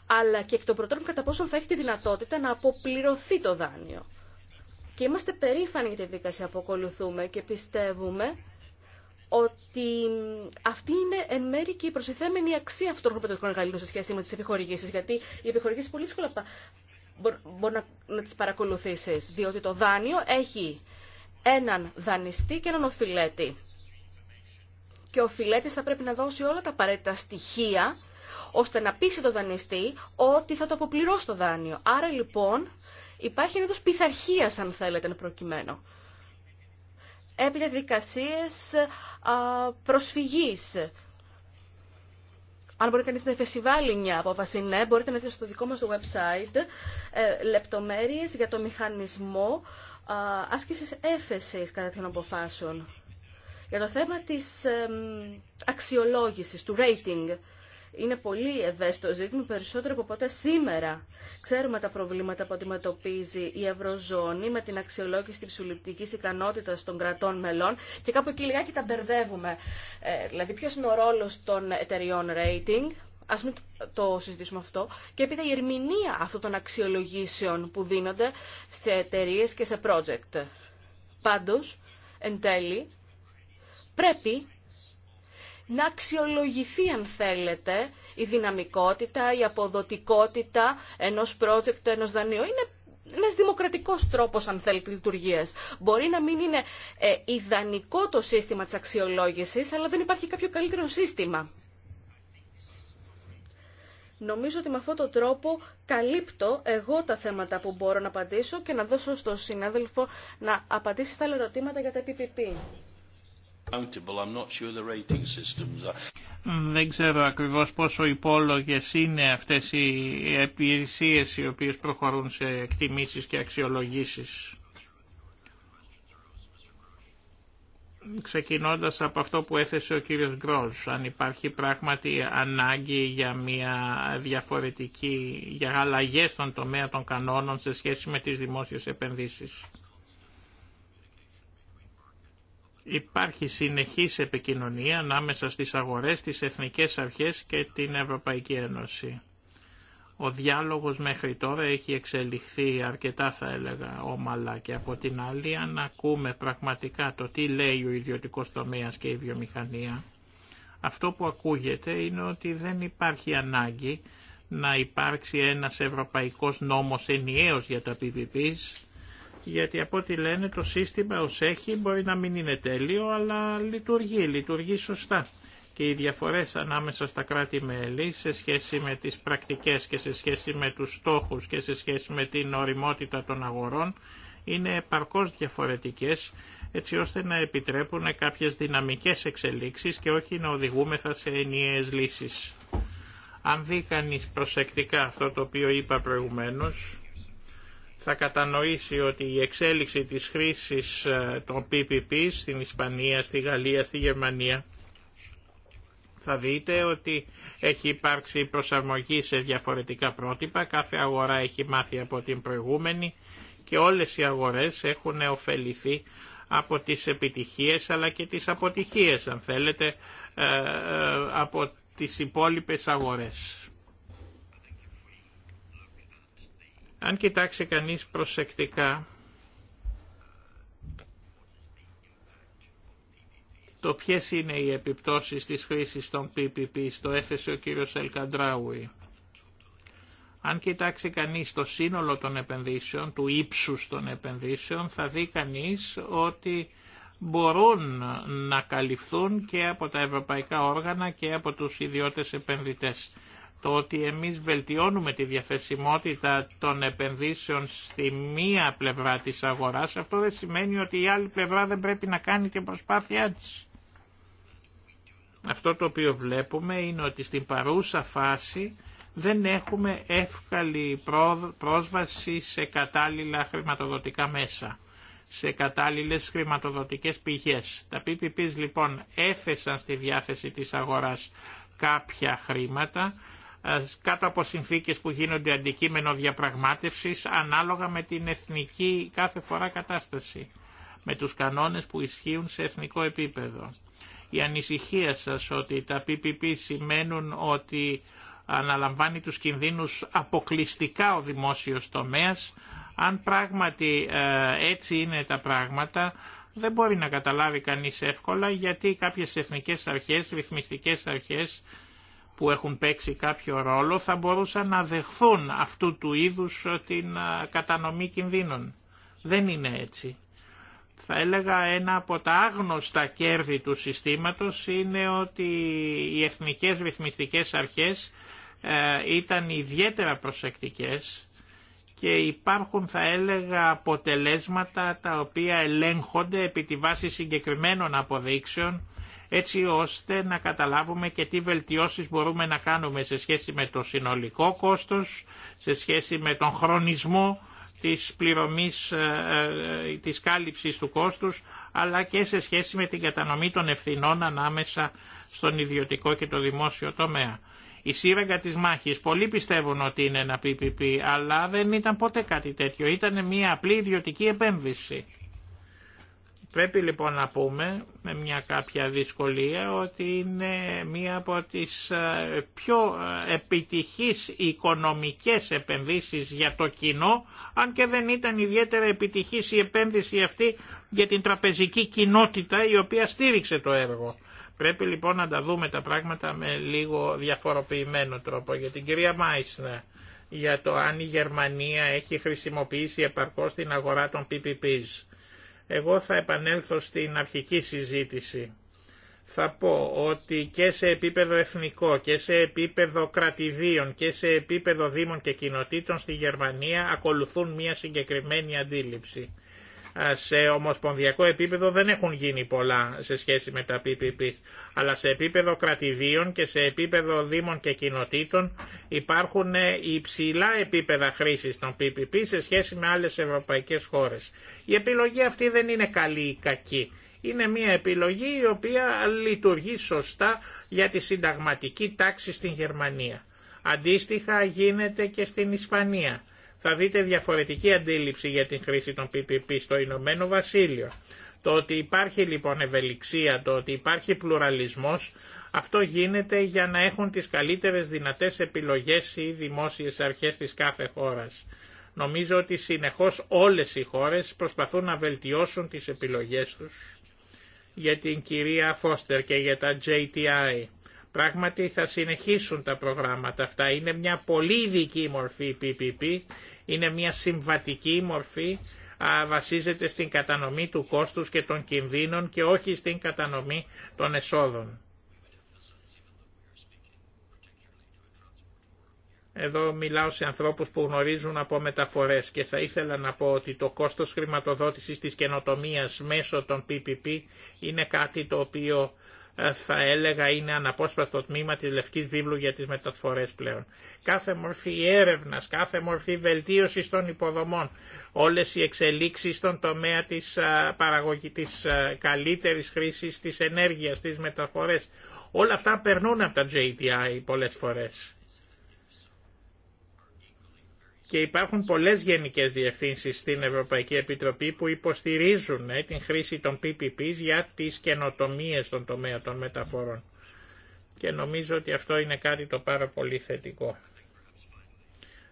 [SPEAKER 4] αλλά και εκ των προτέρων κατά πόσο θα έχει τη δυνατότητα να αποπληρωθεί το δάνειο. Και είμαστε περήφανοι για τη δίκαση που ακολουθούμε και πιστεύουμε ότι αυτή είναι εν μέρη και η προσιθέμενη αξία αυτών των χρηματοδοτικών εργαλείων σε σχέση με τι επιχορηγήσει. Γιατί οι επιχορηγήσει πολύ δύσκολα μπορεί να, να τις παρακολουθήσεις, διότι το δάνειο έχει έναν δανειστή και έναν οφειλέτη. Και ο οφηλέτης θα πρέπει να δώσει όλα τα απαραίτητα στοιχεία ώστε να πείσει το δανειστή ότι θα το αποπληρώσει το δάνειο. Άρα λοιπόν υπάρχει ένα είδος πειθαρχίας αν θέλετε προκειμένου. Έπειτα δικασίες προσφυγής αν μπορεί κανείς να εφεσιβάλει μια απόφαση, ναι, μπορείτε να δείτε στο δικό μας website ε, λεπτομέρειες για το μηχανισμό ε, άσκησης έφεσης κατά τέτοιων αποφάσεων. Για το θέμα της ε, αξιολόγησης, του rating, είναι πολύ ευαίσθητο ζήτημα, περισσότερο από ποτέ σήμερα. Ξέρουμε τα προβλήματα που αντιμετωπίζει η Ευρωζώνη με την αξιολόγηση τη ψηλοπτική ικανότητα των κρατών μελών και κάπου εκεί λιγάκι τα μπερδεύουμε. Ε, δηλαδή, ποιο είναι ο ρόλο των εταιριών rating, α μην το συζητήσουμε αυτό, και έπειτα η ερμηνεία αυτών των αξιολογήσεων που δίνονται σε εταιρείε και σε project. Πάντω, εν τέλει, πρέπει να αξιολογηθεί αν θέλετε η δυναμικότητα, η αποδοτικότητα ενός project, ενός δανείου. Είναι ένα δημοκρατικός τρόπος, αν θέλετε, λειτουργίας. Μπορεί να μην είναι ε, ιδανικό το σύστημα της αξιολόγησης, αλλά δεν υπάρχει κάποιο καλύτερο σύστημα. Νομίζω ότι με αυτόν τον τρόπο καλύπτω εγώ τα θέματα που μπορώ να απαντήσω και να δώσω στον συνάδελφο να απαντήσει στα άλλα ερωτήματα για τα PPP.
[SPEAKER 3] Δεν ξέρω ακριβώς πόσο υπόλογες είναι αυτές οι υπηρεσίε οι οποίες προχωρούν σε εκτιμήσεις και αξιολογήσεις. Ξεκινώντας από αυτό που έθεσε ο κύριος Γκρόλ, αν υπάρχει πράγματι ανάγκη για μια διαφορετική, για αλλαγές στον τομέα των κανόνων σε σχέση με τις δημόσιες επενδύσεις. Υπάρχει συνεχής επικοινωνία ανάμεσα στις αγορές, τις εθνικές αρχές και την Ευρωπαϊκή Ένωση. Ο διάλογος μέχρι τώρα έχει εξελιχθεί αρκετά θα έλεγα όμαλα και από την άλλη αν ακούμε πραγματικά το τι λέει ο ιδιωτικός τομέας και η βιομηχανία. Αυτό που ακούγεται είναι ότι δεν υπάρχει ανάγκη να υπάρξει ένας ευρωπαϊκός νόμος ενιαίος για τα PPPs γιατί από ό,τι λένε το σύστημα ως έχει μπορεί να μην είναι τέλειο, αλλά λειτουργεί, λειτουργεί σωστά. Και οι διαφορές ανάμεσα στα κράτη-μέλη σε σχέση με τις πρακτικές και σε σχέση με τους στόχους και σε σχέση με την οριμότητα των αγορών είναι επαρκώς διαφορετικές έτσι ώστε να επιτρέπουν κάποιες δυναμικές εξελίξεις και όχι να οδηγούμεθα σε ενιαίες λύσεις. Αν δει κανείς προσεκτικά αυτό το οποίο είπα προηγουμένως, θα κατανοήσει ότι η εξέλιξη της χρήσης ε, των PPP στην Ισπανία, στη Γαλλία, στη Γερμανία θα δείτε ότι έχει υπάρξει προσαρμογή σε διαφορετικά πρότυπα, κάθε αγορά έχει μάθει από την προηγούμενη και όλες οι αγορές έχουν ωφεληθεί από τις επιτυχίες αλλά και τις αποτυχίες αν θέλετε ε, ε, από τις υπόλοιπες αγορές. Αν κοιτάξει κανείς προσεκτικά το ποιες είναι οι επιπτώσεις της χρήσης των PPP, στο έθεσε ο κύριος Ελκαντράουι. Αν κοιτάξει κανείς το σύνολο των επενδύσεων, του ύψους των επενδύσεων, θα δει κανείς ότι μπορούν να καλυφθούν και από τα ευρωπαϊκά όργανα και από τους ιδιώτες επενδυτές το ότι εμείς βελτιώνουμε τη διαθεσιμότητα των επενδύσεων στη μία πλευρά της αγοράς, αυτό δεν σημαίνει ότι η άλλη πλευρά δεν πρέπει να κάνει την προσπάθειά της. Αυτό το οποίο βλέπουμε είναι ότι στην παρούσα φάση δεν έχουμε εύκολη πρόσβαση σε κατάλληλα χρηματοδοτικά μέσα, σε κατάλληλες χρηματοδοτικές πηγές. Τα PPPs λοιπόν έθεσαν στη διάθεση της αγοράς κάποια χρήματα ε, κάτω από συνθήκες που γίνονται αντικείμενο διαπραγμάτευσης ανάλογα με την εθνική κάθε φορά κατάσταση, με τους κανόνες που ισχύουν σε εθνικό επίπεδο. Η ανησυχία σας ότι τα PPP σημαίνουν ότι αναλαμβάνει τους κινδύνους αποκλειστικά ο δημόσιος τομέας, αν πράγματι ε, έτσι είναι τα πράγματα, δεν μπορεί να καταλάβει κανείς εύκολα γιατί κάποιες εθνικές αρχές, ρυθμιστικές αρχές που έχουν παίξει κάποιο ρόλο θα μπορούσαν να δεχθούν αυτού του είδους ε, την ε, κατανομή κινδύνων. Δεν είναι έτσι. Θα έλεγα ένα από τα άγνωστα κέρδη του συστήματος είναι ότι οι εθνικές ρυθμιστικές αρχές ε, ήταν ιδιαίτερα προσεκτικές και υπάρχουν θα έλεγα αποτελέσματα τα οποία ελέγχονται επί τη βάση συγκεκριμένων αποδείξεων έτσι ώστε να καταλάβουμε και τι βελτιώσεις μπορούμε να κάνουμε σε σχέση με το συνολικό κόστος, σε σχέση με τον χρονισμό της πληρωμής, ε, ε, της κάλυψης του κόστους, αλλά και σε σχέση με την κατανομή των ευθυνών ανάμεσα στον ιδιωτικό και το δημόσιο τομέα. Η σύραγγα της μάχης, πολλοί πιστεύουν ότι είναι ένα PPP, αλλά δεν ήταν ποτέ κάτι τέτοιο. Ήταν μια απλή ιδιωτική επέμβηση. Πρέπει λοιπόν να πούμε με μια κάποια δυσκολία ότι είναι μία από τις ε, πιο ε, επιτυχείς οικονομικές επενδύσεις για το κοινό, αν και δεν ήταν ιδιαίτερα επιτυχής η επένδυση αυτή για την τραπεζική κοινότητα η οποία στήριξε το έργο. Πρέπει λοιπόν να τα δούμε τα πράγματα με λίγο διαφοροποιημένο τρόπο. Για την κυρία Μάισνα, για το αν η Γερμανία έχει χρησιμοποιήσει επαρκώς την αγορά των PPPs. Εγώ θα επανέλθω στην αρχική συζήτηση. Θα πω ότι και σε επίπεδο εθνικό και σε επίπεδο κρατηδίων και σε επίπεδο δήμων και κοινοτήτων στη Γερμανία ακολουθούν μια συγκεκριμένη αντίληψη σε ομοσπονδιακό επίπεδο δεν έχουν γίνει πολλά σε σχέση με τα PPP, αλλά σε επίπεδο κρατηδίων και σε επίπεδο δήμων και κοινοτήτων υπάρχουν ε, υψηλά επίπεδα χρήσης των PPP σε σχέση με άλλες ευρωπαϊκές χώρες. Η επιλογή αυτή δεν είναι καλή ή κακή. Είναι μια επιλογή η οποία λειτουργεί σωστά για τη συνταγματική τάξη στην Γερμανία. Αντίστοιχα γίνεται και στην Ισπανία θα δείτε διαφορετική αντίληψη για την χρήση των PPP στο Ηνωμένο Βασίλειο. Το ότι υπάρχει λοιπόν ευελιξία, το ότι υπάρχει πλουραλισμός, αυτό γίνεται για να έχουν τις καλύτερες δυνατές επιλογές οι δημόσιες αρχές της κάθε χώρας. Νομίζω ότι συνεχώς όλες οι χώρες προσπαθούν να βελτιώσουν τις επιλογές τους. Για την κυρία Φώστερ και για τα JTI. Πράγματι θα συνεχίσουν τα προγράμματα αυτά. Είναι μια πολύ ειδική μορφή PPP, είναι μια συμβατική μορφή, βασίζεται στην κατανομή του κόστους και των κινδύνων και όχι στην κατανομή των εσόδων. Εδώ μιλάω σε ανθρώπους που γνωρίζουν από μεταφορές και θα ήθελα να πω ότι το κόστος χρηματοδότησης της καινοτομίας μέσω των PPP είναι κάτι το οποίο ε, θα έλεγα είναι αναπόσπαστο τμήμα της Λευκής Βίβλου για τις μεταφορές πλέον. Κάθε μορφή έρευνας, κάθε μορφή βελτίωσης των υποδομών, όλες οι εξελίξεις στον τομέα της, παραγωγής της καλύτερης χρήσης της ενέργειας, της μεταφορές, όλα αυτά περνούν από τα JTI πολλές φορές και υπάρχουν πολλές γενικές διευθύνσεις στην Ευρωπαϊκή Επιτροπή που υποστηρίζουν ε, την χρήση των PPP για τις καινοτομίες στον τομέα των μεταφορών. Και νομίζω ότι αυτό είναι κάτι το πάρα πολύ θετικό.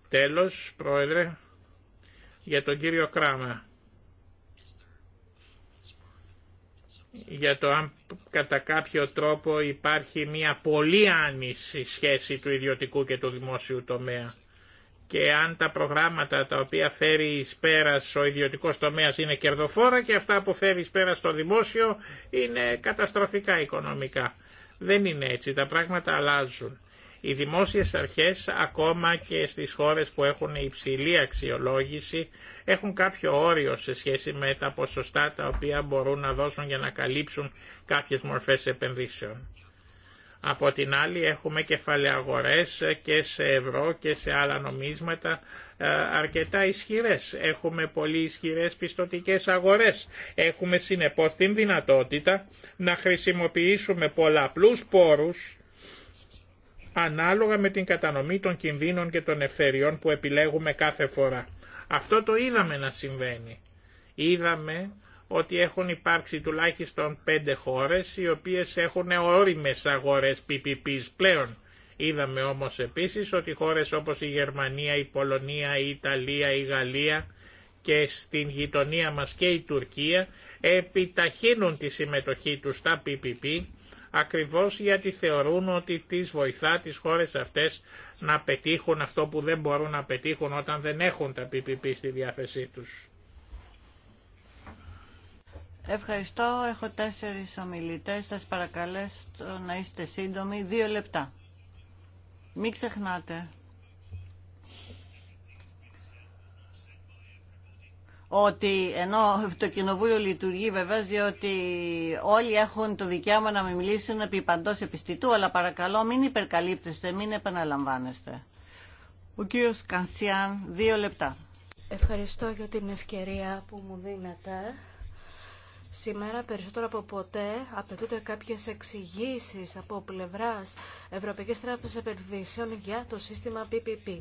[SPEAKER 3] Τέλος, Πρόεδρε, για τον κύριο Κράμα. για το αν κατά κάποιο τρόπο υπάρχει μια πολύ άνηση σχέση του ιδιωτικού και του δημόσιου τομέα και αν τα προγράμματα τα οποία φέρει εις πέρας ο ιδιωτικός τομέας είναι κερδοφόρα και αυτά που φέρει εις πέρας το δημόσιο είναι καταστροφικά οικονομικά. Δεν είναι έτσι, τα πράγματα αλλάζουν. Οι δημόσιες αρχές ακόμα και στις χώρες που έχουν υψηλή αξιολόγηση έχουν κάποιο όριο σε σχέση με τα ποσοστά τα οποία μπορούν να δώσουν για να καλύψουν κάποιες μορφές επενδύσεων. Από την άλλη έχουμε κεφαλαιαγορές και σε ευρώ και σε άλλα νομίσματα ε, αρκετά ισχυρές. Έχουμε πολύ ισχυρές πιστοτικές αγορές. Έχουμε συνεπώς την δυνατότητα να χρησιμοποιήσουμε πολλαπλούς πόρους ανάλογα με την κατανομή των κινδύνων και των ευθεριών που επιλέγουμε κάθε φορά. Αυτό το είδαμε να συμβαίνει. Είδαμε ότι έχουν υπάρξει τουλάχιστον πέντε χώρες οι οποίες έχουν όριμες αγορές PPPs πλέον. Είδαμε όμως επίσης ότι χώρες όπως η Γερμανία, η Πολωνία, η Ιταλία, η Γαλλία και στην γειτονία μας και η Τουρκία επιταχύνουν τη συμμετοχή τους στα PPP ακριβώς γιατί θεωρούν ότι τις βοηθά τις χώρες αυτές να πετύχουν αυτό που δεν μπορούν να πετύχουν όταν δεν έχουν τα PPP στη διάθεσή τους.
[SPEAKER 2] Ευχαριστώ. Έχω τέσσερις ομιλητές. Θα σας παρακαλέσω να είστε σύντομοι. Δύο λεπτά. Μην ξεχνάτε. ότι ενώ το κοινοβούλιο λειτουργεί βεβαίω διότι όλοι έχουν το δικαίωμα να με μιλήσουν επί παντό επιστητού, αλλά παρακαλώ μην υπερκαλύπτεστε, μην επαναλαμβάνεστε. Ο κύριος Κανσιάν, δύο λεπτά.
[SPEAKER 4] Ευχαριστώ για την ευκαιρία που μου δίνετε. Σήμερα περισσότερο από ποτέ απαιτούνται κάποιες εξηγήσει από πλευράς Ευρωπαϊκής Τράπεζας Επενδύσεων για το σύστημα PPP.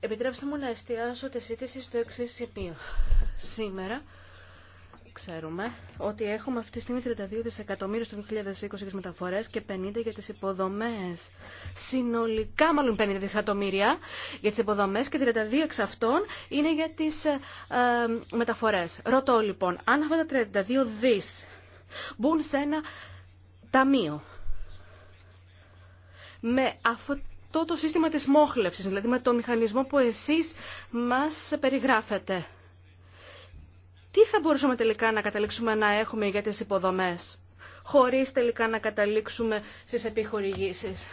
[SPEAKER 4] Επιτρέψτε μου να εστιάσω τη σύντηση στο εξή σημείο. Σήμερα ξέρουμε ότι έχουμε αυτή τη στιγμή 32 δισεκατομμύρια το 2020 τις μεταφορές και 50 για τις υποδομές. Συνολικά μάλλον 50 δισεκατομμύρια για τις υποδομές και 32 εξ αυτών είναι για τις ε, ε, μεταφορές. Ρωτώ λοιπόν, αν αυτά τα 32 δις μπουν σε ένα ταμείο με αυτό το σύστημα της μόχλευσης, δηλαδή με το μηχανισμό που εσείς μας περιγράφετε τι θα μπορούσαμε τελικά να καταλήξουμε να έχουμε για τις υποδομές, χωρίς τελικά να καταλήξουμε στις επιχορηγήσεις.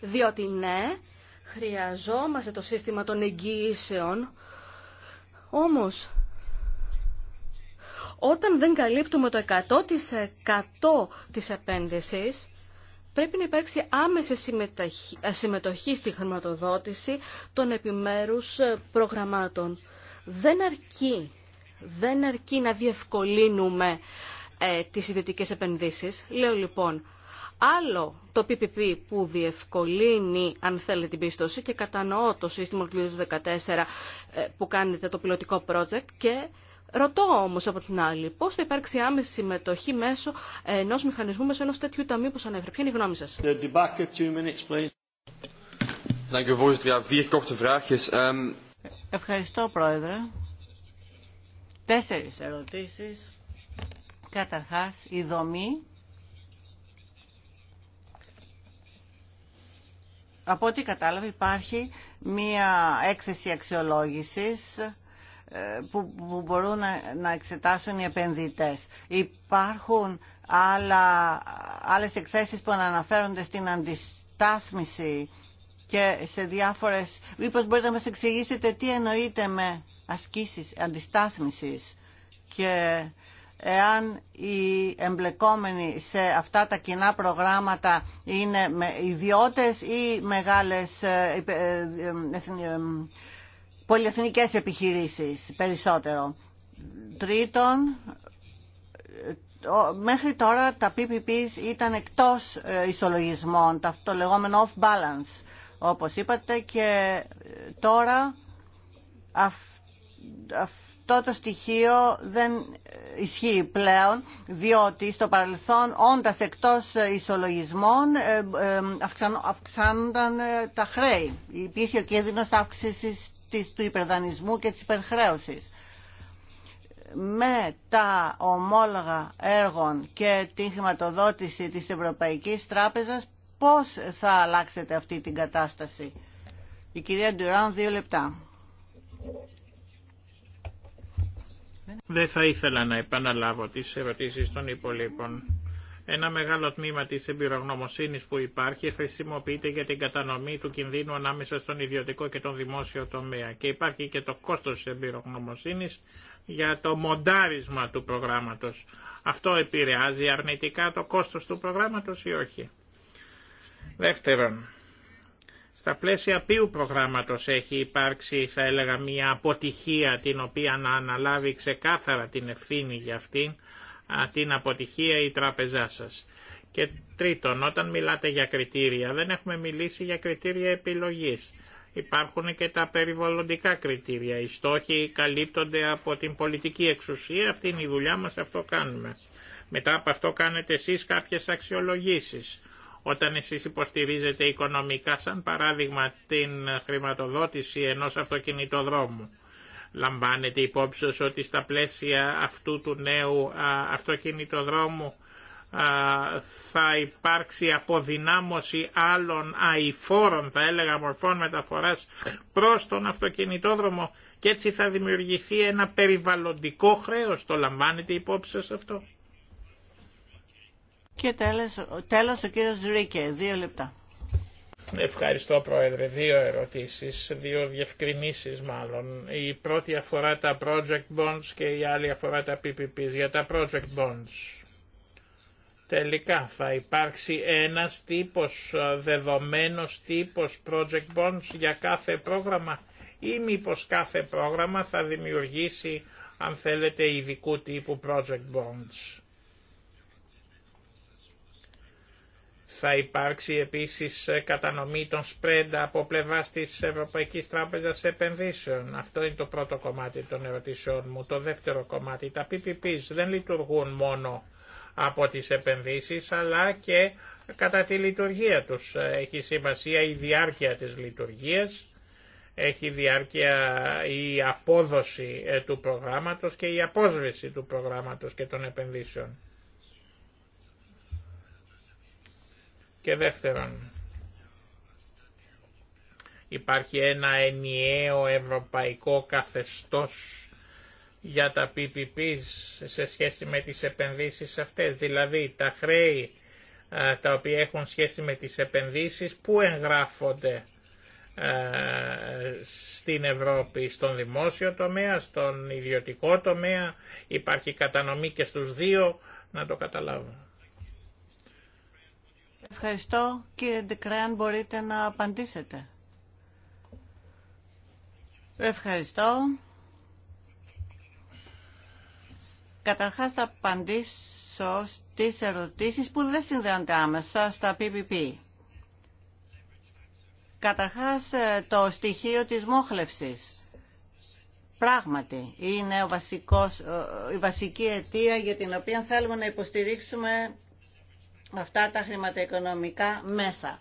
[SPEAKER 4] Διότι ναι, χρειαζόμαστε το σύστημα των εγγυήσεων, όμως όταν δεν καλύπτουμε το 100% της επένδυσης, πρέπει να υπάρξει άμεση συμμετοχή ε, στη χρηματοδότηση των επιμέρους ε, προγραμμάτων δεν αρκεί, δεν αρκεί να διευκολύνουμε ε, τις ιδιωτικές επενδύσεις. Λέω λοιπόν, άλλο το PPP που διευκολύνει, αν θέλετε, την πίστοση και κατανοώ το σύστημα του 2014 ε, που κάνετε το πιλωτικό project και Ρωτώ όμω από την άλλη, πώ θα υπάρξει άμεση συμμετοχή μέσω ενό μηχανισμού, μέσω ενό τέτοιου ταμείου που σα ανέφερε. Ποια είναι η γνώμη σα.
[SPEAKER 2] Ευχαριστώ, Πρόεδρε. Τέσσερις ερωτήσεις. Καταρχάς, η δομή. Από ό,τι κατάλαβα υπάρχει μία έξεση αξιολόγησης ε, που, μπορούν να, εξετάσουν οι επενδυτές. Υπάρχουν άλλα, άλλες εκθέσεις που αναφέρονται στην αντιστάσμιση και σε διάφορες... Μήπως μπορείτε να μας εξηγήσετε τι εννοείται με ασκήσεις, αντιστάθμισης και εάν οι εμπλεκόμενοι σε αυτά τα κοινά προγράμματα είναι με ιδιώτες ή μεγάλες ε, ε, ε, πολυεθνικές επιχειρήσεις περισσότερο. Τρίτον, μέχρι τώρα τα PPPs ήταν εκτός ισολογισμών, το λεγόμενο off-balance όπως είπατε και ε, τώρα αυτό το στοιχείο δεν ε, ισχύει πλέον διότι στο παρελθόν όντας εκτός ε, ισολογισμών αυξάνονταν τα χρέη. Υπήρχε ο κίνδυνος αύξησης του υπερδανισμού και της υπερχρέωσης με τα ομόλογα έργων και την χρηματοδότηση της Ευρωπαϊκής Τράπεζας πώς θα αλλάξετε αυτή την κατάσταση. Η κυρία Ντουράν, δύο λεπτά.
[SPEAKER 3] Δεν θα ήθελα να επαναλάβω τις ερωτήσεις των υπολείπων. Ένα μεγάλο τμήμα της εμπειρογνωμοσύνης που υπάρχει χρησιμοποιείται για την κατανομή του κινδύνου ανάμεσα στον ιδιωτικό και τον δημόσιο τομέα και υπάρχει και το κόστος της εμπειρογνωμοσύνης για το μοντάρισμα του προγράμματος. Αυτό επηρεάζει αρνητικά το κόστος του προγράμματος ή όχι. Δεύτερον, στα πλαίσια ποιου προγράμματος έχει υπάρξει, θα έλεγα, μια αποτυχία την οποία να αναλάβει ξεκάθαρα την ευθύνη για αυτήν, την αποτυχία η τράπεζά σας. Και τρίτον, όταν μιλάτε για κριτήρια, δεν έχουμε μιλήσει για κριτήρια επιλογής. Υπάρχουν και τα περιβαλλοντικά κριτήρια. Οι στόχοι καλύπτονται από την πολιτική εξουσία, αυτή είναι η δουλειά μας, αυτό κάνουμε. Μετά από αυτό κάνετε εσείς κάποιες αξιολογήσεις. Όταν εσείς υποστηρίζετε οικονομικά, σαν παράδειγμα, την χρηματοδότηση ενός αυτοκινητοδρόμου, λαμβάνετε υπόψη ότι στα πλαίσια αυτού του νέου αυτοκινητοδρόμου θα υπάρξει αποδυνάμωση άλλων αηφόρων, θα έλεγα, μορφών μεταφοράς προς τον αυτοκινητόδρομο και έτσι θα δημιουργηθεί ένα περιβαλλοντικό χρέος. Το λαμβάνετε υπόψη σας αυτό.
[SPEAKER 2] Και τέλος, τέλος ο κύριος Ρίκε, δύο λεπτά.
[SPEAKER 3] Ευχαριστώ Πρόεδρε. Δύο ερωτήσεις, δύο διευκρινήσεις μάλλον. Η πρώτη αφορά τα project bonds και η άλλη αφορά τα PPPs. Για τα project bonds. Τελικά θα υπάρξει ένας τύπος, ε, δεδομένος τύπος project bonds για κάθε πρόγραμμα ή μήπως κάθε πρόγραμμα θα δημιουργήσει αν θέλετε ειδικού τύπου project bonds. Θα υπάρξει επίσης ε, κατανομή των spread από πλευρά της Ευρωπαϊκής Τράπεζας Επενδύσεων. Αυτό είναι το πρώτο κομμάτι των ερωτήσεων μου. Το δεύτερο κομμάτι, τα PPPs δεν λειτουργούν μόνο από τις επενδύσεις αλλά και κατά τη λειτουργία τους. Ε, έχει σημασία η διάρκεια της λειτουργίας, έχει διάρκεια η απόδοση ε, του προγράμματος και η απόσβεση του προγράμματος και των επενδύσεων. Και δεύτερον, υπάρχει ένα ενιαίο ευρωπαϊκό καθεστώς για τα PPP σε σχέση με τις επενδύσεις αυτές, δηλαδή τα χρέη τα οποία έχουν σχέση με τις επενδύσεις που εγγράφονται στην Ευρώπη, στον δημόσιο τομέα, στον ιδιωτικό τομέα, υπάρχει κατανομή και στους δύο, να το καταλάβουμε.
[SPEAKER 2] Ευχαριστώ. Κύριε Ντεκρέαν, μπορείτε να απαντήσετε. Ευχαριστώ. Καταρχάς θα απαντήσω στις ερωτήσεις που δεν συνδέονται άμεσα στα PPP. Καταρχάς ε, το στοιχείο της μόχλευσης. Πράγματι, είναι βασικός, ε, η βασική αιτία για την οποία θέλουμε να υποστηρίξουμε αυτά τα χρηματοοικονομικά μέσα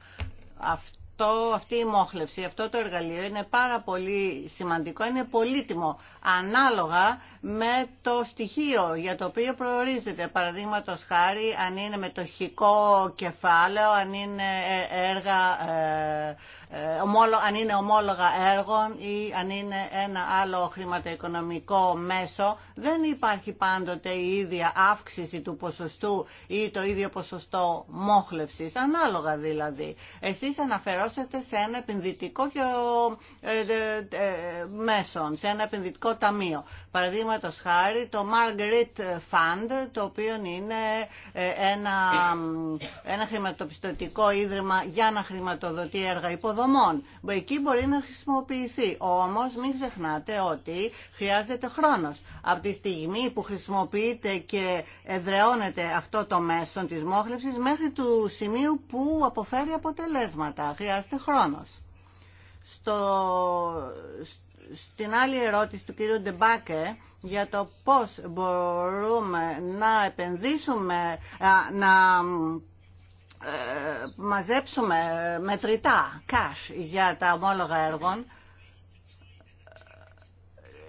[SPEAKER 2] αυτό, αυτή η μόχλευση, αυτό το εργαλείο είναι πάρα πολύ σημαντικό, είναι πολύτιμο ανάλογα με το στοιχείο για το οποίο προορίζεται. Παραδείγματο χάρη αν είναι μετοχικό κεφάλαιο, αν είναι, ε, έργα, ε, ε, ομόλο, αν είναι ομόλογα έργων ή αν είναι ένα άλλο χρηματοοικονομικό μέσο, δεν υπάρχει πάντοτε η ίδια αύξηση του ποσοστού ή το ίδιο ποσοστό μόχλευσης, ανάλογα δηλαδή. Εσείς αναφέρω αφιερώσετε σε ένα επενδυτικό ε, ε, μέσον, σε ένα επενδυτικό ταμείο. Παραδείγματο χάρη το Margaret Fund, το οποίο είναι ε, ένα, ένα χρηματοπιστωτικό ίδρυμα για να χρηματοδοτεί έργα υποδομών. Εκεί μπορεί να χρησιμοποιηθεί. Όμως μην ξεχνάτε ότι χρειάζεται χρόνος. Από τη στιγμή που χρησιμοποιείται και εδραιώνεται αυτό το μέσο της μόχλευσης μέχρι του σημείου που αποφέρει αποτελέσματα χρόνος. Στο, στην άλλη ερώτηση του κυρίου Ντεμπάκε για το πώς μπορούμε να επενδύσουμε, να ε, μαζέψουμε μετρητά cash για τα ομόλογα έργων,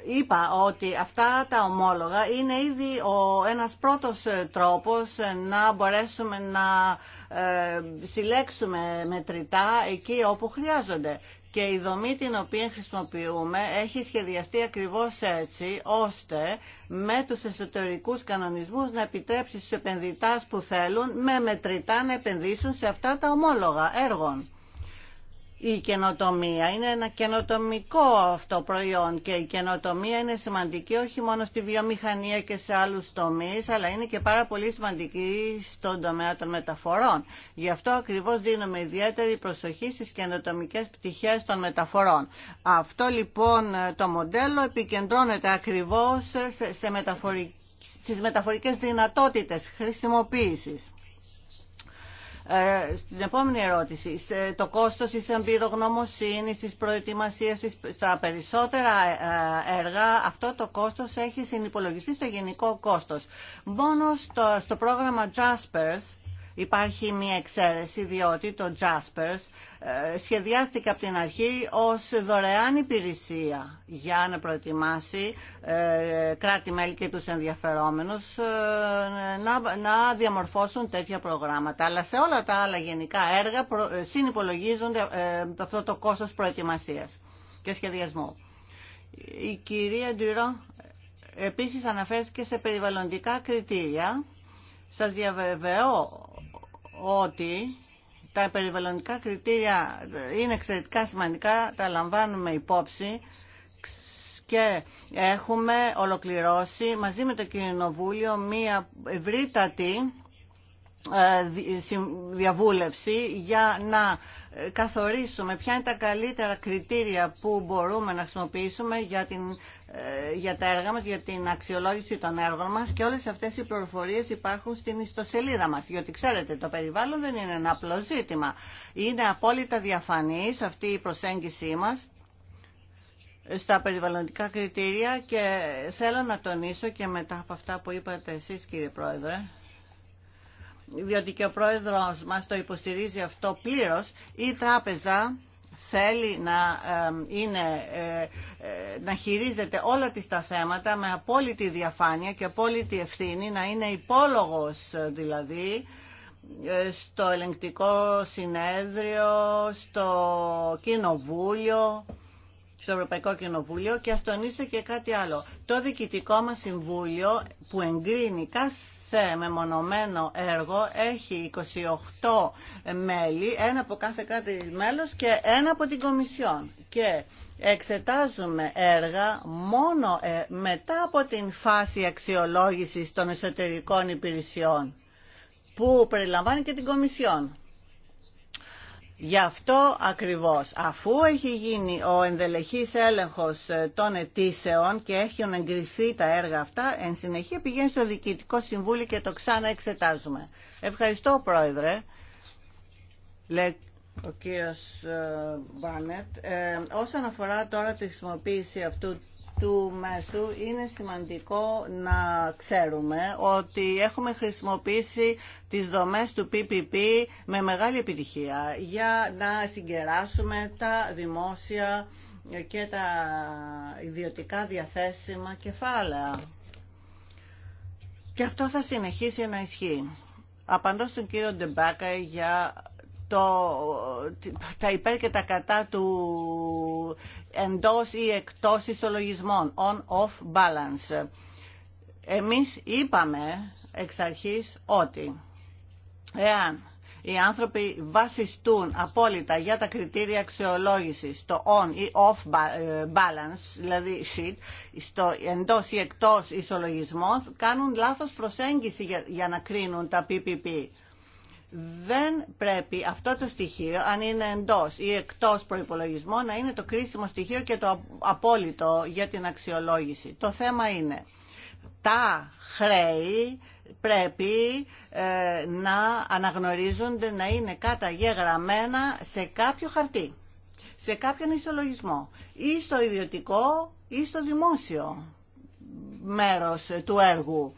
[SPEAKER 2] είπα ότι αυτά τα ομόλογα είναι ήδη ο, ένας πρώτος ε, τρόπος ε, να μπορέσουμε να ε, συλλέξουμε μετρητά εκεί όπου χρειάζονται. Και η δομή την οποία χρησιμοποιούμε έχει σχεδιαστεί ακριβώς έτσι, ώστε με τους εσωτερικούς κανονισμούς να επιτρέψει στους επενδυτάς που θέλουν με μετρητά να επενδύσουν σε αυτά τα ομόλογα έργων η καινοτομία. Είναι ένα καινοτομικό αυτό προϊόν και η καινοτομία είναι σημαντική όχι μόνο στη βιομηχανία και σε άλλους τομείς, αλλά είναι και πάρα πολύ σημαντική στον τομέα των μεταφορών. Γι' αυτό ακριβώς δίνουμε ιδιαίτερη προσοχή στις καινοτομικές πτυχές των μεταφορών. Αυτό λοιπόν ε, το μοντέλο επικεντρώνεται ακριβώς σε, σε στις μεταφορικές δυνατότητες χρησιμοποίησης. Ε, στην επόμενη ερώτηση, το κόστος της εμπειρογνωμοσύνης, της προετοιμασίας της, στα περισσότερα ε, ε, έργα, αυτό το κόστος έχει συνυπολογιστεί στο γενικό κόστος. Μόνο στο, στο πρόγραμμα Jaspers, Υπάρχει μία εξαίρεση διότι το Jaspers ε, σχεδιάστηκε από την αρχή ως δωρεάν υπηρεσία για να προετοιμάσει ε, κράτη-μέλη και τους ενδιαφερόμενους ε, να διαμορφώσουν τέτοια προγράμματα. Αλλά σε όλα τα άλλα γενικά έργα συνυπολογίζονται αυτό το κόστος προετοιμασίας και σχεδιασμού. Η κυρία Ντυρό επίσης αναφέρθηκε σε περιβαλλοντικά κριτήρια. Σας διαβεβαιώ ότι τα περιβαλλοντικά κριτήρια είναι εξαιρετικά σημαντικά, τα λαμβάνουμε υπόψη και έχουμε ολοκληρώσει μαζί με το Κοινοβούλιο μία ευρύτατη ε, διαβούλευση για να καθορίσουμε ποια είναι τα καλύτερα κριτήρια που μπορούμε να χρησιμοποιήσουμε για την ε, για τα έργα μας, για την αξιολόγηση των έργων μας και όλες αυτές οι πληροφορίες υπάρχουν στην ιστοσελίδα μας. Γιατί ξέρετε, το περιβάλλον δεν είναι ένα απλό ζήτημα. Είναι απόλυτα διαφανής αυτή η προσέγγιση μας στα περιβαλλοντικά κριτήρια και θέλω να τονίσω και μετά από αυτά που είπατε εσείς κύριε Πρόεδρε διότι και ο πρόεδρος μας το υποστηρίζει αυτό πλήρως, η τράπεζα θέλει να, είναι, ε, ε, να χειρίζεται όλα τις τα θέματα με απόλυτη διαφάνεια και απόλυτη ευθύνη, να είναι υπόλογος ε, δηλαδή στο ελεγκτικό συνέδριο, στο κοινοβούλιο, στο Ευρωπαϊκό Κοινοβούλιο και ας τονίσω και κάτι άλλο. Το διοικητικό μας συμβούλιο που εγκρίνει με μονομένο έργο έχει 28 μέλη, ένα από κάθε κράτη μέλος και ένα από την Κομισιόν. Και εξετάζουμε έργα μόνο ε, μετά από την φάση αξιολόγησης των εσωτερικών υπηρεσιών που περιλαμβάνει και την Κομισιόν. Γι' αυτό ακριβώς, αφού έχει γίνει ο ενδελεχής έλεγχος ε, των αιτήσεων και έχουν εγκριθεί τα έργα αυτά, εν συνεχεία πηγαίνει στο Διοικητικό Συμβούλιο και το ξαναεξετάζουμε. Ευχαριστώ, Πρόεδρε. Λέει ο κύριος ε, Μπάνετ. Ε, αφορά τώρα τη χρησιμοποίηση αυτού του μέσου είναι σημαντικό να ξέρουμε ότι έχουμε χρησιμοποιήσει τις δομές του PPP με μεγάλη επιτυχία για να συγκεράσουμε τα δημόσια και τα ιδιωτικά διαθέσιμα κεφάλαια. Και αυτό θα συνεχίσει να ισχύει. Απαντώ στον κύριο Ντεμπάκα για το, τα υπέρ και τα κατά του εντός ή εκτός ισολογισμών, on-off balance. Εμείς είπαμε εξ αρχής ότι εάν οι άνθρωποι βασιστούν απόλυτα για τα κριτήρια αξιολόγηση στο on ή off ε, balance, δηλαδή sheet, στο εντός ή εκτός ισολογισμό, κάνουν λάθος προσέγγιση για, για να κρίνουν τα PPP δεν πρέπει αυτό το στοιχείο, αν είναι εντός ή εκτός προϋπολογισμού, να είναι το κρίσιμο στοιχείο και το απόλυτο για την αξιολόγηση. Το θέμα είναι τα χρέη πρέπει ε, να αναγνωρίζονται, να είναι καταγεγραμμένα σε κάποιο χαρτί, σε κάποιον ισολογισμό, ή στο ιδιωτικό ή στο δημόσιο μέρος του έργου.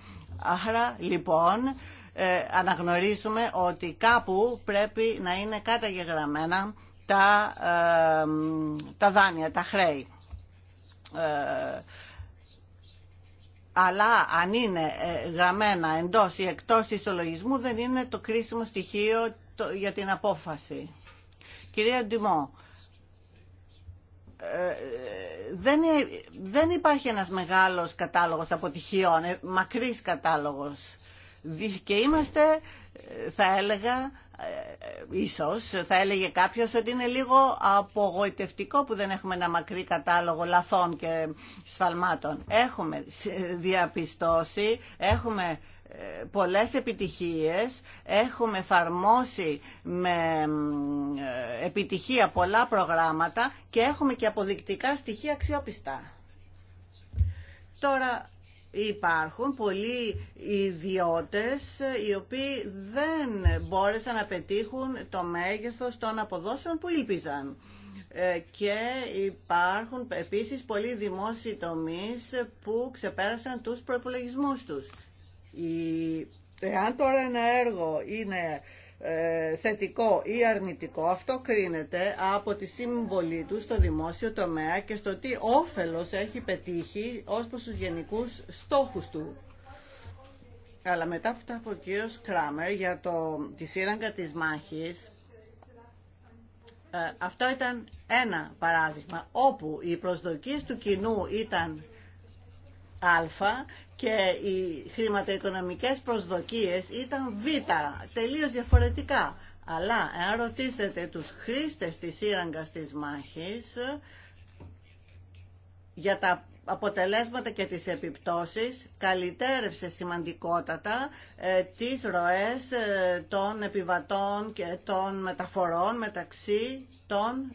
[SPEAKER 2] Άρα, λοιπόν, ε, αναγνωρίσουμε ότι κάπου πρέπει να είναι καταγεγραμμένα τα, ε, τα δάνεια, τα χρέη. Ε, αλλά αν είναι γραμμένα εντός ή εκτός ισολογισμού δεν είναι το κρίσιμο στοιχείο για την απόφαση. Κυρία Ντιμό, δεν, δεν υπάρχει ένας μεγάλος κατάλογος αποτυχιών, μακρύς κατάλογος και είμαστε, θα έλεγα, ε, ίσως θα έλεγε κάποιος ότι είναι λίγο απογοητευτικό που δεν έχουμε ένα μακρύ κατάλογο λαθών και σφαλμάτων. Έχουμε ε, διαπιστώσει, έχουμε ε, πολλές επιτυχίες, έχουμε εφαρμόσει με επιτυχία πολλά προγράμματα και έχουμε και αποδεικτικά στοιχεία αξιόπιστα. Τώρα, υπάρχουν πολλοί ιδιώτες οι οποίοι δεν μπόρεσαν να πετύχουν το μέγεθος των αποδόσεων που ήλπιζαν. Ε, και υπάρχουν επίσης πολλοί δημόσιοι τομείς που ξεπέρασαν τους προπολογισμού τους. Η... Εάν τώρα ένα έργο είναι ε, θετικό ή αρνητικό, αυτό κρίνεται από τη σύμβολή του στο δημόσιο τομέα και στο τι όφελος έχει πετύχει ως προς τους γενικούς στόχους του. Αλλά μετά αυτά που ο Κράμερ για το, τη σύραγγα της μάχης, ε, αυτό ήταν ένα παράδειγμα όπου οι προσδοκίες του κοινού ήταν α και οι χρηματοοικονομικές προσδοκίες ήταν β, τελείως διαφορετικά. Αλλά εάν ρωτήσετε τους χρήστες της σύραγγας της μάχης για τα αποτελέσματα και τις επιπτώσεις καλυτέρευσε σημαντικότατα ε, τις ροές ε, των επιβατών και των μεταφορών μεταξύ των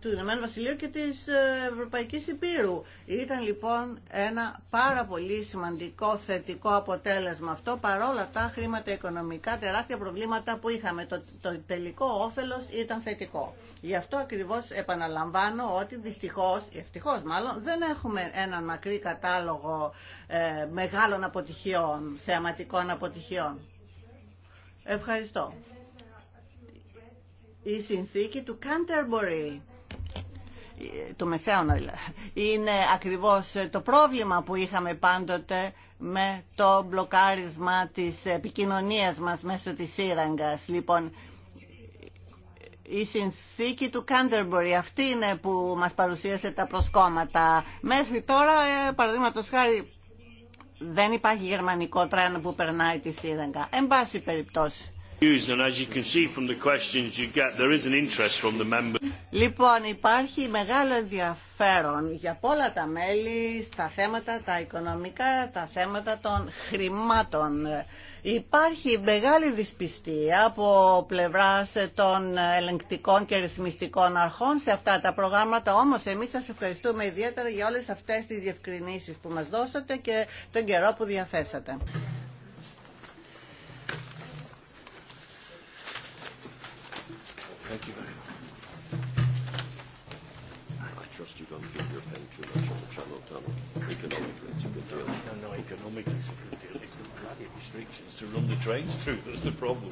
[SPEAKER 2] του Ηνωμένου Βασιλείου και της ε, Ευρωπαϊκής Υπήρου. Ήταν λοιπόν ένα πάρα πολύ σημαντικό θετικό αποτέλεσμα αυτό, παρόλα τα χρήματα οικονομικά, τεράστια προβλήματα που είχαμε. Το, τελικό όφελος ήταν θετικό. Γι' αυτό ακριβώς επαναλαμβάνω ότι δυστυχώς, ευτυχώς μάλλον, δεν έχουμε έναν μακρύ κατάλογο ε, μεγάλων αποτυχιών, θεαματικών αποτυχιών. Ευχαριστώ η συνθήκη του Canterbury του μεσαίωνα δηλαδή. Είναι ακριβώς το πρόβλημα που είχαμε πάντοτε με το μπλοκάρισμα της επικοινωνίας μας μέσω της σύραγγας. Λοιπόν, η συνθήκη του Κάντερμπορι αυτή είναι που μας παρουσίασε τα προσκόμματα. Μέχρι τώρα, ε, παραδείγματο χάρη, δεν υπάρχει γερμανικό τρένο που περνάει τη σύραγγα. Εν πάση περιπτώσει. Λοιπόν, υπάρχει μεγάλο ενδιαφέρον για όλα τα μέλη στα θέματα τα οικονομικά, τα θέματα των χρημάτων. Υπάρχει μεγάλη δυσπιστία από πλευράς των ελεγκτικών και ρυθμιστικών αρχών σε αυτά τα προγράμματα. Όμως εμείς σας ευχαριστούμε ιδιαίτερα για όλες αυτές τις διευκρινήσεις που μας δώσατε και τον καιρό που διαθέσατε. Thank you very much. I trust you don't give your pen too much on the channel tunnel.
[SPEAKER 1] Economically, it's a good deal. No, no, economically it's a good deal. It's the bloody restrictions to run the trains through. That's the problem.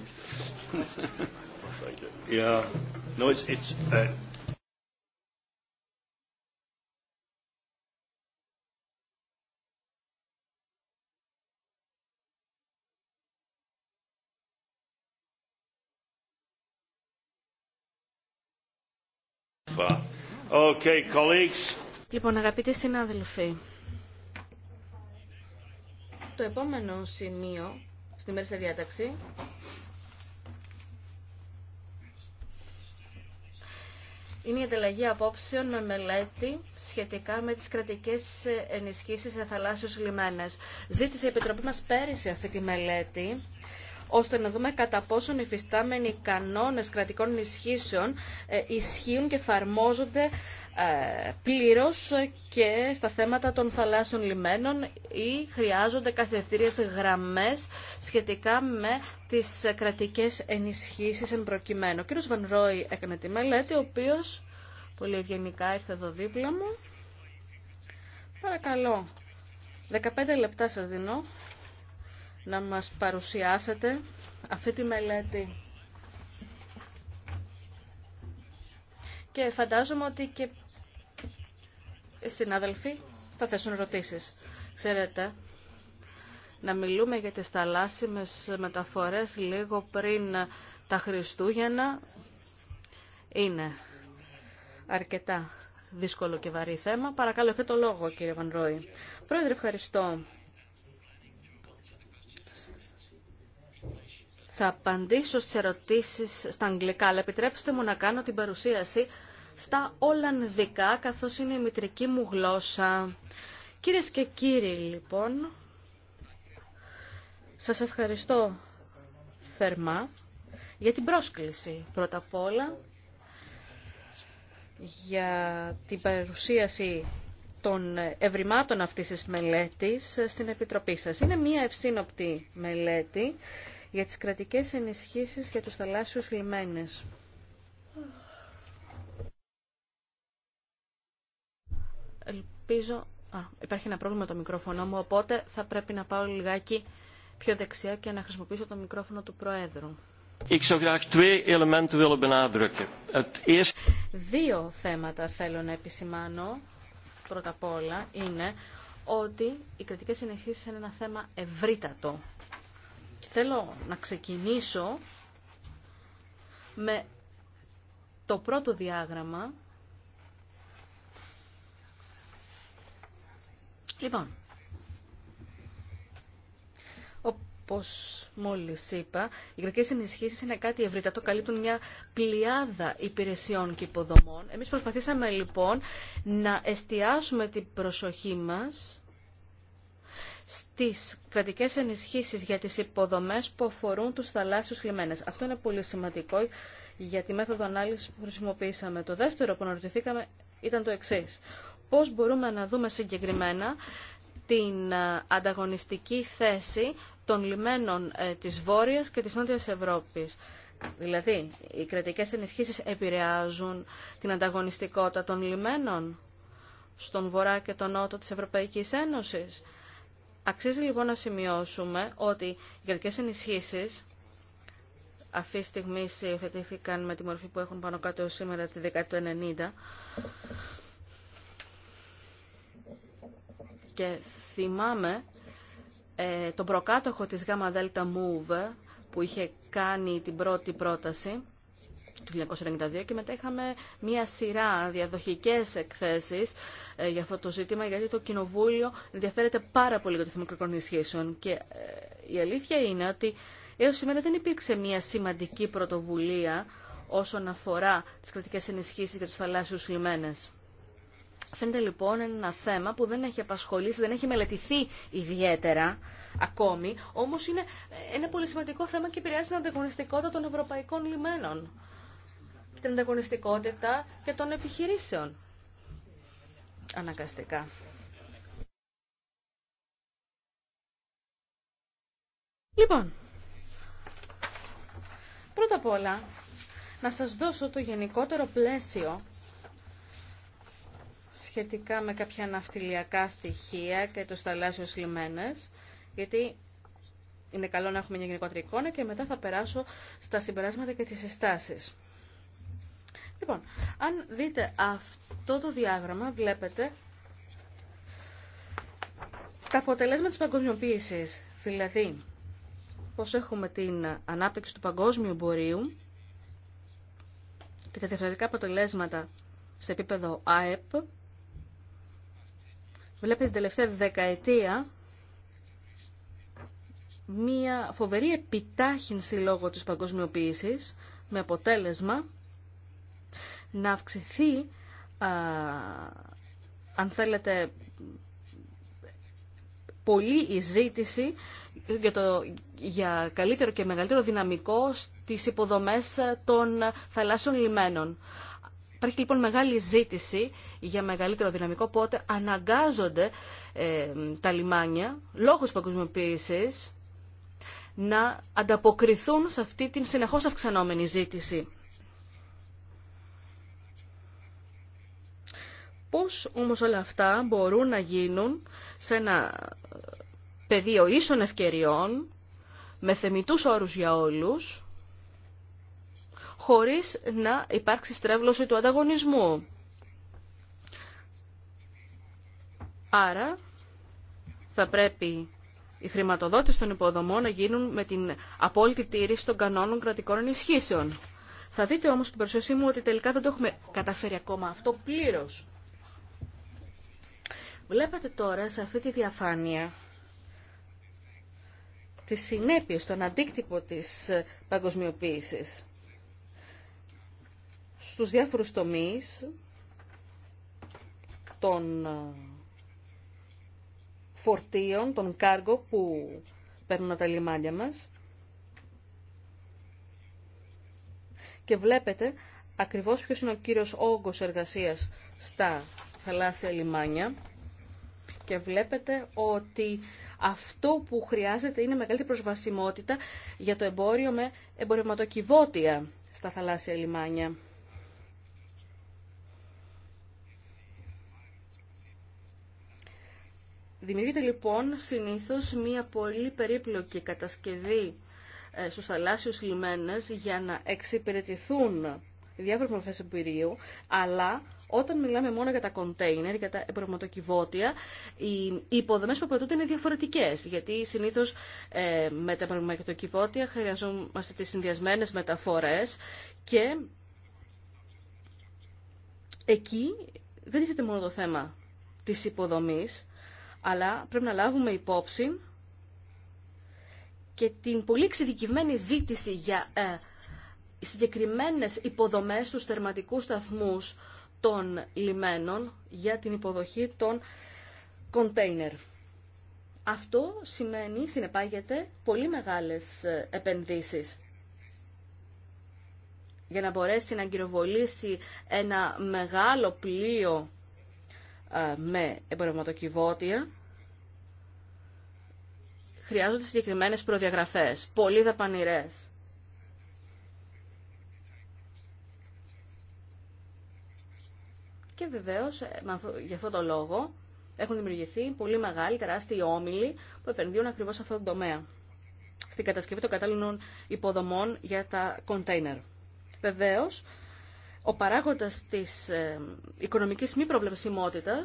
[SPEAKER 1] Thank you. Yeah. No, it's, it's, uh,
[SPEAKER 4] Λοιπόν, αγαπητοί συνάδελφοι, το επόμενο σημείο στη μέρη διάταξη είναι η ανταλλαγή απόψεων με μελέτη σχετικά με τις κρατικές ενισχύσεις σε θαλάσσιους λιμένες. Ζήτησε η Επιτροπή μας πέρυσι αυτή τη μελέτη ώστε να δούμε κατά πόσον οι φυστάμενοι κανόνες κρατικών ενισχύσεων ε, ισχύουν και εφαρμόζονται ε, πλήρως και στα θέματα των θαλάσσιων λιμένων ή χρειάζονται καθευτήριες γραμμές σχετικά με τις κρατικές ενισχύσεις εν προκειμένου. Ο κύριος Βαν Ρόι έκανε τη μελέτη, ο οποίος πολύ ευγενικά ήρθε εδώ δίπλα μου. Παρακαλώ, 15 λεπτά σας δίνω να μας παρουσιάσετε αυτή τη μελέτη. Και φαντάζομαι ότι και οι συνάδελφοι θα θέσουν ερωτήσεις. Ξέρετε, να μιλούμε για τις θαλάσσιμες μεταφορές λίγο πριν τα Χριστούγεννα είναι αρκετά δύσκολο και βαρύ θέμα. Παρακαλώ, έχετε το λόγο, κύριε Βανρόη. Πρόεδρε, ευχαριστώ. Θα απαντήσω στις ερωτήσεις στα αγγλικά, αλλά επιτρέψτε μου να κάνω την παρουσίαση στα Ολλανδικά, καθώς είναι η μητρική μου γλώσσα. Κύριε και κύριοι, λοιπόν, σας ευχαριστώ θερμά για την πρόσκληση πρώτα απ' όλα, για την παρουσίαση των ευρημάτων αυτής της μελέτης στην Επιτροπή σας. Είναι μία ευσύνοπτη μελέτη για τις κρατικές ενισχύσεις για τους θαλάσσιους λιμένες. Ελπίζω... υπάρχει ένα πρόβλημα με το μικρόφωνο μου, οπότε θα πρέπει να πάω λιγάκι πιο δεξιά και να χρησιμοποιήσω το μικρόφωνο του Προέδρου. Δύο θέματα θέλω να επισημάνω. Πρώτα απ' όλα είναι ότι οι κρατικές συνεχίσεις είναι ένα θέμα ευρύτατο και θέλω να ξεκινήσω με το πρώτο διάγραμμα. Λοιπόν, όπως μόλις είπα, οι κρατικές ενισχύσεις είναι κάτι ευρύτατο, καλύπτουν μια πλειάδα υπηρεσιών και υποδομών. Εμείς προσπαθήσαμε λοιπόν να εστιάσουμε την προσοχή μας στις κρατικές ενισχύσεις για τις υποδομές που αφορούν τους θαλάσσιους λιμένες. Αυτό είναι πολύ σημαντικό για τη μέθοδο ανάλυση που χρησιμοποιήσαμε. Το δεύτερο που αναρωτηθήκαμε ήταν το εξή. Πώς μπορούμε να δούμε συγκεκριμένα την ε, ανταγωνιστική θέση των λιμένων ε, της Βόρειας και της Νότιας Ευρώπης. Δηλαδή, οι κρατικές ενισχύσεις επηρεάζουν την ανταγωνιστικότητα των λιμένων στον Βορρά και τον Νότο της Ευρωπαϊκής Ένωσης. Αξίζει λοιπόν να σημειώσουμε ότι οι κρατικές ενισχύσεις αυτή τη στιγμή υιοθετήθηκαν με τη μορφή που έχουν πάνω κάτω σήμερα τη δεκαετία του 1990 και θυμάμαι ε, τον προκάτοχο της ΓΔ Move που είχε κάνει την πρώτη πρόταση του 1992 και μετά είχαμε μία σειρά διαδοχικές εκθέσεις ε, για αυτό το ζήτημα γιατί το Κοινοβούλιο ενδιαφέρεται πάρα πολύ για το θέμα κρατικών ενισχύσεων και ε, η αλήθεια είναι ότι έω σήμερα δεν υπήρξε μία σημαντική πρωτοβουλία όσον αφορά τις κρατικές ενισχύσεις για τους θαλάσσιους λιμένες. Φαίνεται λοιπόν ένα θέμα που δεν έχει απασχολήσει, δεν έχει μελετηθεί ιδιαίτερα ακόμη, όμως είναι ένα πολύ σημαντικό θέμα και επηρεάζει την ανταγωνιστικότητα των ευρωπαϊκών λιμένων την ανταγωνιστικότητα και των επιχειρήσεων. Αναγκαστικά. Λοιπόν, πρώτα απ' όλα, να σας δώσω το γενικότερο πλαίσιο σχετικά με κάποια ναυτιλιακά στοιχεία και τους θαλάσσιους λιμένες, γιατί είναι καλό να έχουμε μια γενικότερη εικόνα και μετά θα περάσω στα συμπεράσματα και τις συστάσεις. Λοιπόν, αν δείτε αυτό το διάγραμμα, βλέπετε τα αποτελέσματα της παγκοσμιοποίησης, δηλαδή πώς έχουμε την ανάπτυξη του παγκόσμιου εμπορίου και τα διαφορετικά αποτελέσματα σε επίπεδο ΑΕΠ. Βλέπετε την τελευταία δεκαετία μία φοβερή επιτάχυνση λόγω της παγκοσμιοποίησης με αποτέλεσμα να αυξηθεί, αν θέλετε, πολύ η ζήτηση για, το, για καλύτερο και μεγαλύτερο δυναμικό στις υποδομές των θαλάσσιων λιμένων. Υπάρχει λοιπόν μεγάλη ζήτηση για μεγαλύτερο δυναμικό, οπότε αναγκάζονται ε, τα λιμάνια, λόγω της παγκοσμιοποίησης, να ανταποκριθούν σε αυτή την συνεχώς αυξανόμενη ζήτηση. Πώς όμως όλα αυτά μπορούν να γίνουν σε ένα πεδίο ίσων ευκαιριών, με θεμητούς όρους για όλους, χωρίς να υπάρξει στρέβλωση του ανταγωνισμού. Άρα, θα πρέπει οι χρηματοδότες των υποδομών να γίνουν με την απόλυτη τήρηση των κανόνων κρατικών ενισχύσεων. Θα δείτε όμως την προσοχή μου ότι τελικά δεν το έχουμε καταφέρει ακόμα αυτό πλήρως. Βλέπετε τώρα σε αυτή τη διαφάνεια τη συνέπειε, τον αντίκτυπο της παγκοσμιοποίησης στους διάφορους τομείς των ε, φορτίων, των κάργο που παίρνουν τα λιμάνια μας. Και βλέπετε ακριβώς ποιος είναι ο κύριος όγκος εργασίας στα θαλάσσια λιμάνια και βλέπετε ότι αυτό που χρειάζεται είναι μεγαλύτερη προσβασιμότητα για το εμπόριο με εμπορευματοκιβώτια στα θαλάσσια λιμάνια. Δημιουργείται λοιπόν συνήθως μια πολύ περίπλοκη κατασκευή ε, στους θαλάσσιους λιμένες για να εξυπηρετηθούν διάφορες μορφές εμπειρίου, αλλά όταν μιλάμε μόνο για τα κοντέινερ, για τα εμπορευματοκιβώτια, οι υποδομέ που απαιτούνται είναι διαφορετικέ. Γιατί συνήθω ε, με τα εμπορευματοκιβώτια χρειαζόμαστε τι συνδυασμένε μεταφορέ και εκεί δεν τίθεται μόνο το θέμα τη υποδομή, αλλά πρέπει να λάβουμε υπόψη και την πολύ εξειδικευμένη ζήτηση για ε, συγκεκριμένες υποδομές στους θερματικούς σταθμούς των λιμένων για την υποδοχή των κοντέινερ. Αυτό σημαίνει, συνεπάγεται, πολύ μεγάλες ε, επενδύσεις για να μπορέσει να αγκυροβολήσει ένα μεγάλο πλοίο ε, με εμπορευματοκιβώτια χρειάζονται συγκεκριμένες προδιαγραφές, πολύ δαπανηρές. Και βεβαίω, ε, για αυτό το λόγο έχουν δημιουργηθεί πολύ μεγάλοι, τεράστιοι όμιλοι που επενδύουν ακριβώ σε αυτόν τον τομέα. Στην κατασκευή των κατάλληλων υποδομών για τα κοντέινερ. Βεβαίω, ο παράγοντας της ε, οικονομικής μη προβλεψιμότητα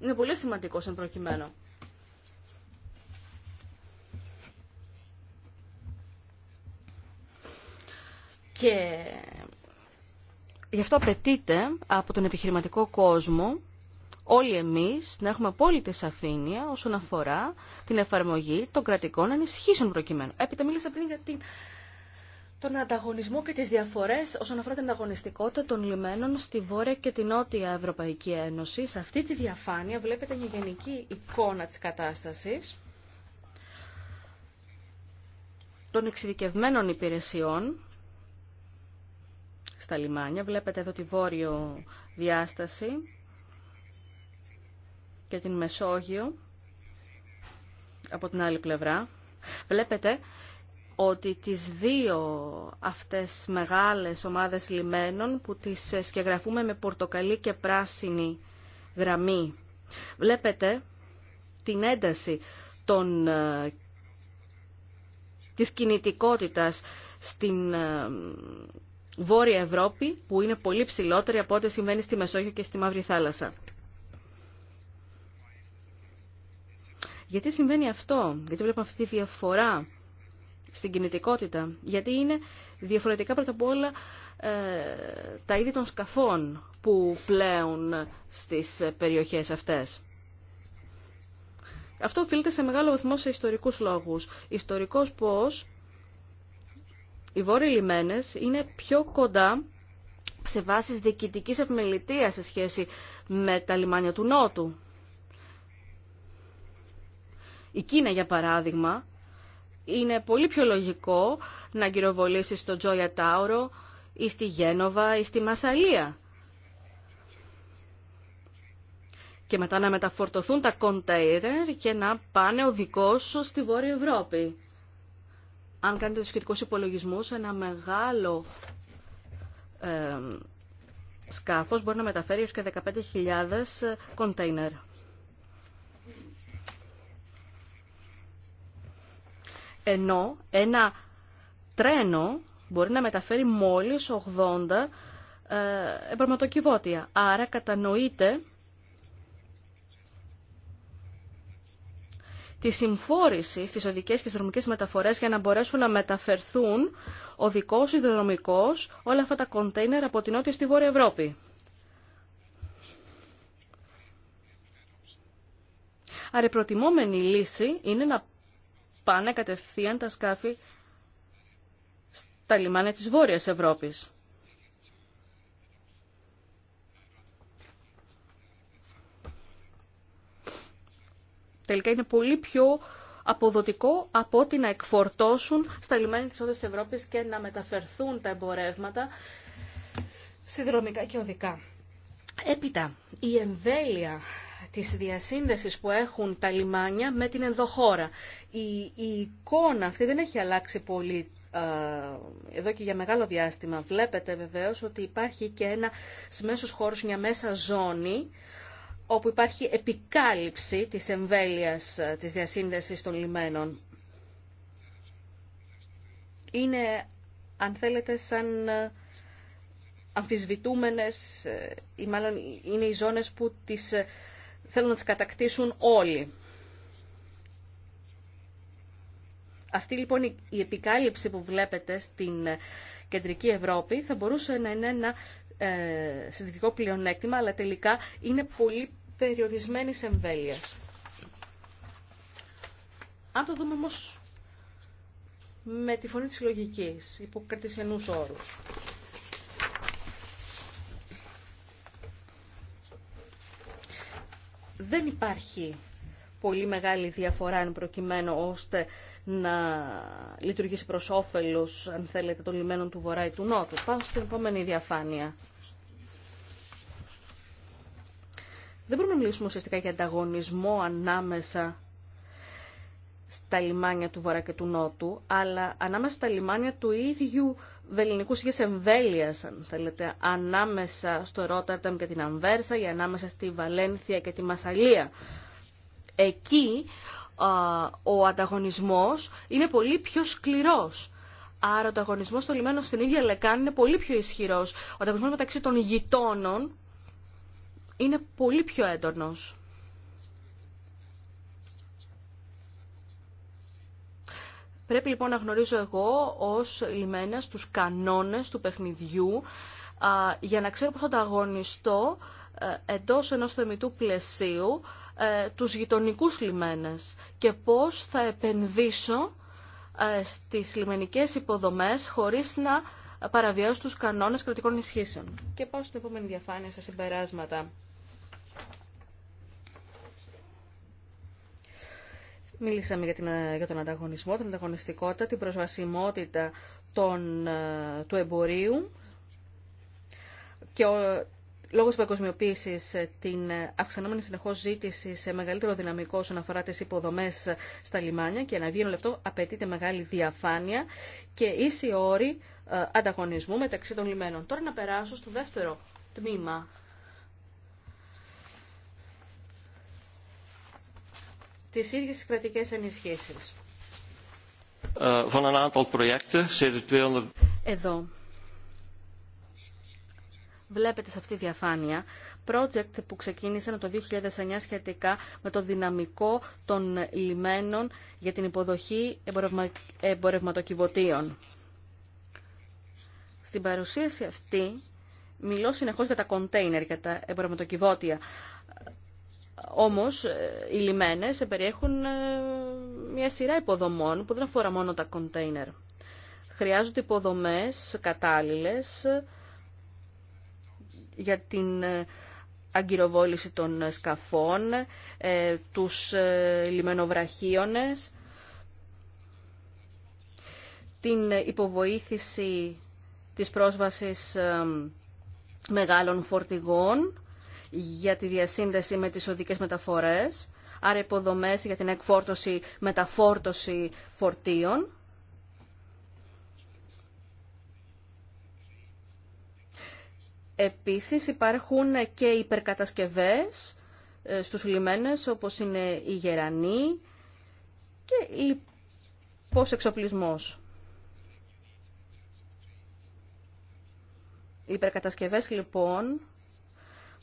[SPEAKER 4] είναι πολύ σημαντικός εν προκειμένου. Και Γι' αυτό απαιτείται από τον επιχειρηματικό κόσμο όλοι εμείς να έχουμε απόλυτη σαφήνεια όσον αφορά την εφαρμογή των κρατικών ενισχύσεων προκειμένου. Έπειτα μίλησα πριν για την... τον ανταγωνισμό και τις διαφορές όσον αφορά την ανταγωνιστικότητα των λιμένων στη Βόρεια και την Νότια Ευρωπαϊκή Ένωση. Σε αυτή τη διαφάνεια βλέπετε μια γενική εικόνα της κατάστασης των εξειδικευμένων υπηρεσιών στα λιμάνια. Βλέπετε εδώ τη βόρειο διάσταση και την Μεσόγειο από την άλλη πλευρά. Βλέπετε ότι τις δύο αυτές μεγάλες ομάδες λιμένων που τις σκεγγραφούμε με πορτοκαλί και πράσινη γραμμή. Βλέπετε την ένταση των, ε, της κινητικότητας στην ε, Βόρεια Ευρώπη που είναι πολύ ψηλότερη από ό,τι συμβαίνει στη Μεσόγειο και στη Μαύρη Θάλασσα. Γιατί συμβαίνει αυτό, γιατί βλέπουμε αυτή τη διαφορά στην κινητικότητα, γιατί είναι διαφορετικά πρώτα απ' όλα ε, τα είδη των σκαφών που πλέουν στις περιοχές αυτές. Αυτό οφείλεται σε μεγάλο βαθμό σε ιστορικούς λόγους. Ιστορικός πώς οι βόρειοι λιμένες είναι πιο κοντά σε βάσεις διοικητικής επιμελητίας σε σχέση με τα λιμάνια του Νότου. Η Κίνα, για παράδειγμα, είναι πολύ πιο λογικό να γυροβολήσει στο Τζόια Τάουρο ή στη Γένοβα ή στη Μασαλία. Και μετά να μεταφορτωθούν τα κοντέιρερ και να πάνε ο σου στη Βόρεια Ευρώπη αν κάνετε τους σχετικούς υπολογισμούς, ένα μεγάλο ε, σκάφος μπορεί να μεταφέρει έως και 15.000 κοντέινερ. Ενώ ένα τρένο μπορεί να μεταφέρει μόλις 80 ε, Άρα κατανοείται τη συμφόρηση στις οδικές και δρομικές μεταφορές για να μπορέσουν να μεταφερθούν οδικός ή δρομικός όλα αυτά τα κοντέινερ από την Νότια στη Βόρεια Ευρώπη. Άρα η προτιμόμενη λύση είναι να πάνε κατευθείαν τα σκάφη στα λιμάνια της Βόρειας Ευρώπης. τελικά είναι πολύ πιο αποδοτικό από ότι να εκφορτώσουν στα λιμάνια της Ότας Ευρώπης και να μεταφερθούν τα εμπορεύματα συνδρομικά και οδικά. Έπειτα, η εμβέλεια της διασύνδεσης που έχουν τα λιμάνια με την ενδοχώρα. Η, η εικόνα αυτή δεν έχει αλλάξει πολύ ε, εδώ και για μεγάλο διάστημα. Βλέπετε βεβαίως ότι υπάρχει και ένα μέσος χώρος, μια μέσα ζώνη όπου υπάρχει επικάλυψη της εμβέλειας ε, της διασύνδεσης των λιμένων. Είναι, αν θέλετε, σαν ε, αμφισβητούμενες ε, ή μάλλον είναι οι ζώνες που τις, θέλουν να τις κατακτήσουν όλοι. Αυτή λοιπόν η επικάλυψη που βλέπετε στην κεντρική Ευρώπη θα μπορούσε να είναι ένα ε, συντηρητικό πλεονέκτημα, αλλά τελικά είναι πολύ περιορισμένης εμβέλειας. Αν το δούμε όμως με τη φωνή της λογικής, υπό όρους. Δεν υπάρχει πολύ μεγάλη διαφορά εν προκειμένου ώστε να λειτουργήσει προς όφελος, αν θέλετε, των λιμένων του Βορρά ή του Νότου. Πάμε στην επόμενη διαφάνεια. Δεν μπορούμε να μιλήσουμε ουσιαστικά για ανταγωνισμό ανάμεσα στα λιμάνια του Βορρά και του Νότου, αλλά ανάμεσα στα λιμάνια του ίδιου βελληνικού ίδιας εμβέλειας, αν θέλετε, ανάμεσα στο Ρότερταμ και την Αμβέρσα ή ανάμεσα στη Βαλένθια και τη Μασαλία. Εκεί ο ανταγωνισμός είναι πολύ πιο σκληρός. Άρα ο ανταγωνισμός στο λιμένο στην ίδια Λεκάν είναι πολύ πιο ισχυρός. Ο ανταγωνισμός μεταξύ των γειτόνων είναι πολύ πιο έντονος. Πρέπει λοιπόν να γνωρίζω εγώ ως λιμένας τους κανόνες του παιχνιδιού για να ξέρω πώς θα αγωνιστώ ε, εντός ενός θεμητού πλαισίου ε, τους γειτονικούς λιμένες και πώς θα επενδύσω ε, στις λιμενικές υποδομές χωρίς να παραβιάζουν τους κανόνες κρατικών ισχύσεων. Και πάω στην επόμενη διαφάνεια στα συμπεράσματα. Μίλησαμε για, την, για τον ανταγωνισμό, την ανταγωνιστικότητα, την προσβασιμότητα των, ε, του εμπορίου και λόγω τη παγκοσμιοποίηση, την αυξανόμενη συνεχώ ζήτηση σε μεγαλύτερο δυναμικό όσον αφορά τι υποδομές στα λιμάνια και να βγει όλο αυτό απαιτείται μεγάλη διαφάνεια και ίση όρη ε, ανταγωνισμού μεταξύ των λιμένων. Τώρα να περάσω στο δεύτερο τμήμα. Τις ίδιες κρατικές ενισχύσεις. Ε, Εδώ βλέπετε σε αυτή τη διαφάνεια project που ξεκίνησαν το 2009 σχετικά με το δυναμικό των λιμένων για την υποδοχή εμπορευμα... εμπορευματοκιβωτίων. Στην παρουσίαση αυτή μιλώ συνεχώς για τα κοντέινερ, για τα εμπορευματοκιβώτια. Όμως ε, οι λιμένες περιέχουν ε, μια σειρά υποδομών που δεν αφορά μόνο τα κοντέινερ. Χρειάζονται υποδομές κατάλληλες για την ε, αγκυροβόληση των σκαφών, ε, τους ε, λιμενοβραχίονες, την υποβοήθηση της πρόσβασης μεγάλων φορτηγών για τη διασύνδεση με τις οδικές μεταφορές, άρα υποδομές για την εκφόρτωση, μεταφόρτωση φορτίων Επίσης υπάρχουν και υπερκατασκευές ε, στους λιμένες όπως είναι η γερανή και πώς εξοπλισμός. Οι υπερκατασκευές λοιπόν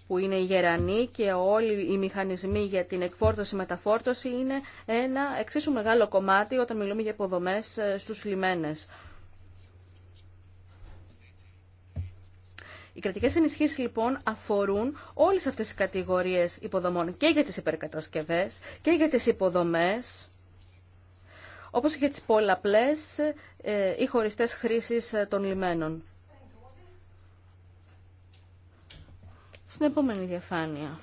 [SPEAKER 4] που είναι η γερανή και όλοι οι μηχανισμοί για την εκφόρτωση-μεταφόρτωση είναι ένα εξίσου μεγάλο κομμάτι όταν μιλούμε για υποδομές ε, στους λιμένες. Οι κρατικές ενισχύσεις λοιπόν αφορούν όλες αυτές τις κατηγορίες υποδομών και για τις υπερκατασκευές και για τις υποδομές όπως και για τις πολλαπλές ε, ή χωριστές χρήσεις ε, των λιμένων. Στην επόμενη διαφάνεια.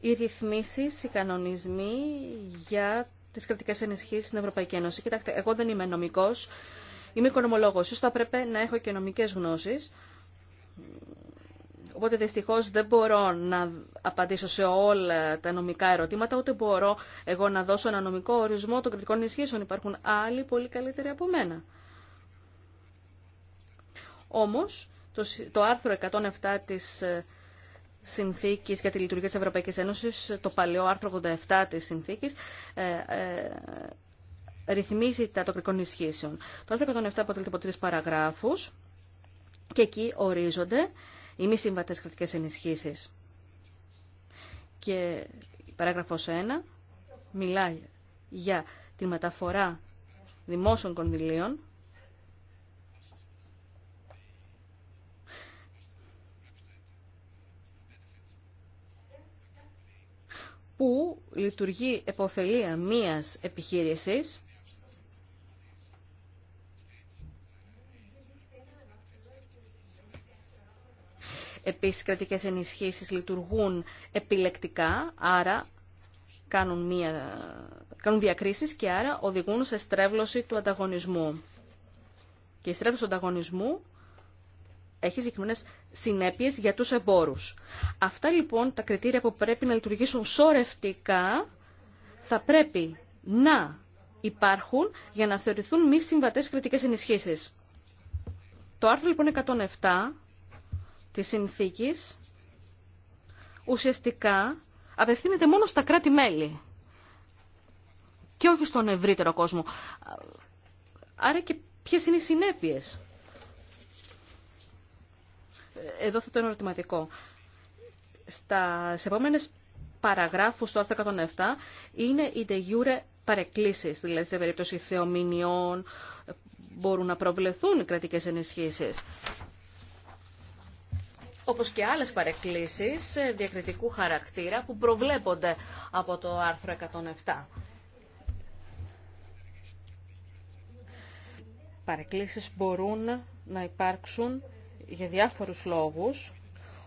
[SPEAKER 4] Οι ρυθμίσεις, οι κανονισμοί για τις κρατικές ενισχύσεις στην Ευρωπαϊκή Ένωση. Κοιτάξτε, εγώ δεν είμαι νομικός, Είμαι οικονομολόγο. Σω θα πρέπει να έχω και νομικέ γνώσεις. Οπότε δυστυχώ δεν μπορώ να απαντήσω σε όλα τα νομικά ερωτήματα, ούτε μπορώ εγώ να δώσω ένα νομικό ορισμό των κριτικών ισχύσεων. Υπάρχουν άλλοι πολύ καλύτεροι από μένα. Όμω, το, το άρθρο 107 της ε, συνθήκης για τη λειτουργία της Ευρωπαϊκή Ένωση, το παλαιό άρθρο 87 τη συνθήκη. ε, ε, ρυθμίζει τα τοπικών ισχύσεων. Το άρθρο 107 αποτελείται από τρει παραγράφου και εκεί ορίζονται οι μη συμβατέ κρατικέ ενισχύσει. Και η παράγραφος 1 μιλάει για τη μεταφορά δημόσιων κονδυλίων που λειτουργεί επωφελία μίας επιχείρησης Επίσης, οι κρατικές ενισχύσεις λειτουργούν επιλεκτικά, άρα κάνουν, μία, κάνουν διακρίσεις και άρα οδηγούν σε στρέβλωση του ανταγωνισμού. Και η στρέβλωση του ανταγωνισμού έχει συγκεκριμένε συνέπειε για του εμπόρου. Αυτά λοιπόν τα κριτήρια που πρέπει να λειτουργήσουν σωρευτικά θα πρέπει να υπάρχουν για να θεωρηθούν μη συμβατέ κριτικέ ενισχύσει. Το άρθρο λοιπόν 107 της συνθήκης ουσιαστικά απευθύνεται μόνο στα κράτη-μέλη και όχι στον ευρύτερο κόσμο. Άρα και ποιες είναι οι συνέπειες. Εδώ θα το είναι ερωτηματικό. Στα επόμενες παραγράφους του άρθρου 107 είναι οι de jure παρεκκλήσεις, δηλαδή σε περίπτωση θεομηνιών μπορούν να προβλεθούν οι κρατικές ενισχύσεις όπως και άλλες παρεκκλήσεις ε, διακριτικού χαρακτήρα που προβλέπονται από το άρθρο 107. Παρεκκλήσεις μπορούν να υπάρξουν για διάφορους λόγους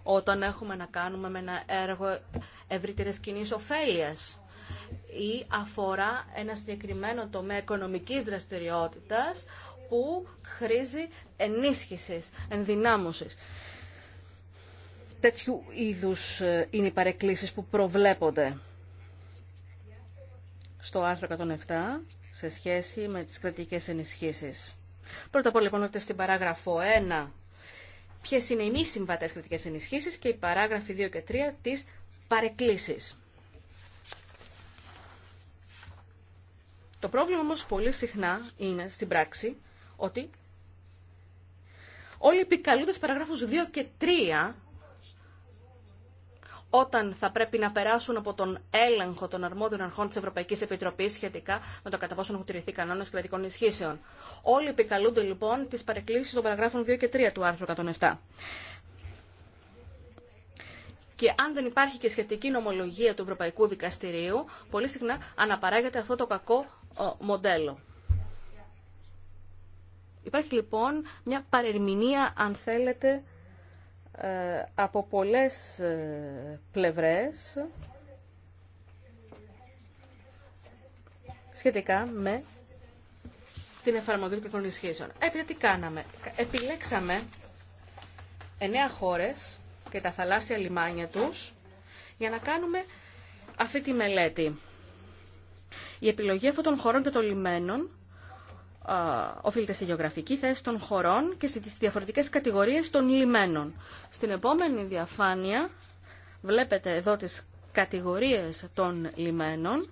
[SPEAKER 4] όταν έχουμε να κάνουμε με ένα έργο ευρύτερης κοινή ωφέλεια ή αφορά ένα συγκεκριμένο τομέα οικονομικής δραστηριότητας που χρήζει ενίσχυσης, ενδυνάμωσης τέτοιου είδους ε, είναι οι παρεκκλήσεις που προβλέπονται στο άρθρο 107 σε σχέση με τις κρατικές ενισχύσεις. Πρώτα απ' όλα λοιπόν ότι στην παράγραφο 1 ποιες είναι οι μη συμβατές κρατικές ενισχύσεις και οι παράγραφοι 2 και 3 της παρεκκλήσεις. Το πρόβλημα όμως πολύ συχνά είναι στην πράξη ότι όλοι επικαλούνται στις παραγράφους 2 και 3 όταν θα πρέπει να περάσουν από τον έλεγχο των αρμόδιων αρχών τη Ευρωπαϊκή Επιτροπή σχετικά με το κατά πόσο έχουν τηρηθεί κανόνε κρατικών ισχύσεων. Όλοι επικαλούνται λοιπόν τι παρεκκλήσει των παραγράφων 2 και 3 του άρθρου 107. Και αν δεν υπάρχει και σχετική νομολογία του Ευρωπαϊκού Δικαστηρίου, πολύ συχνά αναπαράγεται αυτό το κακό ε, μοντέλο. Υπάρχει λοιπόν μια παρερμηνία, αν θέλετε, ε, από πολλές ε, πλευρές σχετικά με την εφαρμογή των κοινωνικών τι κάναμε. Επιλέξαμε εννέα χώρες και τα θαλάσσια λιμάνια τους για να κάνουμε αυτή τη μελέτη. Η επιλογή αυτών των χωρών και των λιμένων ε, οφείλεται στη γεωγραφική θέση των χωρών και στις διαφορετικές κατηγορίες των λιμένων. Στην επόμενη διαφάνεια βλέπετε εδώ τις κατηγορίες των λιμένων.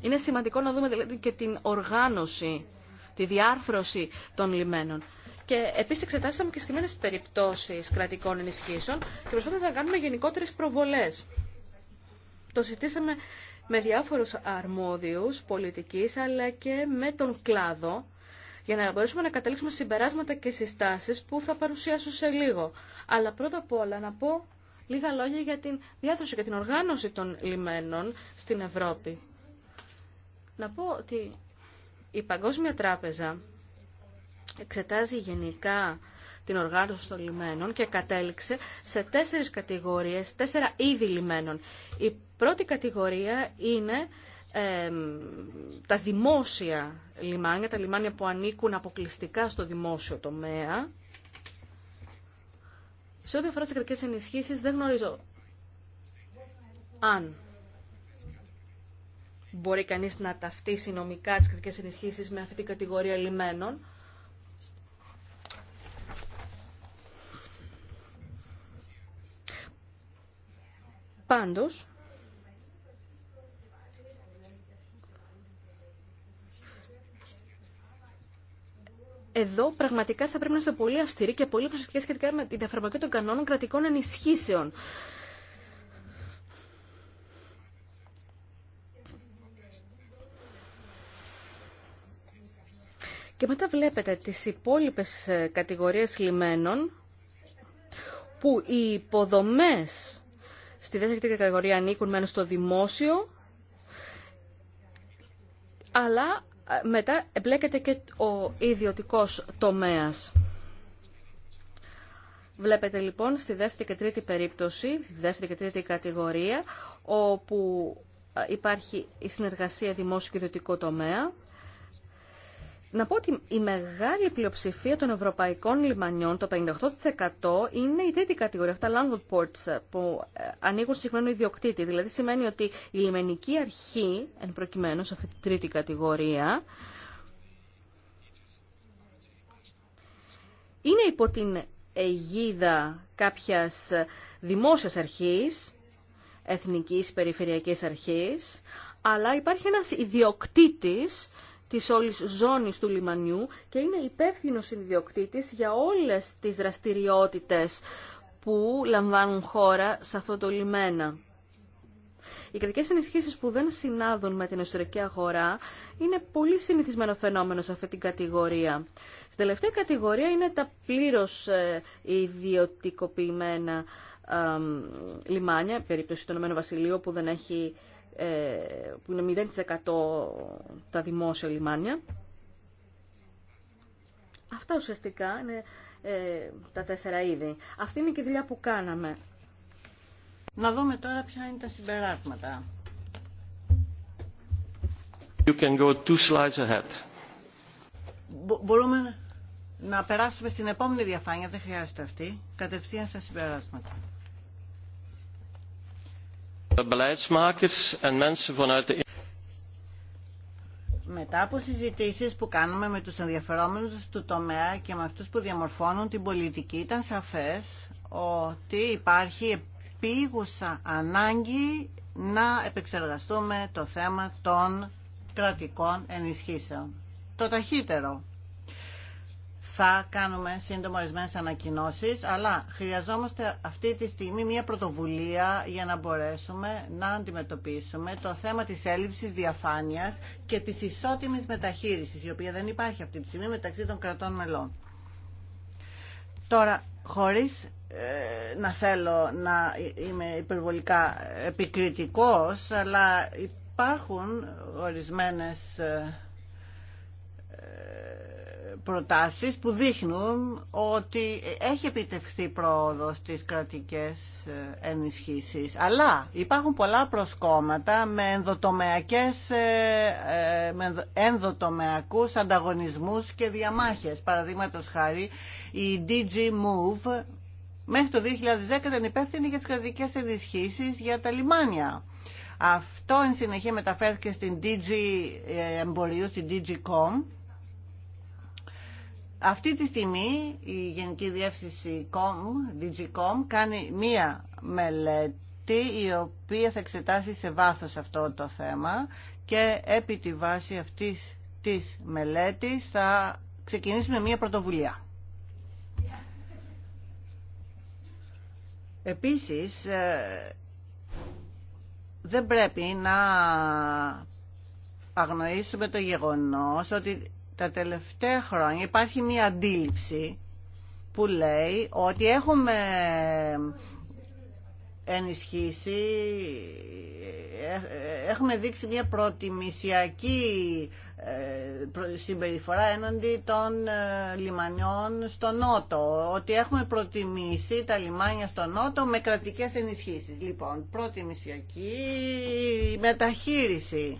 [SPEAKER 4] Είναι σημαντικό να δούμε δηλαδή, και την οργάνωση, τη διάρθρωση των λιμένων. Και επίση εξετάσαμε και συγκεκριμένε περιπτώσει κρατικών ενισχύσεων και προσπαθούμε να κάνουμε γενικότερε προβολέ. Το συζητήσαμε με διάφορους αρμόδιους πολιτικής αλλά και με τον κλάδο για να μπορέσουμε να καταλήξουμε συμπεράσματα και συστάσεις που θα παρουσιάσω σε λίγο. Αλλά πρώτα απ' όλα να πω λίγα λόγια για την διάθεση και την οργάνωση των λιμένων στην Ευρώπη. Να πω ότι η Παγκόσμια Τράπεζα εξετάζει γενικά την οργάνωση των λιμένων και κατέληξε σε τέσσερις κατηγορίες, τέσσερα είδη λιμένων. Η πρώτη κατηγορία είναι τα δημόσια λιμάνια, τα λιμάνια που ανήκουν αποκλειστικά στο δημόσιο τομέα. Σε ό,τι αφορά τις κρατικές ενισχύσεις δεν γνωρίζω αν μπορεί κανείς να ταυτίσει νομικά τις κρατικές ενισχύσεις με αυτή την κατηγορία λιμένων. Πάντως, εδώ πραγματικά θα πρέπει να είστε πολύ αυστηροί και πολύ προσεκτικοί σχετικά με την εφαρμογή των κανόνων κρατικών ενισχύσεων. Και μετά βλέπετε τις υπόλοιπες ε, κατηγορίες λιμένων που οι υποδομές στη δεύτερη κατηγορία ανήκουν μένουν στο δημόσιο, αλλά ε, μετά εμπλέκεται και ο ιδιωτικός τομέας. Βλέπετε λοιπόν στη δεύτερη και τρίτη περίπτωση, στη δεύτερη και τρίτη κατηγορία, όπου ε, υπάρχει η συνεργασία δημόσιο και ιδιωτικό τομέα να πω ότι η μεγάλη πλειοψηφία των ευρωπαϊκών λιμανιών, το 58%, είναι η τρίτη κατηγορία, αυτά landlord ports ε, που ε, ανοίγουν συγκεκριμένο ιδιοκτήτη. Δηλαδή σημαίνει ότι η λιμενική αρχή, εν προκειμένου σε αυτή τη τρίτη κατηγορία, είναι υπό την αιγίδα κάποιας δημόσιας αρχής, εθνικής περιφερειακής αρχής, αλλά υπάρχει ένας ιδιοκτήτης της όλης ζώνης του λιμανιού και είναι υπεύθυνο ιδιοκτήτης για όλες τις δραστηριότητες που λαμβάνουν χώρα σε αυτό το λιμένα. Οι κρατικέ ενισχύσει που δεν συνάδουν με την εσωτερική αγορά είναι πολύ συνηθισμένο φαινόμενο σε αυτή την κατηγορία. Στην τελευταία κατηγορία είναι τα πλήρω ε, ιδιωτικοποιημένα ε, λιμάνια, περίπτωση του Ηνωμένου Βασιλείου που δεν έχει ε, που είναι 0% τα δημόσια λιμάνια. Αυτά ουσιαστικά είναι ε, τα τέσσερα είδη. Αυτή είναι και η δουλειά που κάναμε. Να δούμε τώρα ποια είναι
[SPEAKER 2] τα συμπεράσματα. Μπορούμε να περάσουμε στην επόμενη διαφάνεια, δεν χρειάζεται αυτή, κατευθείαν στα συμπεράσματα. Μετά από συζητήσεις που κάνουμε με τους ενδιαφερόμενους του τομέα και με αυτούς που διαμορφώνουν την πολιτική ήταν σαφές ότι υπάρχει επίγουσα ανάγκη να επεξεργαστούμε το θέμα των κρατικών ενισχύσεων. Το ταχύτερο θα κάνουμε σύντομα ορισμένε ανακοινώσει, αλλά χρειαζόμαστε αυτή τη στιγμή μια πρωτοβουλία για να μπορέσουμε να αντιμετωπίσουμε το θέμα της έλλειψης διαφάνειας και της ισότιμη μεταχείρισης, η οποία δεν υπάρχει αυτή τη στιγμή μεταξύ των κρατών μελών. Τώρα, χωρίς ε, να θέλω να είμαι υπερβολικά επικριτικός, αλλά υπάρχουν ορισμένες... Ε, προτάσεις που δείχνουν ότι έχει επιτευχθεί πρόοδος στις κρατικές ε, ενισχύσεις. Αλλά υπάρχουν πολλά προσκόμματα με, ενδοτομεακές, ε, ε, με ενδοτομεακούς ανταγωνισμούς και διαμάχες. Παραδείγματος χάρη η DG Move μέχρι το 2010 δεν υπεύθυνε για τις κρατικές ενισχύσεις για τα λιμάνια. Αυτό εν συνεχεία μεταφέρθηκε στην DG Εμπορίου, στην DG.com αυτή τη στιγμή η Γενική Διεύθυνση COM, DGCOM, κάνει μία μελέτη η οποία θα εξετάσει σε βάθος αυτό το θέμα και επί τη βάση αυτής της μελέτης θα ξεκινήσουμε μία πρωτοβουλία. Επίσης, ε, δεν πρέπει να αγνοήσουμε το γεγονός ότι τα τελευταία χρόνια υπάρχει μια αντίληψη που λέει ότι έχουμε ενισχύσει, έχουμε δείξει μια προτιμησιακή ε, συμπεριφορά έναντι των ε, λιμανιών στο Νότο, ότι έχουμε προτιμήσει τα λιμάνια στο Νότο με κρατικές ενισχύσεις. Λοιπόν, προτιμησιακή μεταχείριση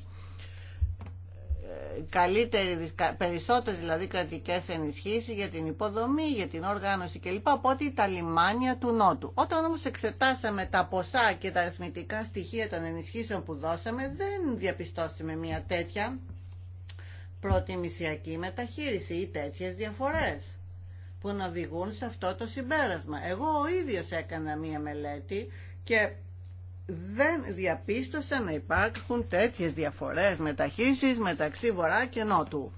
[SPEAKER 2] καλύτερη, περισσότερες δηλαδή κρατικές ενισχύσεις για την υποδομή, για την οργάνωση κλπ. από ότι τα λιμάνια του Νότου. Όταν όμως εξετάσαμε τα ποσά και τα αριθμητικά στοιχεία των ενισχύσεων που δώσαμε, δεν διαπιστώσαμε μια τέτοια προτιμησιακή μεταχείριση ή τέτοιες διαφορές που να οδηγούν σε αυτό το συμπέρασμα. Εγώ ο ίδιος έκανα μία μελέτη και δεν διαπίστωσαν να υπάρχουν τέτοιες διαφορές μεταχύσεις μεταξύ Βορρά και Νότου.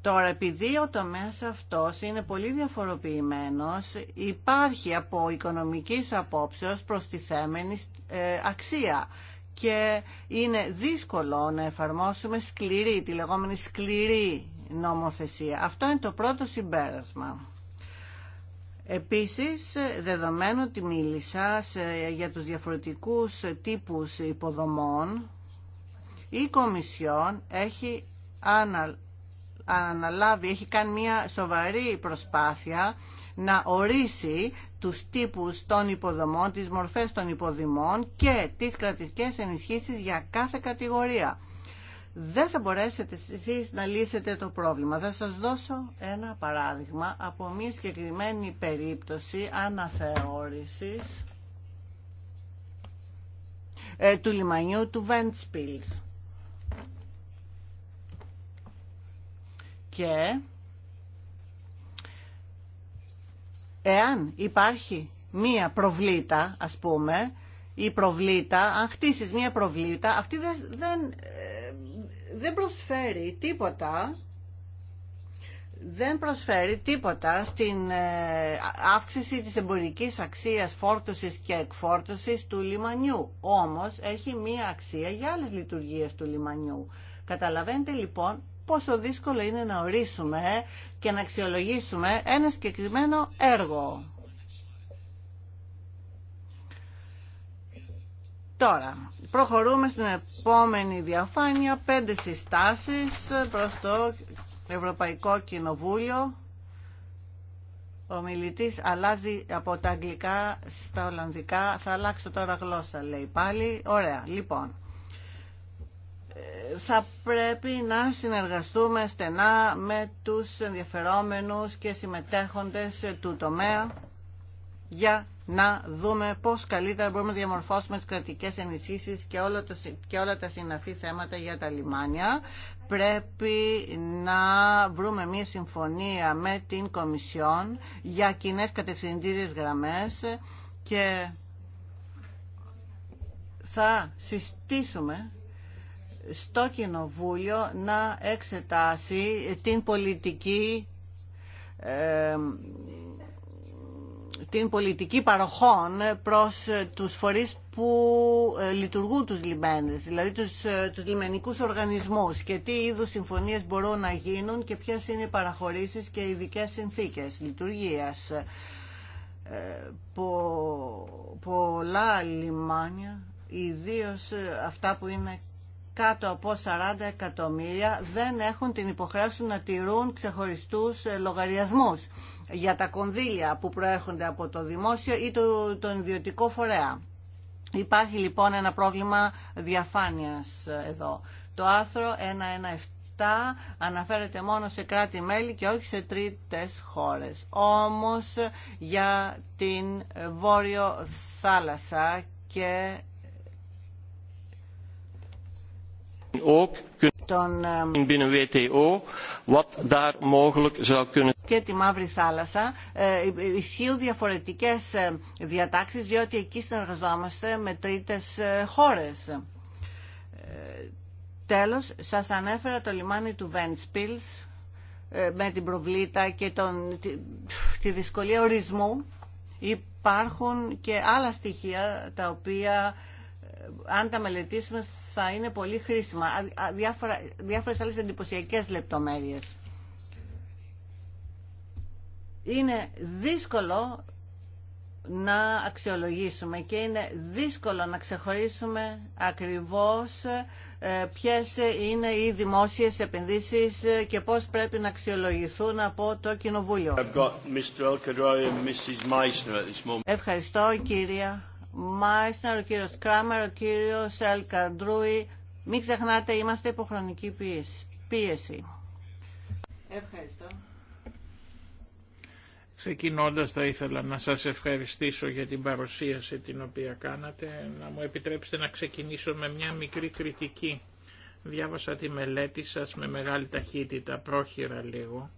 [SPEAKER 2] Τώρα, επειδή ο τομέας αυτός είναι πολύ διαφοροποιημένος, υπάρχει από οικονομικής απόψεως προστιθέμενη ε, αξία και είναι δύσκολο να εφαρμόσουμε σκληρή, τη λεγόμενη σκληρή νομοθεσία. Αυτό είναι το πρώτο συμπέρασμα. Επίσης, δεδομένου ότι μίλησα για τους διαφορετικούς τύπους υποδομών, η Κομισιόν έχει αναλάβει, έχει κάνει μια σοβαρή προσπάθεια να ορίσει τους τύπους των υποδομών, τις μορφές των υποδημών και τις κρατικές ενισχύσεις για κάθε κατηγορία δεν θα μπορέσετε εσείς να λύσετε το πρόβλημα. Θα σας δώσω ένα παράδειγμα από μια συγκεκριμένη περίπτωση αναθεώρησης ε, του λιμανιού του Βέντσπιλς. Και εάν υπάρχει μία προβλήτα, ας πούμε, η προβλήτα, αν χτίσεις μία προβλήτα, αυτή δεν δεν προσφέρει τίποτα δεν προσφέρει τίποτα στην ε, αύξηση της εμπορικής αξίας φόρτωσης και εκφόρτωσης του λιμανιού. Όμως έχει μία αξία για άλλες λειτουργίες του λιμανιού. Καταλαβαίνετε λοιπόν πόσο δύσκολο είναι να ορίσουμε και να αξιολογήσουμε ένα συγκεκριμένο έργο. Τώρα, Προχωρούμε στην επόμενη διαφάνεια. Πέντε συστάσεις προς το Ευρωπαϊκό Κοινοβούλιο. Ο μιλητής αλλάζει από τα αγγλικά στα ολλανδικά. Θα αλλάξω τώρα γλώσσα, λέει πάλι. Ωραία, λοιπόν. Ε, θα πρέπει να συνεργαστούμε στενά με τους ενδιαφερόμενους και συμμετέχοντες του τομέα για να δούμε πώς καλύτερα μπορούμε να διαμορφώσουμε τις κρατικές ενισχύσεις και όλα, και όλα τα συναφή θέματα για τα λιμάνια. Πρέπει να βρούμε μια συμφωνία με την Κομισιόν για κοινέ κατευθυντήριες γραμμές και θα συστήσουμε στο Κοινοβούλιο να εξετάσει την πολιτική ε, την πολιτική παροχών προς ε, τους φορείς που ε, λειτουργούν τους λιμένες, δηλαδή τους, ε, τους λιμενικούς οργανισμούς και τι είδους συμφωνίες μπορούν να γίνουν και ποιες είναι οι παραχωρήσεις και οι ειδικές συνθήκες λειτουργίας. Πο, πολλά λιμάνια, ιδίως αυτά που είναι κάτω από 40 εκατομμύρια δεν έχουν την υποχρέωση να τηρούν ξεχωριστούς λογαριασμούς για τα κονδύλια που προέρχονται από το δημόσιο ή τον ιδιωτικό φορέα. Υπάρχει λοιπόν ένα πρόβλημα διαφάνειας εδώ. Το άρθρο 117 αναφέρεται μόνο σε κράτη-μέλη και όχι σε τρίτες χώρες. Όμως για την Βόρειο Θάλασσα και
[SPEAKER 1] ε,
[SPEAKER 2] και τη Μαύρη Θάλασσα ε, ισχύουν διαφορετικέ ε, διατάξει διότι εκεί συνεργαζόμαστε με τρίτε χώρες. Τέλο σα ανέφερα το λιμάνι του Βέντσπιλς με την προβλήτα και τον, τη, τη δυσκολία ορισμού. Υπάρχουν και άλλα στοιχεία τα οποία αν τα μελετήσουμε θα είναι πολύ χρήσιμα. Διάφορα, διάφορες άλλες εντυπωσιακέ λεπτομέρειες. Είναι δύσκολο να αξιολογήσουμε και είναι δύσκολο να ξεχωρίσουμε ακριβώς ε, ποιες είναι οι δημόσιες επενδύσεις και πώς πρέπει να αξιολογηθούν από το Κοινοβούλιο. Ευχαριστώ κυρία Μάισνερ, ο κύριος Κράμερ, ο κύριος Ελκαντρούι. Μην ξεχνάτε, είμαστε υποχρονική πίεση. Ευχαριστώ.
[SPEAKER 3] Ξεκινώντας θα ήθελα να σας ευχαριστήσω για την παρουσίαση την οποία κάνατε. Να μου επιτρέψετε να ξεκινήσω με μια μικρή κριτική. Διάβασα τη μελέτη σας με μεγάλη ταχύτητα, πρόχειρα λίγο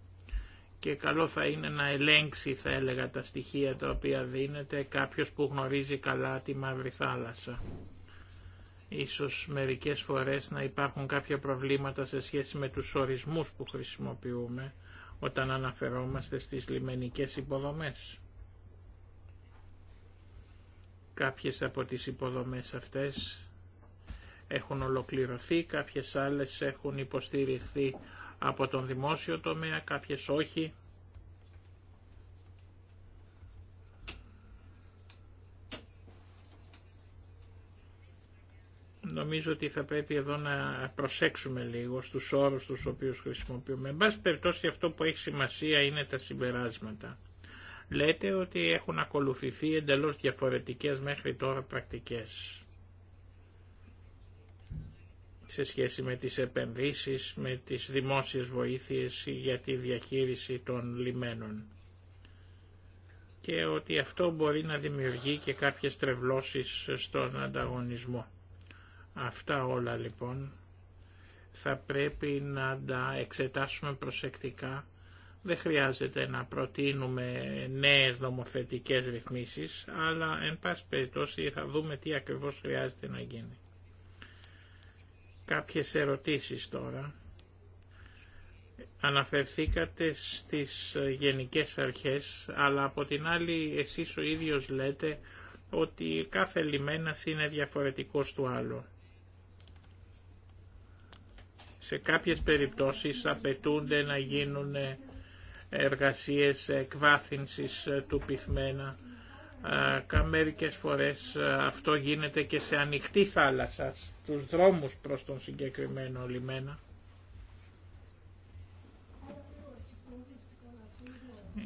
[SPEAKER 3] και καλό θα είναι να ελέγξει θα έλεγα τα στοιχεία τα οποία δίνεται κάποιος που γνωρίζει καλά τη Μαύρη Θάλασσα. Ίσως μερικές φορές να υπάρχουν κάποια προβλήματα σε σχέση με τους ορισμούς που χρησιμοποιούμε όταν αναφερόμαστε στις λιμενικές υποδομές. Κάποιες από τις υποδομές αυτές έχουν ολοκληρωθεί, κάποιες άλλες έχουν υποστηριχθεί από τον δημόσιο τομέα, κάποιες όχι. Νομίζω ότι θα πρέπει εδώ να προσέξουμε λίγο στους όρους τους οποίους χρησιμοποιούμε. Εν πάση περιπτώσει αυτό που έχει σημασία είναι τα συμπεράσματα. Λέτε ότι έχουν ακολουθηθεί εντελώς διαφορετικές μέχρι τώρα πρακτικές σε σχέση με τις επενδύσεις, με τις δημόσιες βοήθειες για τη διαχείριση των λιμένων και ότι αυτό μπορεί να δημιουργεί και κάποιες τρευλώσεις στον ανταγωνισμό. Αυτά όλα λοιπόν θα πρέπει να τα εξετάσουμε προσεκτικά. Δεν χρειάζεται να προτείνουμε νέες νομοθετικές ρυθμίσεις, αλλά εν πάση περιπτώσει θα δούμε τι ακριβώς χρειάζεται να γίνει. Κάποιες ερωτήσεις τώρα. Αναφερθήκατε στις γενικές αρχές, αλλά από την άλλη εσείς ο ίδιος λέτε ότι κάθε λιμένας είναι διαφορετικός του άλλου. Σε κάποιες περιπτώσεις απαιτούνται να γίνουν εργασίες εκβάθυνσης του πυθμένα μερικές φορές αυτό γίνεται και σε ανοιχτή θάλασσα, στους δρόμους προς τον συγκεκριμένο λιμένα.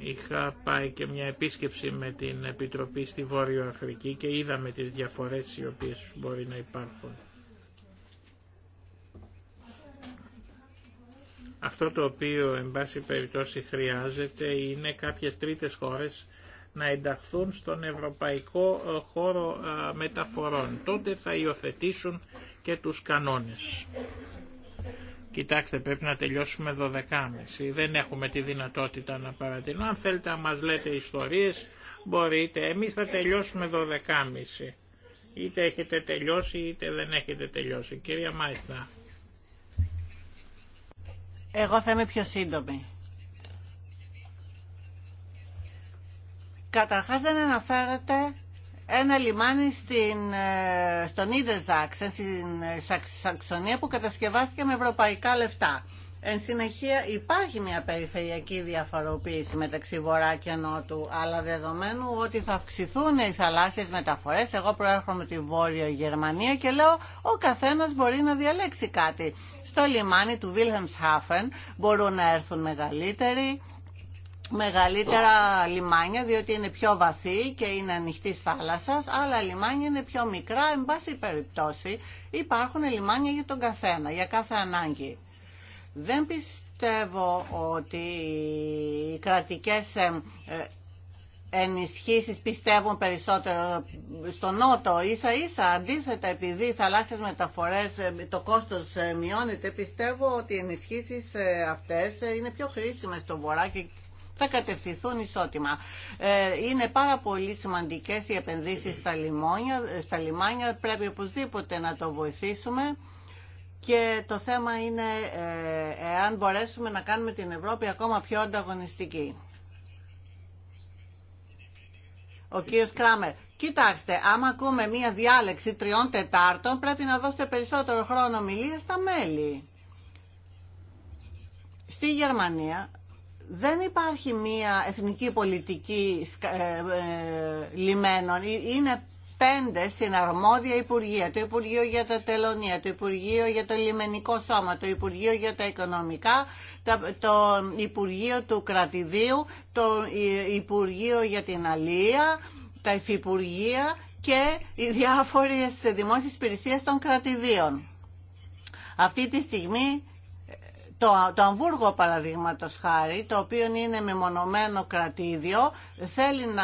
[SPEAKER 3] Είχα πάει και μια επίσκεψη με την Επιτροπή στη Βόρειο Αφρική και είδαμε τις διαφορές οι οποίες μπορεί να υπάρχουν. Αυτό το οποίο, εν πάση περιπτώσει, χρειάζεται είναι κάποιες τρίτες χώρες να ενταχθούν στον ευρωπαϊκό ε, χώρο ε, μεταφορών. Τότε θα υιοθετήσουν και τους κανόνες. Κοιτάξτε, πρέπει να τελειώσουμε 12.30. Δεν έχουμε τη δυνατότητα να παρατηρούμε. Αν θέλετε να μας λέτε ιστορίες, μπορείτε. Εμείς θα τελειώσουμε 12.30. Είτε έχετε τελειώσει, είτε δεν έχετε τελειώσει. Κυρία Μάιστα.
[SPEAKER 2] Εγώ θα είμαι πιο σύντομη. Καταρχά δεν αναφέρεται ένα λιμάνι στην, ε, στον Ιντερζάξεν, στην ε, Σαξονία που κατασκευάστηκε με ευρωπαϊκά λεφτά. Εν συνεχεία υπάρχει μια περιφερειακή διαφοροποίηση μεταξύ βορρά και νότου, αλλά δεδομένου ότι θα αυξηθούν οι θαλάσσιες μεταφορές, εγώ προέρχομαι τη Βόρεια Γερμανία και λέω ο καθένας μπορεί να διαλέξει κάτι. Στο λιμάνι του Wilhelmshaven μπορούν να έρθουν μεγαλύτεροι, μεγαλύτερα λιμάνια διότι είναι πιο βαθύ και είναι ανοιχτή θάλασσα, άλλα λιμάνια είναι πιο μικρά. Εν πάση περιπτώσει υπάρχουν λιμάνια για τον καθένα, για κάθε ανάγκη. Δεν πιστεύω ότι οι κρατικές ε, ε, ενισχύσεις πιστεύουν περισσότερο στο νότο ίσα ίσα αντίθετα επειδή οι θαλάσσιες μεταφορές ε, το κόστος μειώνεται πιστεύω ότι οι ενισχύσεις αυτές είναι πιο χρήσιμες στο βορρά θα κατευθυνθούν ισότιμα. Ε, είναι πάρα πολύ σημαντικές οι επενδύσεις στα, στα λιμάνια, πρέπει οπωσδήποτε να το βοηθήσουμε. Και το θέμα είναι ε, εάν μπορέσουμε να κάνουμε την Ευρώπη ακόμα πιο ανταγωνιστική. Ο κύριος Κράμερ, κοιτάξτε, άμα ακούμε μία διάλεξη τριών τετάρτων, πρέπει να δώσετε περισσότερο χρόνο μιλία στα μέλη. Στη Γερμανία δεν υπάρχει μία εθνική πολιτική ε, ε, λιμένων. Ε, είναι πέντε συναρμόδια υπουργεία. Το Υπουργείο για τα Τελωνία, το Υπουργείο για το Λιμενικό Σώμα, το Υπουργείο για τα Οικονομικά, το Υπουργείο του Κρατηδίου, το Υπουργείο για την Αλία, τα Υφυπουργεία και οι διάφορες δημόσιες υπηρεσίες των κρατηδίων. Αυτή τη στιγμή το, το Αμβούργο παραδείγματο χάρη, το οποίο είναι μεμονωμένο κρατήδιο, θέλει να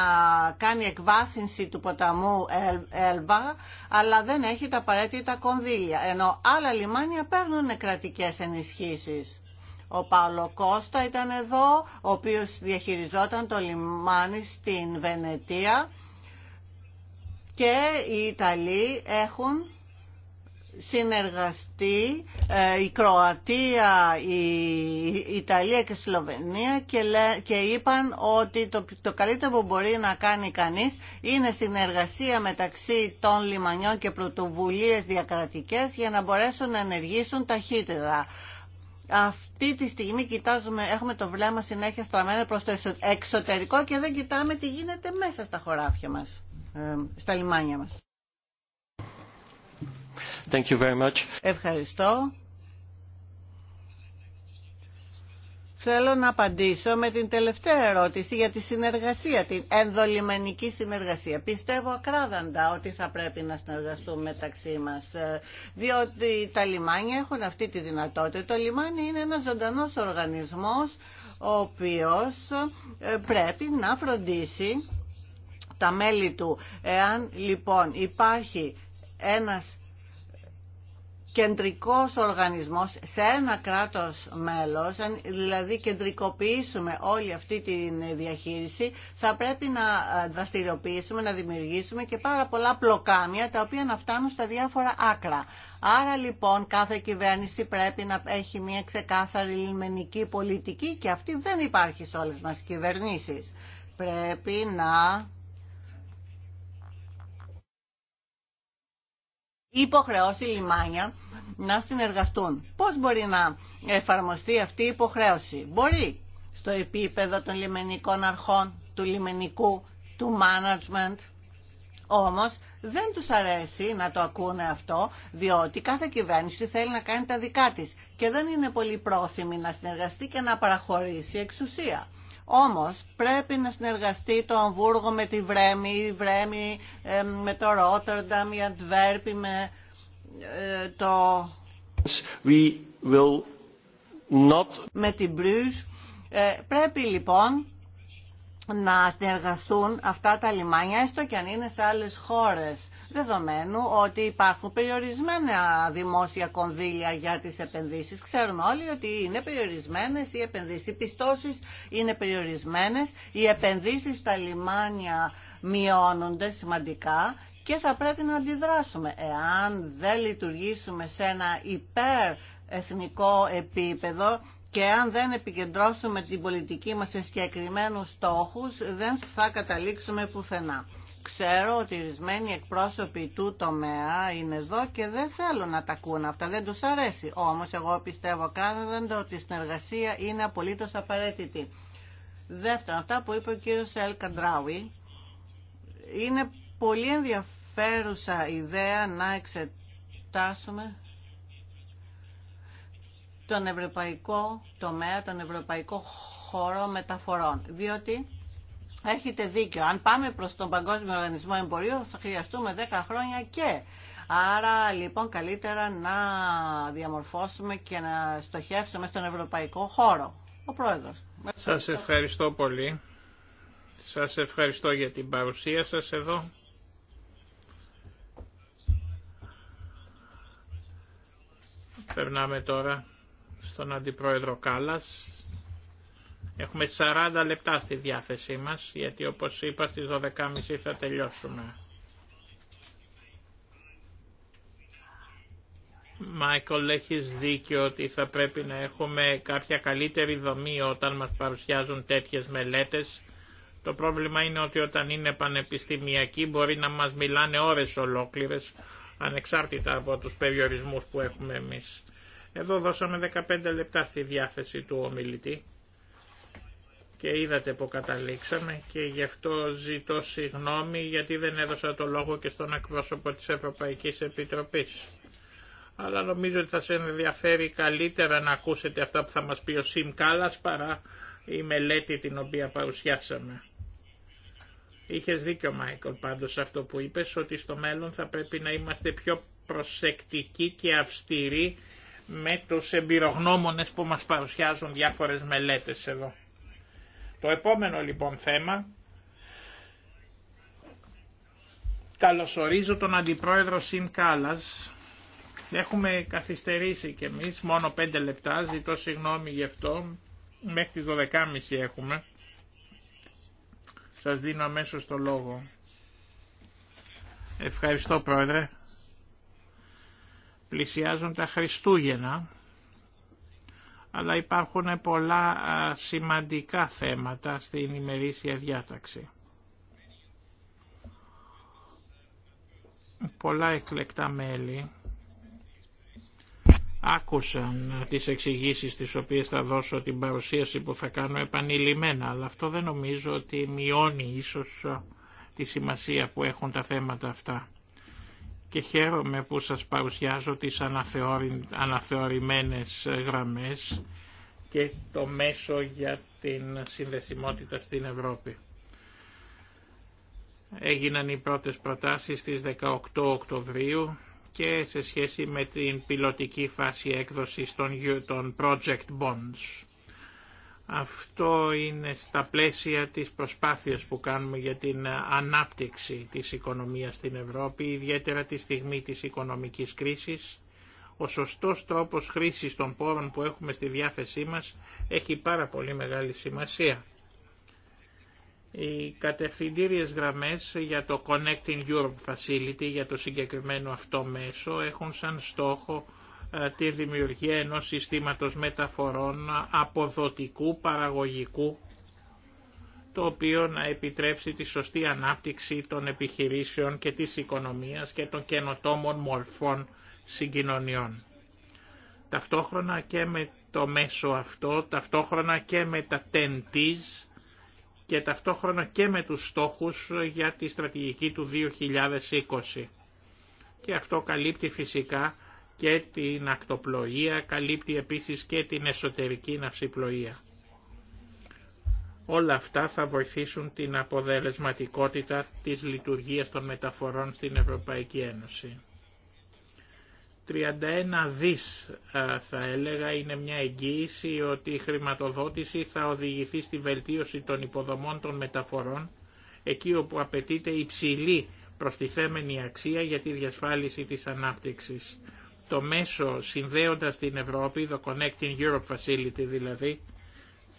[SPEAKER 2] κάνει εκβάσινση του ποταμού Έλβα, αλλά δεν έχει τα απαραίτητα κονδύλια, ενώ άλλα λιμάνια παίρνουν κρατικές ενισχύσεις. Ο Παύλο Κώστα ήταν εδώ, ο οποίος διαχειριζόταν το λιμάνι στην Βενετία και οι Ιταλοί έχουν συνεργαστεί ε, η Κροατία, η Ιταλία και η Σλοβενία και είπαν ότι το καλύτερο που μπορεί να κάνει κανείς είναι συνεργασία μεταξύ των λιμανιών και πρωτοβουλίες διακρατικές για να μπορέσουν να ενεργήσουν ταχύτερα. Αυτή τη στιγμή κοιτάζουμε, έχουμε το βλέμμα συνέχεια στραμμένο προς το εξωτερικό και δεν κοιτάμε τι γίνεται μέσα στα χωράφια μας, ε, στα λιμάνια μας.
[SPEAKER 1] Thank you very much.
[SPEAKER 2] Ευχαριστώ. Θέλω να απαντήσω με την τελευταία ερώτηση για τη συνεργασία, την ενδολιμενική συνεργασία. Πιστεύω ακράδαντα ότι θα πρέπει να συνεργαστούμε μεταξύ μας, ε, διότι τα λιμάνια έχουν αυτή τη δυνατότητα. Το λιμάνι είναι ένας ζωντανός οργανισμός, ο οποίος ε, πρέπει να φροντίσει τα μέλη του. Εάν λοιπόν υπάρχει ένας κεντρικός οργανισμός σε ένα κράτος μέλος, δηλαδή κεντρικοποιήσουμε όλη αυτή τη διαχείριση, θα πρέπει να ε, δραστηριοποιήσουμε, να δημιουργήσουμε και πάρα πολλά πλοκάμια τα οποία να φτάνουν στα διάφορα άκρα. Άρα λοιπόν κάθε κυβέρνηση πρέπει να έχει μια ξεκάθαρη λιμενική πολιτική και αυτή δεν υπάρχει σε όλες μας κυβερνήσεις. Πρέπει να υποχρεώσει λιμάνια να συνεργαστούν. Πώς μπορεί να εφαρμοστεί αυτή η υποχρέωση. Μπορεί στο επίπεδο των λιμενικών αρχών, του λιμενικού, του management. Όμως δεν τους αρέσει να το ακούνε αυτό, διότι κάθε κυβέρνηση θέλει να κάνει τα δικά της και δεν είναι πολύ πρόθυμη να συνεργαστεί και να παραχωρήσει εξουσία. Όμως πρέπει να συνεργαστεί το Αμβούργο με τη Βρέμη, η Βρέμη ε, με το Ρότερνταμ, η Αντβέρπη με ε, το... με την Προύζ. Ε, πρέπει λοιπόν να συνεργαστούν αυτά τα λιμάνια, έστω και αν είναι σε άλλες χώρες, δεδομένου ότι υπάρχουν περιορισμένα δημόσια κονδύλια για τις επενδύσεις. Ξέρουμε όλοι ότι είναι περιορισμένες οι επενδύσεις, οι πιστώσεις είναι περιορισμένες, οι επενδύσεις στα λιμάνια μειώνονται σημαντικά και θα πρέπει να αντιδράσουμε. Εάν δεν λειτουργήσουμε σε ένα υπερ εθνικό επίπεδο και αν δεν επικεντρώσουμε την πολιτική μας σε συγκεκριμένους στόχους δεν θα καταλήξουμε πουθενά. Ξέρω ότι ορισμένοι εκπρόσωποι του τομέα είναι εδώ και δεν θέλουν να τα ακούν αυτά, δεν τους αρέσει. Όμως εγώ πιστεύω κάνοντα ότι η συνεργασία είναι απολύτως απαραίτητη. Δεύτερον, αυτά που είπε ο κύριος Ελ Καντράουι, είναι πολύ ενδιαφέρουσα ιδέα να εξετάσουμε τον ευρωπαϊκό τομέα, τον ευρωπαϊκό χώρο μεταφορών. Διότι έχετε δίκιο. Αν πάμε προς τον Παγκόσμιο Οργανισμό Εμπορίου θα χρειαστούμε 10 χρόνια και. Άρα λοιπόν καλύτερα να διαμορφώσουμε και να στοχεύσουμε στον ευρωπαϊκό χώρο. Ο Πρόεδρος.
[SPEAKER 3] Σας ευχαριστώ πολύ. Σας ευχαριστώ για την παρουσία σας εδώ. Περνάμε τώρα στον Αντιπρόεδρο Κάλλας. Έχουμε 40 λεπτά στη διάθεσή μας, γιατί όπως είπα στις 12.30 θα τελειώσουμε. Μάικολ, έχει δίκιο ότι θα πρέπει να έχουμε κάποια καλύτερη δομή όταν μας παρουσιάζουν τέτοιες μελέτες. Το πρόβλημα είναι ότι όταν είναι πανεπιστημιακοί μπορεί να μας μιλάνε ώρες ολόκληρες, ανεξάρτητα από τους περιορισμούς που έχουμε εμείς. Εδώ δώσαμε 15 λεπτά στη διάθεση του ομιλητή και είδατε που καταλήξαμε και γι' αυτό ζητώ συγγνώμη γιατί δεν έδωσα το λόγο και στον εκπρόσωπο της Ευρωπαϊκής Επιτροπής. Αλλά νομίζω ότι θα σε ενδιαφέρει καλύτερα να ακούσετε αυτά που θα μας πει ο Σιμ Κάλλας παρά η μελέτη την οποία παρουσιάσαμε. Είχες δίκιο Μάικλ πάντως σε αυτό που είπες ότι στο μέλλον θα πρέπει να είμαστε πιο προσεκτικοί και αυστηροί με τους εμπειρογνώμονες που μας παρουσιάζουν διάφορες μελέτες εδώ. Το επόμενο λοιπόν θέμα, καλωσορίζω τον Αντιπρόεδρο Σιμ Κάλλας. Έχουμε καθυστερήσει και εμείς, μόνο πέντε λεπτά, ζητώ συγγνώμη γι' αυτό, μέχρι τις 12.30 έχουμε. Σας δίνω αμέσως το λόγο. Ευχαριστώ Πρόεδρε. Πλησιάζουν τα Χριστούγεννα, αλλά υπάρχουν πολλά σημαντικά θέματα στην ημερήσια διάταξη. Πολλά εκλεκτά μέλη άκουσαν τις εξηγήσει τις οποίες θα δώσω την παρουσίαση που θα κάνω επανειλημμένα, αλλά αυτό δεν νομίζω ότι μειώνει ίσως τη σημασία που έχουν τα θέματα αυτά και χαίρομαι που σας παρουσιάζω τις αναθεωρη, αναθεωρημένες γραμμές και το μέσο για την συνδεσιμότητα στην Ευρώπη. Έγιναν οι πρώτες προτάσεις στις 18 Οκτωβρίου και σε σχέση με την πιλωτική φάση έκδοσης των project bonds. Αυτό είναι στα πλαίσια της προσπάθειας που κάνουμε για την ανάπτυξη της οικονομίας στην Ευρώπη, ιδιαίτερα τη στιγμή της οικονομικής κρίσης. Ο σωστός τρόπος χρήσης των πόρων που έχουμε στη διάθεσή μας έχει πάρα πολύ μεγάλη σημασία. Οι κατευθυντήριες γραμμές για το Connecting Europe Facility, για το συγκεκριμένο αυτό μέσο, έχουν σαν στόχο ε, τη δημιουργία ενός συστήματος μεταφορών αποδοτικού, παραγωγικού, το οποίο να επιτρέψει τη σωστή ανάπτυξη των επιχειρήσεων και της οικονομίας και των καινοτόμων μορφών συγκοινωνιών. Ταυτόχρονα και με το μέσο αυτό, ταυτόχρονα και με τα ten και ταυτόχρονα και με τους στόχους για τη στρατηγική του 2020. Και αυτό καλύπτει φυσικά και την ακτοπλοεία, καλύπτει επίσης και την εσωτερική ναυσιπλοεία. Όλα αυτά θα βοηθήσουν την αποδελεσματικότητα της λειτουργίας των μεταφορών στην Ευρωπαϊκή Ένωση. 31 δις θα έλεγα είναι μια εγγύηση ότι η χρηματοδότηση θα οδηγηθεί στη βελτίωση των υποδομών των μεταφορών εκεί όπου απαιτείται υψηλή προστιθέμενη αξία για τη διασφάλιση της ανάπτυξης το μέσο συνδέοντας την Ευρώπη, το Connecting Europe Facility δηλαδή,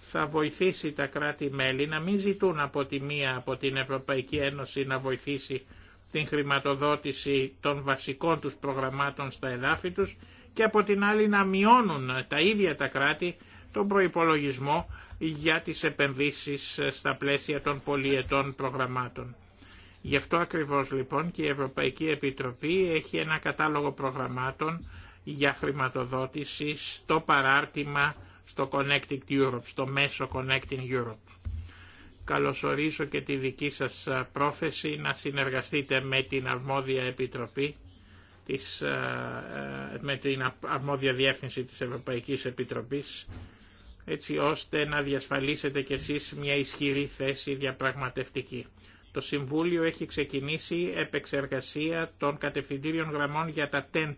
[SPEAKER 3] θα βοηθήσει τα κράτη-μέλη να μην ζητούν από τη μία από την Ευρωπαϊκή Ένωση να βοηθήσει την χρηματοδότηση των βασικών τους προγραμμάτων στα εδάφη τους και από την άλλη να μειώνουν τα ίδια τα κράτη τον προϋπολογισμό για τις επενδύσεις στα πλαίσια των πολιετών προγραμμάτων. Γι' αυτό ακριβώς λοιπόν και η Ευρωπαϊκή Επιτροπή έχει ένα κατάλογο προγραμμάτων για χρηματοδότηση στο παράρτημα στο Connecting Europe, στο μέσο Connecting Europe. Καλωσορίζω και τη δική σας πρόθεση να συνεργαστείτε με την αρμόδια επιτροπή της, με την αρμόδια διεύθυνση της Ευρωπαϊκής Επιτροπής έτσι ώστε να διασφαλίσετε κι εσείς μια ισχυρή θέση διαπραγματευτική το Συμβούλιο έχει ξεκινήσει επεξεργασία των κατευθυντήριων γραμμών για τα ten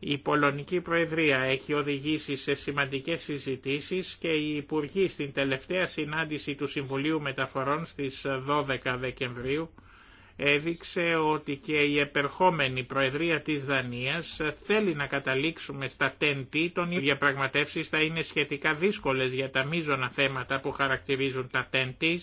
[SPEAKER 3] Η Πολωνική Προεδρία έχει οδηγήσει σε σημαντικές συζητήσεις και η Υπουργοί στην τελευταία συνάντηση του Συμβουλίου Μεταφορών στις 12 Δεκεμβρίου έδειξε ότι και η επερχόμενη Προεδρία της Δανίας θέλει να καταλήξουμε στα ten των οι διαπραγματεύσεις θα είναι σχετικά δύσκολες για τα μείζωνα θέματα που χαρακτηρίζουν τα ten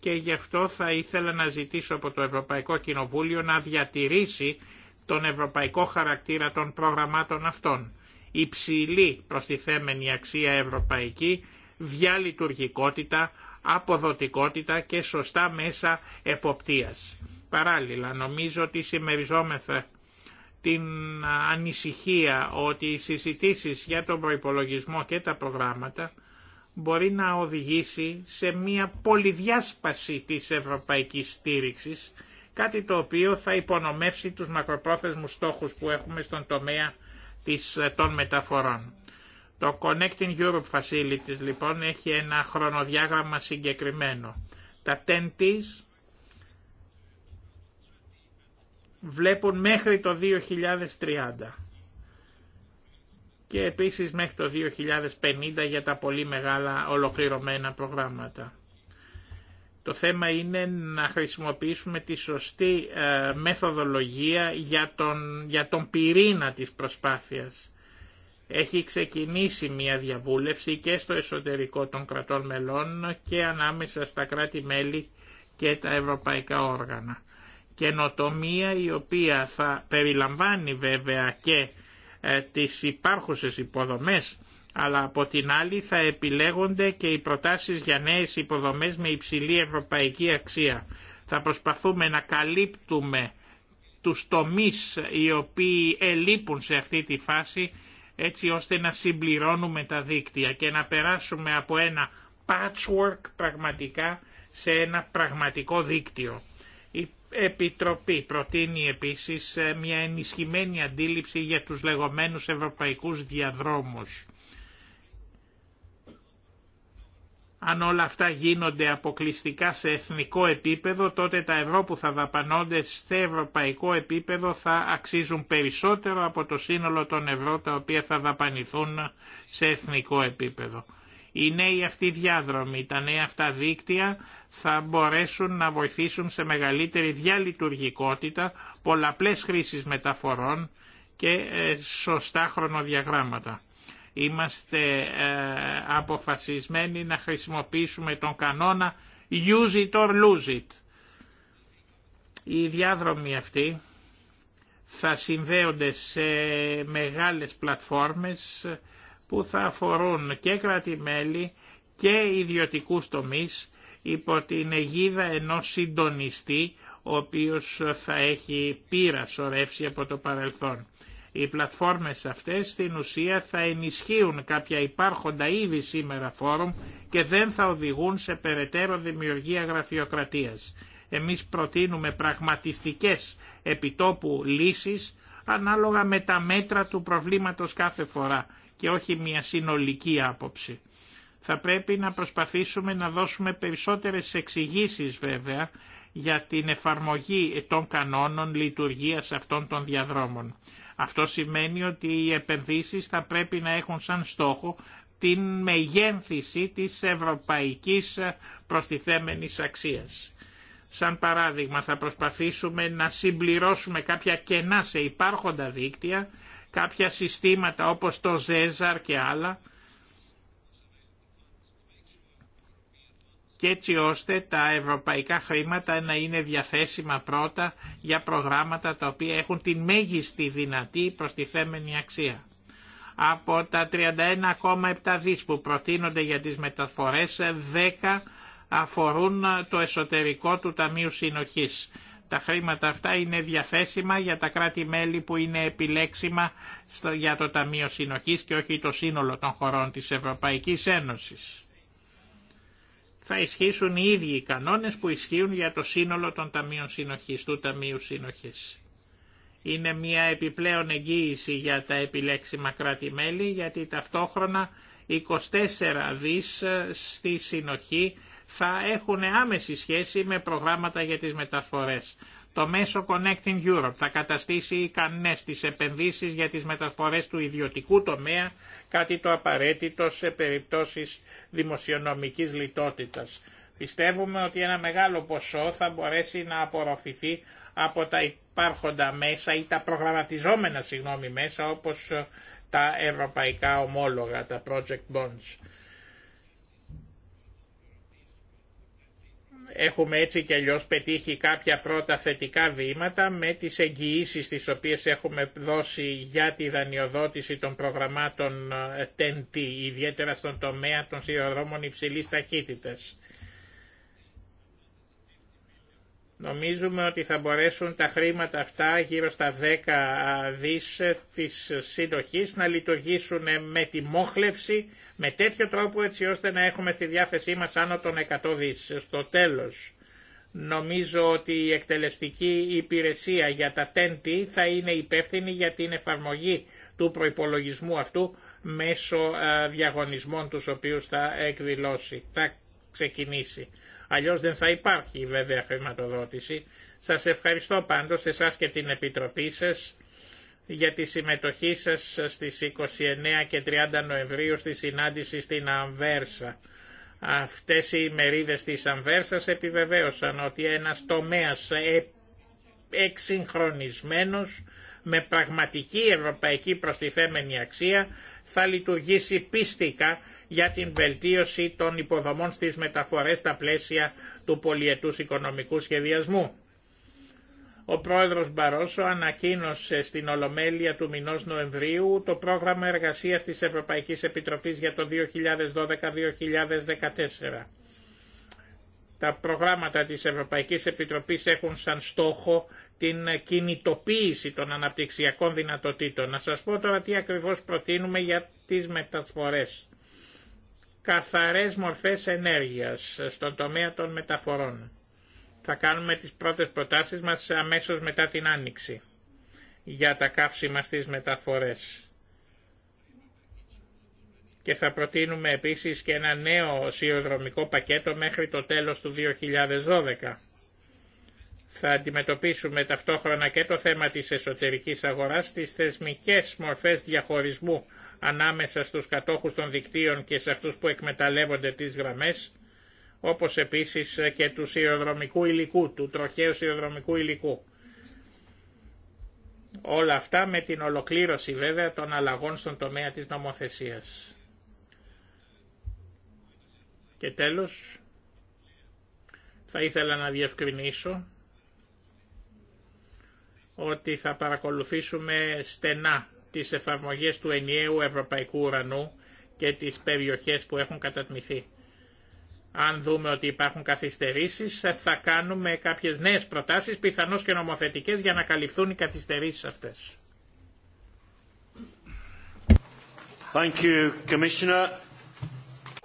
[SPEAKER 3] και γι' αυτό θα ήθελα να ζητήσω από το Ευρωπαϊκό Κοινοβούλιο να διατηρήσει τον ευρωπαϊκό χαρακτήρα των προγραμμάτων αυτών. Υψηλή προστιθέμενη αξία ευρωπαϊκή, διαλειτουργικότητα, αποδοτικότητα και σωστά μέσα εποπτείας. Παράλληλα, νομίζω ότι συμμεριζόμεθα την ανησυχία ότι οι συζητήσεις για τον προϋπολογισμό και τα προγράμματα μπορεί να οδηγήσει σε μια πολυδιάσπαση της ευρωπαϊκής στήριξης, κάτι το οποίο θα υπονομεύσει τους μακροπρόθεσμους στόχους που έχουμε στον τομέα της, ε, των μεταφορών. Το Connecting Europe Facilities λοιπόν έχει ένα χρονοδιάγραμμα συγκεκριμένο. Τα TEN-T's βλέπουν μέχρι το 2030 και επίσης μέχρι το 2050 για τα πολύ μεγάλα ολοκληρωμένα προγράμματα. Το θέμα είναι να χρησιμοποιήσουμε τη σωστή ε, μεθοδολογία για τον, για τον πυρήνα της προσπάθειας. Έχει ξεκινήσει μια διαβούλευση και στο εσωτερικό των κρατών μελών και ανάμεσα στα κράτη-μέλη και τα ευρωπαϊκά όργανα. Καινοτομία η οποία θα περιλαμβάνει βέβαια και ε, τις υπάρχουσες υποδομές, αλλά από την άλλη θα επιλέγονται και οι προτάσεις για νέες υποδομές με υψηλή ευρωπαϊκή αξία. Θα προσπαθούμε να καλύπτουμε τους τομείς οι οποίοι ελείπουν σε αυτή τη φάση έτσι ώστε να συμπληρώνουμε τα δίκτυα και να περάσουμε από ένα patchwork πραγματικά σε ένα πραγματικό δίκτυο. Επιτροπή προτείνει επίσης ε, μια ενισχυμένη αντίληψη για τους λεγόμενους ευρωπαϊκούς διαδρόμους. Αν όλα αυτά γίνονται αποκλειστικά σε εθνικό επίπεδο, τότε τα ευρώ που θα δαπανώνται σε ευρωπαϊκό επίπεδο θα αξίζουν περισσότερο από το σύνολο των ευρώ τα οποία θα δαπανηθούν σε εθνικό επίπεδο. Οι νέοι αυτοί διάδρομοι, τα νέα αυτά δίκτυα θα μπορέσουν να βοηθήσουν σε μεγαλύτερη διαλειτουργικότητα, πολλαπλές χρήσεις μεταφορών και ε, σωστά χρονοδιαγράμματα. Είμαστε ε, αποφασισμένοι να χρησιμοποιήσουμε τον κανόνα use it or lose it. Οι διάδρομοι αυτοί θα συνδέονται σε μεγάλες πλατφόρμες που θα αφορούν και κρατημέλη και ιδιωτικούς τομείς υπό την αιγίδα ενός συντονιστή ο οποίος θα έχει πείρα σωρεύσει από το παρελθόν. Οι πλατφόρμες αυτές στην ουσία θα ενισχύουν κάποια υπάρχοντα ήδη σήμερα φόρουμ και δεν θα οδηγούν σε περαιτέρω δημιουργία γραφειοκρατίας. Εμείς προτείνουμε πραγματιστικές επιτόπου λύσεις ανάλογα με τα μέτρα του προβλήματος κάθε φορά και όχι μια συνολική άποψη. Θα πρέπει να προσπαθήσουμε να δώσουμε περισσότερες εξηγήσει βέβαια για την εφαρμογή των κανόνων λειτουργίας αυτών των διαδρόμων. Αυτό σημαίνει ότι οι επενδύσεις θα πρέπει να έχουν σαν στόχο την μεγένθηση της ευρωπαϊκής προστιθέμενης αξίας. Σαν παράδειγμα θα προσπαθήσουμε να συμπληρώσουμε κάποια κενά σε υπάρχοντα δίκτυα κάποια συστήματα όπως το ΖΕΖΑΡ και άλλα και έτσι ώστε τα ευρωπαϊκά χρήματα να είναι διαθέσιμα πρώτα για προγράμματα τα οποία έχουν τη μέγιστη δυνατή προστιθέμενη αξία. Από τα 31,7 δις που προτείνονται για τις μεταφορές, 10 αφορούν το εσωτερικό του Ταμείου Συνοχής. Τα χρήματα αυτά είναι διαθέσιμα για τα κράτη-μέλη που είναι επιλέξιμα για το Ταμείο Συνοχής και όχι το σύνολο των χωρών της Ευρωπαϊκής Ένωσης. Θα ισχύσουν οι ίδιοι οι κανόνες που ισχύουν για το σύνολο των Ταμείων Συνοχής, του Ταμείου Συνοχής. Είναι μια επιπλέον εγγύηση για τα επιλέξιμα κράτη-μέλη γιατί ταυτόχρονα 24 δις στη συνοχή θα έχουν άμεση σχέση με προγράμματα για τις μεταφορές. Το μέσο Connecting Europe θα καταστήσει ικανές τις επενδύσεις για τις μεταφορές του ιδιωτικού τομέα, κάτι το απαραίτητο σε περιπτώσεις δημοσιονομικής λιτότητας. Πιστεύουμε ότι ένα μεγάλο ποσό θα μπορέσει να απορροφηθεί από τα υπάρχοντα μέσα ή τα προγραμματιζόμενα συγγνώμη μέσα όπως τα ευρωπαϊκά ομόλογα, τα project bonds. Έχουμε έτσι και αλλιώ πετύχει κάποια πρώτα θετικά βήματα με τις εγγυήσεις τις οποίες έχουμε δώσει για τη δανειοδότηση των προγραμμάτων TEN-T, ε, ιδιαίτερα στον τομέα των σιδηροδρόμων υψηλής ταχύτητας. Νομίζουμε ότι θα μπορέσουν τα χρήματα αυτά, γύρω στα 10 δις ε, της συνοχής, να λειτουργήσουν ε, με τη μόχλευση, με τέτοιο τρόπο έτσι ώστε να έχουμε στη διάθεσή μας άνω των 100 δις. Στο τέλος, νομίζω ότι η εκτελεστική υπηρεσία για τα τέντη θα είναι υπεύθυνη για την εφαρμογή του προϋπολογισμού αυτού μέσω διαγωνισμών τους οποίους θα εκδηλώσει, θα ξεκινήσει. Αλλιώς δεν θα υπάρχει βέβαια χρηματοδότηση. Σας ευχαριστώ πάντως εσάς και την Επιτροπή σας για τη συμμετοχή σας στις 29 και 30 Νοεμβρίου στη συνάντηση στην Αμβέρσα. Αυτές οι μερίδες της Αμβέρσας επιβεβαίωσαν ότι ένας τομέας εξυγχρονισμένος με πραγματική ευρωπαϊκή προστιθέμενη αξία θα λειτουργήσει πίστικα για την βελτίωση των υποδομών στις μεταφορές στα πλαίσια του πολιετούς οικονομικού σχεδιασμού. Ο πρόεδρος Μπαρόσο ανακοίνωσε στην Ολομέλεια του μηνός Νοεμβρίου το πρόγραμμα εργασίας της Ευρωπαϊκής Επιτροπής για το 2012-2014. Τα προγράμματα της Ευρωπαϊκής Επιτροπής έχουν σαν στόχο την κινητοποίηση των αναπτυξιακών δυνατοτήτων. Να σας πω τώρα τι ακριβώς προτείνουμε για τις μεταφορές. Καθαρές μορφές ενέργειας στον τομέα των μεταφορών. Θα κάνουμε τις πρώτες προτάσεις μας αμέσως μετά την Άνοιξη για τα καύσιμα στις μεταφορές και θα προτείνουμε επίσης και ένα νέο σιωδρομικό πακέτο μέχρι το τέλος του 2012. Θα αντιμετωπίσουμε ταυτόχρονα και το θέμα της εσωτερικής αγοράς, τις θεσμικές μορφές διαχωρισμού ανάμεσα στους κατόχους των δικτύων και σε αυτούς που εκμεταλλεύονται τις γραμμές, όπως επίσης και του σιωδρομικού υλικού, του τροχαίου σιωδρομικού υλικού. Όλα αυτά με την ολοκλήρωση βέβαια των αλλαγών στον τομέα της νομοθεσίας. Και τέλος, θα ήθελα να διευκρινίσω ότι θα παρακολουθήσουμε στενά τις εφαρμογές του ενιαίου ευρωπαϊκού ουρανού και τις περιοχές που έχουν κατατμηθεί. Αν δούμε ότι υπάρχουν καθυστερήσεις, θα κάνουμε κάποιες νέες προτάσεις, πιθανώς και νομοθετικές, για να καλυφθούν οι καθυστερήσεις αυτές.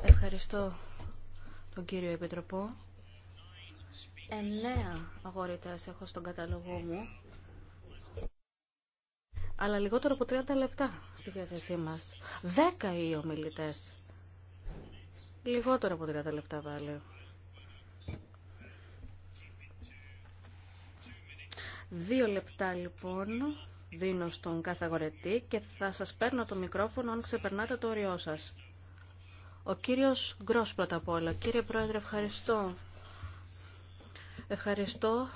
[SPEAKER 4] Ευχαριστώ, τον κύριο Επιτροπό. Εννέα αγορητές έχω στον καταλογό μου, αλλά λιγότερο από 30 λεπτά στη διάθεσή μας. Δέκα οι ομιλητές. Λιγότερο από 30 λεπτά βάλε. Δύο λεπτά λοιπόν δίνω στον κάθε αγορετή και θα σας παίρνω το μικρόφωνο αν ξεπερνάτε το όριό σας. Ο κύριος Γκρός πρώτα απ' όλα. Κύριε Πρόεδρε, ευχαριστώ. Ευχαριστώ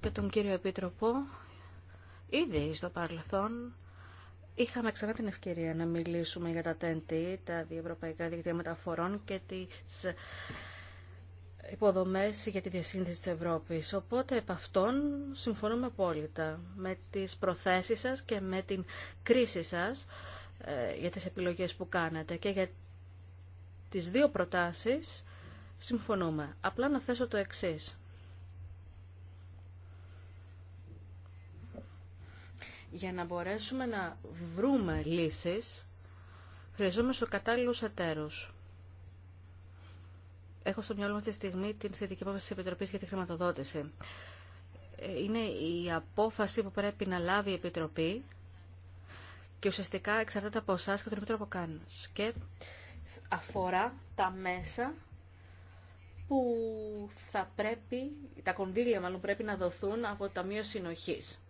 [SPEAKER 4] και τον κύριο Επίτροπο. Ήδη στο παρελθόν είχαμε ξανά την ευκαιρία να μιλήσουμε για τα TNT, τα Διευρωπαϊκά Δίκτυα Μεταφορών και τις υποδομές για τη διασύνδεση της Ευρώπης. Οπότε, επ' αυτών συμφωνούμε απόλυτα με τις προθέσεις σας και με την κρίση σας ε, για τις επιλογές που κάνετε και για τις δύο προτάσεις συμφωνούμε. Απλά να θέσω το εξής. Για να μπορέσουμε να βρούμε λύσεις, χρειαζόμαστε κατάλληλους εταίρους. Έχω στο μυαλό μου αυτή τη στιγμή την σχετική απόφαση της Επιτροπής για τη χρηματοδότηση. Ε, είναι η απόφαση που πρέπει να λάβει η Επιτροπή και ουσιαστικά εξαρτάται από εσά και τον Επιτρόπο Και αφορά τα μέσα που θα πρέπει, τα κονδύλια μάλλον πρέπει να δοθούν από το Ταμείο Συνοχής.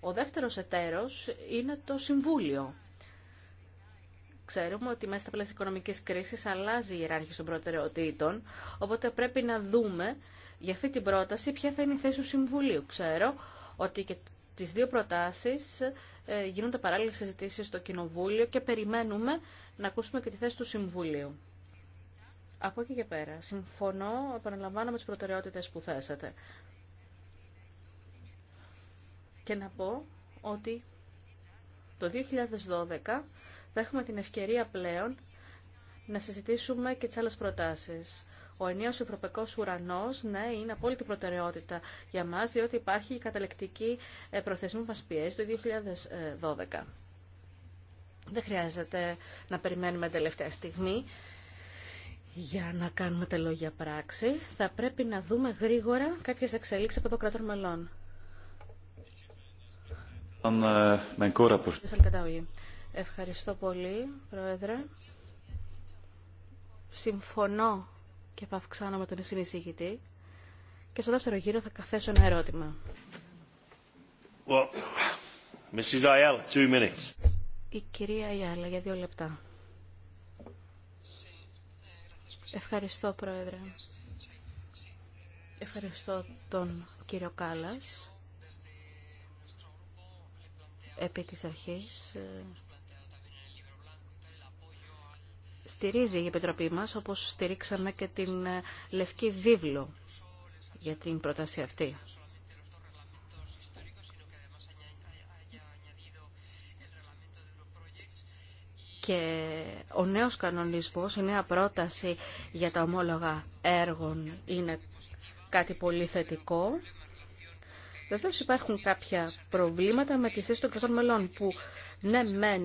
[SPEAKER 4] Ο δεύτερος εταίρος είναι το Συμβούλιο. Ξέρουμε ότι μέσα στα πλαίσια οικονομικής κρίσης αλλάζει η ιεράρχηση των προτεραιοτήτων, οπότε πρέπει να δούμε για αυτή την πρόταση ποια θα είναι η θέση του Συμβουλίου. Ξέρω ότι και τις δύο προτάσεις ε, γίνονται παράλληλες συζητήσεις στο Κοινοβούλιο και περιμένουμε να ακούσουμε και τη θέση του Συμβουλίου. Από εκεί και πέρα, συμφωνώ, επαναλαμβάνω με τις προτεραιότητες που θέσατε. Και να πω ότι το 2012 θα έχουμε την ευκαιρία πλέον να συζητήσουμε και τις άλλες προτάσεις ο ενίο ευρωπαϊκός ουρανός, ναι, είναι απόλυτη προτεραιότητα για μας, διότι υπάρχει η καταλεκτική ε, προθεσμή που μας πιέζει το 2012. Δεν χρειάζεται να περιμένουμε τελευταία στιγμή για να κάνουμε τελόγια πράξη. Θα πρέπει να δούμε γρήγορα κάποιες εξελίξεις από το κράτος μελών. Ε, ευχαριστώ πολύ, Πρόεδρε. Συμφωνώ και θα με τον συνεισηγητή. Και στο δεύτερο γύρο θα καθέσω ένα ερώτημα.
[SPEAKER 1] Well, Ayala,
[SPEAKER 4] Η κυρία Ιάλα, για δύο λεπτά. Ευχαριστώ, Πρόεδρε. Ευχαριστώ τον κύριο Κάλλας επί της αρχής στηρίζει η Επιτροπή μας, όπως στηρίξαμε και την ε, Λευκή Βίβλο για την πρόταση αυτή. Και ο νέος κανονισμός, η νέα πρόταση για τα ομόλογα έργων είναι κάτι πολύ θετικό. Βεβαίως υπάρχουν κάποια προβλήματα με τη θέση των κρατών μελών που ναι μεν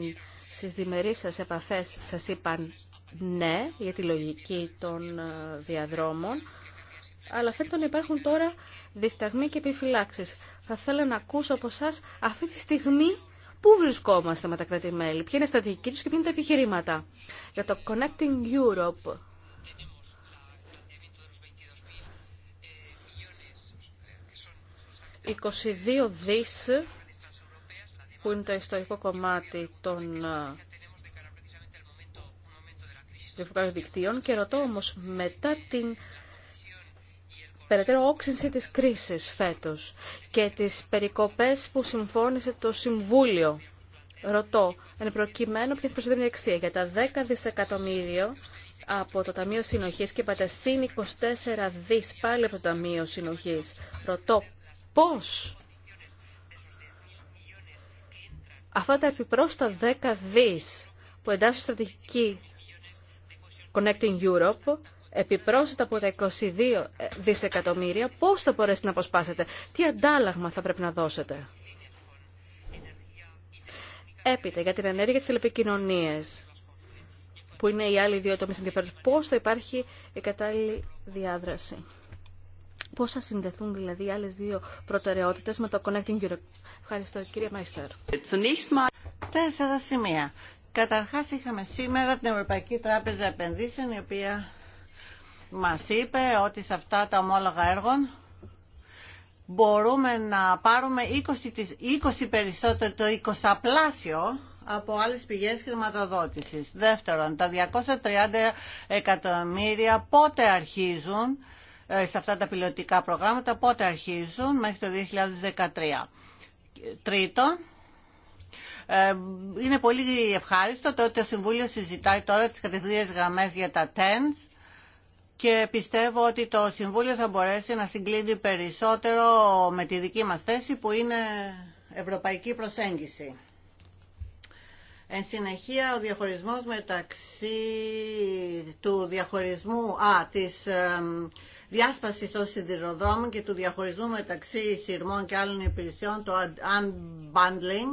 [SPEAKER 4] στις διμερείς σας επαφές σας είπαν ναι για τη λογική των ε, διαδρόμων, αλλά φαίνεται να υπάρχουν τώρα δισταγμοί και επιφυλάξεις. Θα ήθελα να ακούσω από εσά αυτή τη στιγμή πού βρισκόμαστε με τα κράτη-μέλη, ποια είναι η στρατηγική τους και ποια είναι τα επιχειρήματα. Για το Connecting Europe, ...22 δις που είναι το ιστορικό κομμάτι των ε, δικτύων και ρωτώ όμως μετά την περαιτέρω όξυνση της κρίσης φέτος και τις περικοπές που συμφώνησε το Συμβούλιο. Ρωτώ, εν προκειμένου ποια προσθέτει η αξία για τα 10 δισεκατομμύριο από το Ταμείο Συνοχής και είπατε συν 24 δις πάλι από το Ταμείο Συνοχής. Ρωτώ πώς αυτά τα επιπρόστα 10 δις που εντάσσουν στρατηγική Connecting Europe, επιπρόσθετα από τα 22 δισεκατομμύρια, πώς θα μπορέσετε να αποσπάσετε, τι αντάλλαγμα θα πρέπει να δώσετε. Έπειτα, για την ενέργεια της ελεπικοινωνίας, που είναι οι άλλοι δύο τομείς ενδιαφέροντος, πώς θα υπάρχει η κατάλληλη διάδραση. Πώς θα συνδεθούν δηλαδή οι άλλες δύο προτεραιότητες με το Connecting Europe. Ευχαριστώ, κύριε Μαϊστέρ.
[SPEAKER 2] Τέσσερα σημεία. Καταρχάς είχαμε σήμερα την Ευρωπαϊκή Τράπεζα Επενδύσεων η οποία μας είπε ότι σε αυτά τα ομόλογα έργων μπορούμε να πάρουμε 20, 20 περισσότερο το 20 πλάσιο από άλλες πηγές χρηματοδότησης. Δεύτερον, τα 230 εκατομμύρια πότε αρχίζουν ε, σε αυτά τα πιλωτικά προγράμματα, πότε αρχίζουν μέχρι το 2013. Τρίτον, ε, είναι πολύ ευχάριστο το ότι το Συμβούλιο συζητάει τώρα τις κατευθυντήριες γραμμές για τα TENS και πιστεύω ότι το Συμβούλιο θα μπορέσει να συγκλίνει περισσότερο με τη δική μας θέση που είναι ευρωπαϊκή προσέγγιση. Εν συνεχεία, ο διαχωρισμός μεταξύ του διαχωρισμού α, της διάσπασης των σιδηροδρόμων και του διαχωρισμού μεταξύ σειρμών και άλλων υπηρεσιών, το unbundling,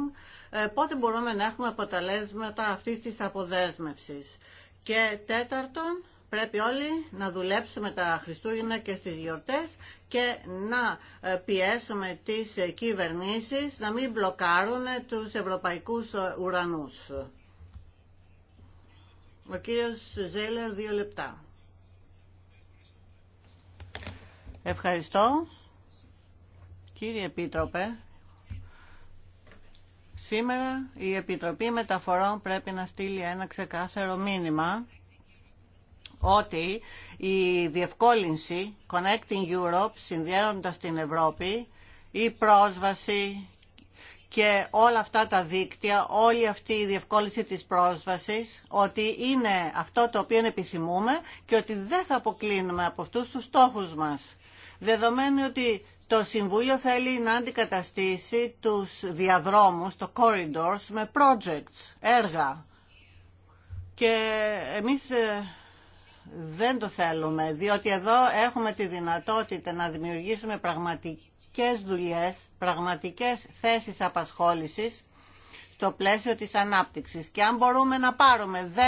[SPEAKER 2] ε, πότε μπορούμε να έχουμε αποτελέσματα αυτής της αποδέσμευσης. Και τέταρτον, πρέπει όλοι να δουλέψουμε τα Χριστούγεννα και στις γιορτές και να ε, πιέσουμε τις κυβερνήσεις να μην μπλοκάρουν τους ευρωπαϊκούς ε, ουρανούς. Ο κύριος Ζέλερ, δύο λεπτά. Ευχαριστώ. Κύριε Επίτροπε, Σήμερα η Επιτροπή Μεταφορών πρέπει να στείλει ένα ξεκάθαρο μήνυμα ότι η διευκόλυνση Connecting Europe, συνδέοντας την Ευρώπη, η πρόσβαση και όλα αυτά τα δίκτυα, όλη αυτή η διευκόλυνση της πρόσβασης, ότι είναι αυτό το οποίο επιθυμούμε και ότι δεν θα αποκλίνουμε από αυτούς τους στόχους μας. Δεδομένου ότι το Συμβούλιο θέλει να αντικαταστήσει τους διαδρόμους, το corridors, με projects, έργα. Και εμείς ε, δεν το θέλουμε, διότι εδώ έχουμε τη δυνατότητα να δημιουργήσουμε πραγματικές δουλειές, πραγματικές θέσεις απασχόλησης στο πλαίσιο της ανάπτυξης. Και αν μπορούμε να πάρουμε 10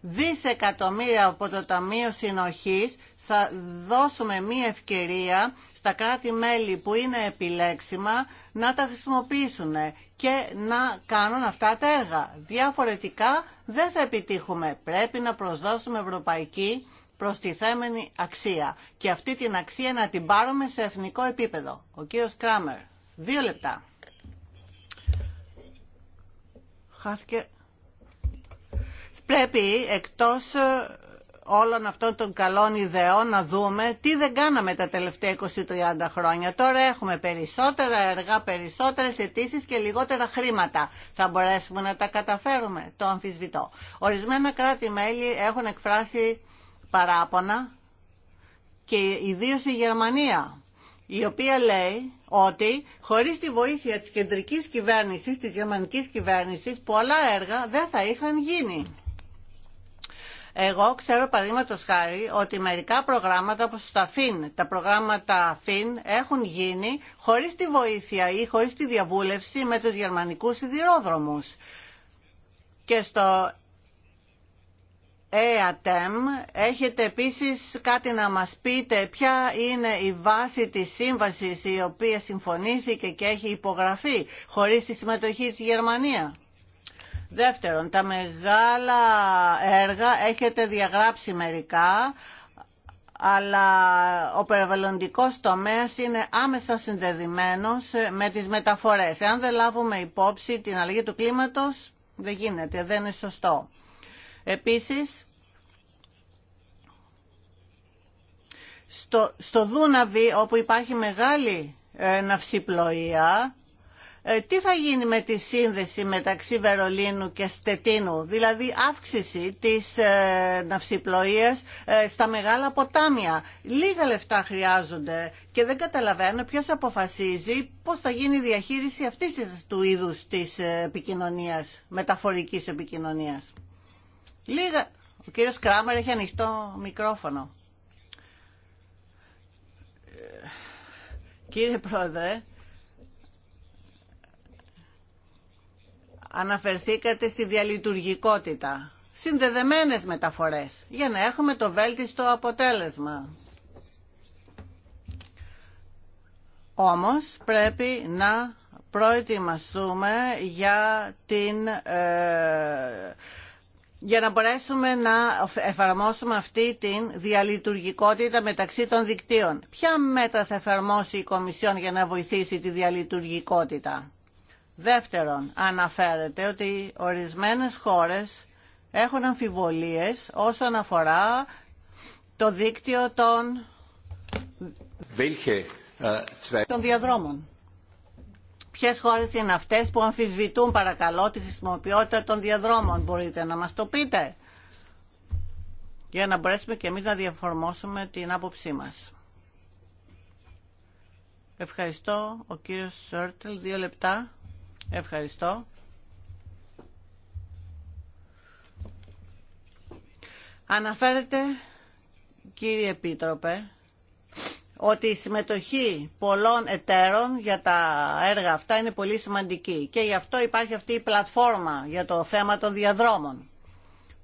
[SPEAKER 2] δισεκατομμύρια από το Ταμείο Συνοχής, θα δώσουμε μία ευκαιρία τα κράτη-μέλη που είναι επιλέξιμα να τα χρησιμοποιήσουν και να κάνουν αυτά τα έργα. Διαφορετικά δεν θα επιτύχουμε. Πρέπει να προσδώσουμε ευρωπαϊκή προστιθέμενη αξία και αυτή την αξία να την πάρουμε σε εθνικό επίπεδο. Ο κύριος Κράμερ, δύο λεπτά. Πρέπει εκτός όλων αυτών των καλών ιδεών να δούμε τι δεν κάναμε τα τελευταία 20-30 χρόνια. Τώρα έχουμε περισσότερα έργα, περισσότερες αιτήσει και λιγότερα χρήματα. Θα μπορέσουμε να τα καταφέρουμε, το αμφισβητώ. Ορισμένα κράτη-μέλη έχουν εκφράσει παράπονα και ιδίως η Γερμανία, η οποία λέει ότι χωρίς τη βοήθεια της κεντρικής κυβέρνησης, της γερμανικής κυβέρνησης, πολλά έργα δεν θα είχαν γίνει. Εγώ ξέρω παραδείγματο χάρη ότι μερικά προγράμματα όπω τα ΦΙΝ τα προγράμματα ΦΙΝ έχουν γίνει χωρίς τη βοήθεια ή χωρίς τη διαβούλευση με τους γερμανικούς σιδηρόδρομους. Και στο ΕΑΤΕΜ έχετε επίσης κάτι να μας πείτε ποια είναι η βάση της σύμβασης η οποία συμφωνήθηκε και έχει υπογραφεί χωρίς τη συμμετοχή της Γερμανίας. Δεύτερον, τα μεγάλα έργα έχετε διαγράψει μερικά, αλλά ο περιβαλλοντικός τομέας είναι άμεσα συνδεδημένος με τις μεταφορές. Εάν δεν λάβουμε υπόψη την αλλαγή του κλίματος, δεν γίνεται, δεν είναι σωστό. Επίσης, στο, στο Δούναβι, όπου υπάρχει μεγάλη ε, ναυσιπλοεία, ε, τι θα γίνει με τη σύνδεση μεταξύ Βερολίνου και Στετίνου, δηλαδή αύξηση της ε, ναυσιπλοείας ε, στα μεγάλα ποτάμια. Λίγα λεφτά χρειάζονται και δεν καταλαβαίνω ποιος αποφασίζει πώς θα γίνει η διαχείριση αυτής του είδους της επικοινωνίας, μεταφορικής επικοινωνίας. Λίγα... Ο κύριος Κράμερ έχει ανοιχτό μικρόφωνο. Κύριε Πρόεδρε, Αναφερθήκατε στη διαλειτουργικότητα. Συνδεδεμένες μεταφορές για να έχουμε το βέλτιστο αποτέλεσμα. Όμως πρέπει να προετοιμαστούμε για την... Ε, για να μπορέσουμε να εφαρμόσουμε αυτή τη διαλειτουργικότητα μεταξύ των δικτύων. Ποια μέτρα θα εφαρμόσει η Κομισιόν για να βοηθήσει τη διαλειτουργικότητα. Δεύτερον, αναφέρεται ότι ορισμένες χώρες έχουν αμφιβολίες όσον αφορά το δίκτυο των, ε, των διαδρόμων. Ποιε χώρε είναι αυτέ που αμφισβητούν παρακαλώ τη χρησιμοποιότητα των διαδρόμων, μπορείτε να μα το πείτε, για να μπορέσουμε και εμεί να διαφορμόσουμε την άποψή μα. Ευχαριστώ. Ο κύριος δύο λεπτά. Ευχαριστώ. Αναφέρεται, κύριε Επίτροπε, ότι η συμμετοχή πολλών εταίρων για τα έργα αυτά είναι πολύ σημαντική και γι' αυτό υπάρχει αυτή η πλατφόρμα για το θέμα των διαδρόμων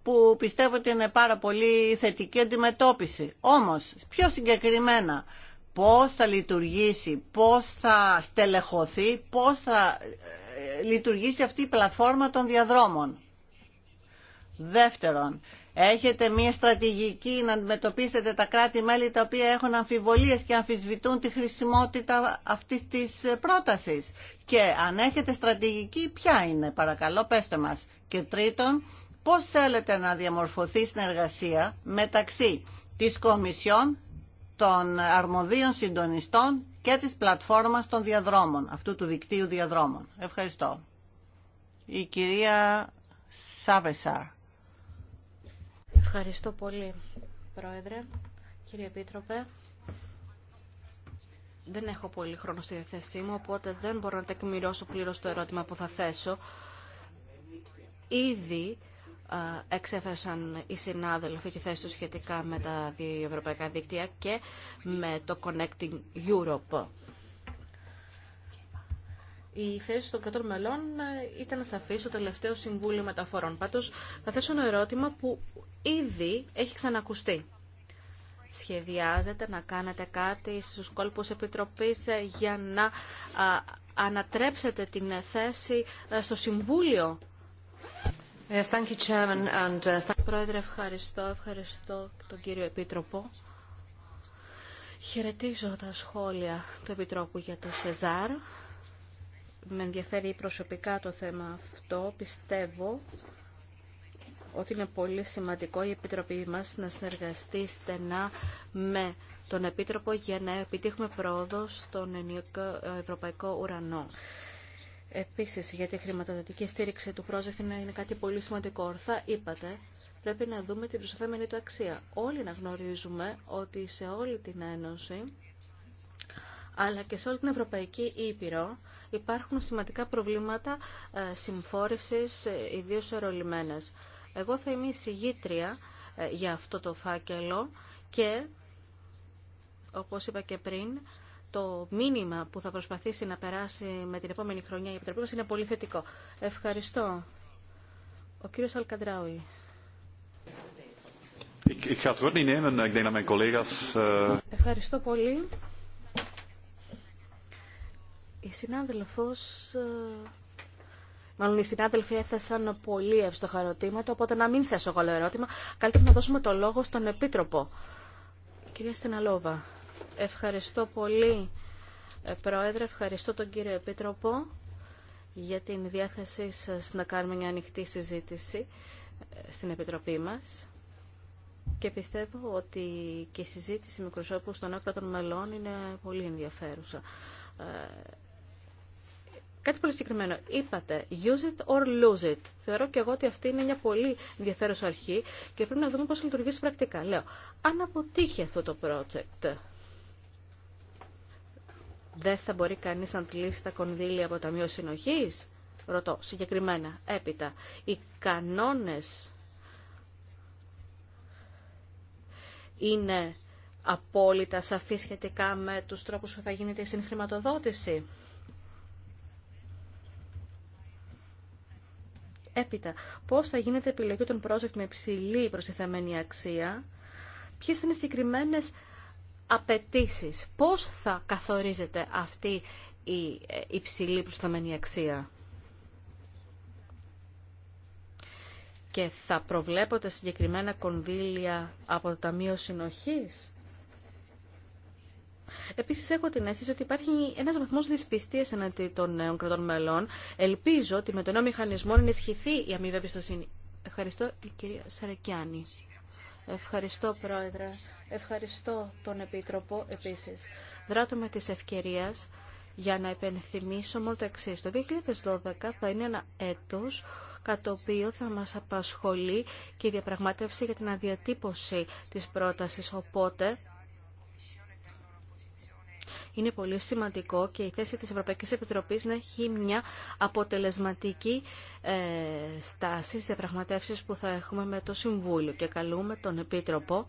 [SPEAKER 2] που πιστεύω ότι είναι πάρα πολύ θετική αντιμετώπιση. Όμως, πιο συγκεκριμένα, πώς θα λειτουργήσει, πώς θα στελεχωθεί, πώς θα λειτουργήσει αυτή η πλατφόρμα των διαδρόμων. Δεύτερον, έχετε μια στρατηγική να αντιμετωπίσετε τα κράτη-μέλη τα οποία έχουν αμφιβολίες και αμφισβητούν τη χρησιμότητα αυτής της πρότασης. Και αν έχετε στρατηγική, ποια είναι, παρακαλώ, πέστε μας. Και τρίτον, πώς θέλετε να διαμορφωθεί συνεργασία μεταξύ της Κομισιόν των αρμοδίων συντονιστών και της πλατφόρμας των διαδρόμων, αυτού του δικτύου διαδρόμων. Ευχαριστώ. Η κυρία Σάβεσαρ.
[SPEAKER 4] Ευχαριστώ πολύ, Πρόεδρε, κύριε Επίτροπε. Δεν έχω πολύ χρόνο στη διαθέσή μου, οπότε δεν μπορώ να τεκμηρώσω πλήρως το ερώτημα που θα θέσω. Ήδη εξέφρασαν οι συνάδελφοι τη θέση του σχετικά με τα διευρωπαϊκά δίκτυα και με το Connecting Europe. Η θέση των κρατών μελών ε, ήταν σαφή στο τελευταίο Συμβούλιο Μεταφορών. Πάντω, θα θέσω ένα ερώτημα που ήδη έχει ξανακουστεί. Σχεδιάζετε να κάνετε κάτι στους κόλπους Επιτροπής ε, για να ανατρέψετε την θέση ε, στο Συμβούλιο ε, uh, Πρόεδρε, ευχαριστώ. Ευχαριστώ τον κύριο Επίτροπο. Χαιρετίζω τα σχόλια του Επιτρόπου για το ΣΕΖΑΡ. Με ενδιαφέρει προσωπικά το θέμα αυτό. Πιστεύω ότι είναι πολύ σημαντικό η Επιτροπή μας να συνεργαστεί στενά με τον Επίτροπο για να επιτύχουμε πρόοδο στον ε, ευρωπαϊκό ουρανό. Επίση, για τη χρηματοδοτική στήριξη του project είναι κάτι πολύ σημαντικό. Ορθά είπατε, πρέπει να δούμε την προσθέμενη του αξία. Όλοι να γνωρίζουμε ότι σε όλη την Ένωση, αλλά και σε όλη την Ευρωπαϊκή Ήπειρο, υπάρχουν σημαντικά προβλήματα ε, συμφόρησης, ε, ιδίως ερωλημένε. Εγώ θα είμαι εισηγήτρια ε, για αυτό το φάκελο και, όπως είπα και πριν, το μήνυμα που θα προσπαθήσει να περάσει με την επόμενη χρονιά η Επιτροπή μας είναι πολύ θετικό. Ευχαριστώ. Ο κύριος Αλκαντράουι. Ευχαριστώ πολύ. Η συνάδελφος... Ε, μάλλον οι συνάδελφοι έθεσαν πολύ εύστοχα ερωτήματα, οπότε να μην θέσω εγώ ερώτημα. Καλύτερα να δώσουμε το λόγο στον Επίτροπο. Κυρία Στεναλόβα. Ευχαριστώ πολύ, ε, Πρόεδρε. Ευχαριστώ τον κύριο Επίτροπο για την διάθεσή σας να κάνουμε μια ανοιχτή συζήτηση ε, στην Επιτροπή μας. Και πιστεύω ότι και η συζήτηση με κρουσόπους των μελών είναι πολύ ενδιαφέρουσα. Ε, κάτι πολύ συγκεκριμένο. Είπατε, use it or lose it. Θεωρώ και εγώ ότι αυτή είναι μια πολύ ενδιαφέρουσα αρχή και πρέπει να δούμε πώς λειτουργήσει πρακτικά. Λέω, αν αποτύχει αυτό το project, δεν θα μπορεί κανείς να τλήσει τα κονδύλια από τα Ταμείο συνοχή, Ρωτώ, συγκεκριμένα, έπειτα, οι κανόνες είναι απόλυτα σαφή σχετικά με τους τρόπους που θα γίνεται η συγχρηματοδότηση. Έπειτα, πώς θα γίνεται η επιλογή των project με υψηλή προστιθεμένη αξία, ποιες είναι οι συγκεκριμένες απαιτήσει. Πώς θα καθορίζεται αυτή η ε, υψηλή προσταμένη αξία. Και θα προβλέπονται συγκεκριμένα κονδύλια από το Ταμείο Συνοχής. Επίσης έχω την αίσθηση ότι υπάρχει ένας βαθμός δυσπιστίας εναντί των νέων κρατών μελών. Ελπίζω ότι με τον νέο μηχανισμό ενισχυθεί η αμοιβή εμπιστοσύνη. Ευχαριστώ η κυρία Σαρακιάνη. Ευχαριστώ, Πρόεδρε. Ευχαριστώ τον Επίτροπο επίσης. Δράτω με της ευκαιρίας για να επενθυμίσω μόνο το εξής. Το 2012 θα είναι ένα έτος κατά το οποίο θα μας απασχολεί και η διαπραγμάτευση για την αδιατύπωση της πρότασης. Οπότε είναι πολύ σημαντικό και η θέση της Ευρωπαϊκής Επιτροπής να έχει μια αποτελεσματική ε, στάση στις διαπραγματεύσεις που θα έχουμε με το Συμβούλιο και καλούμε τον Επίτροπο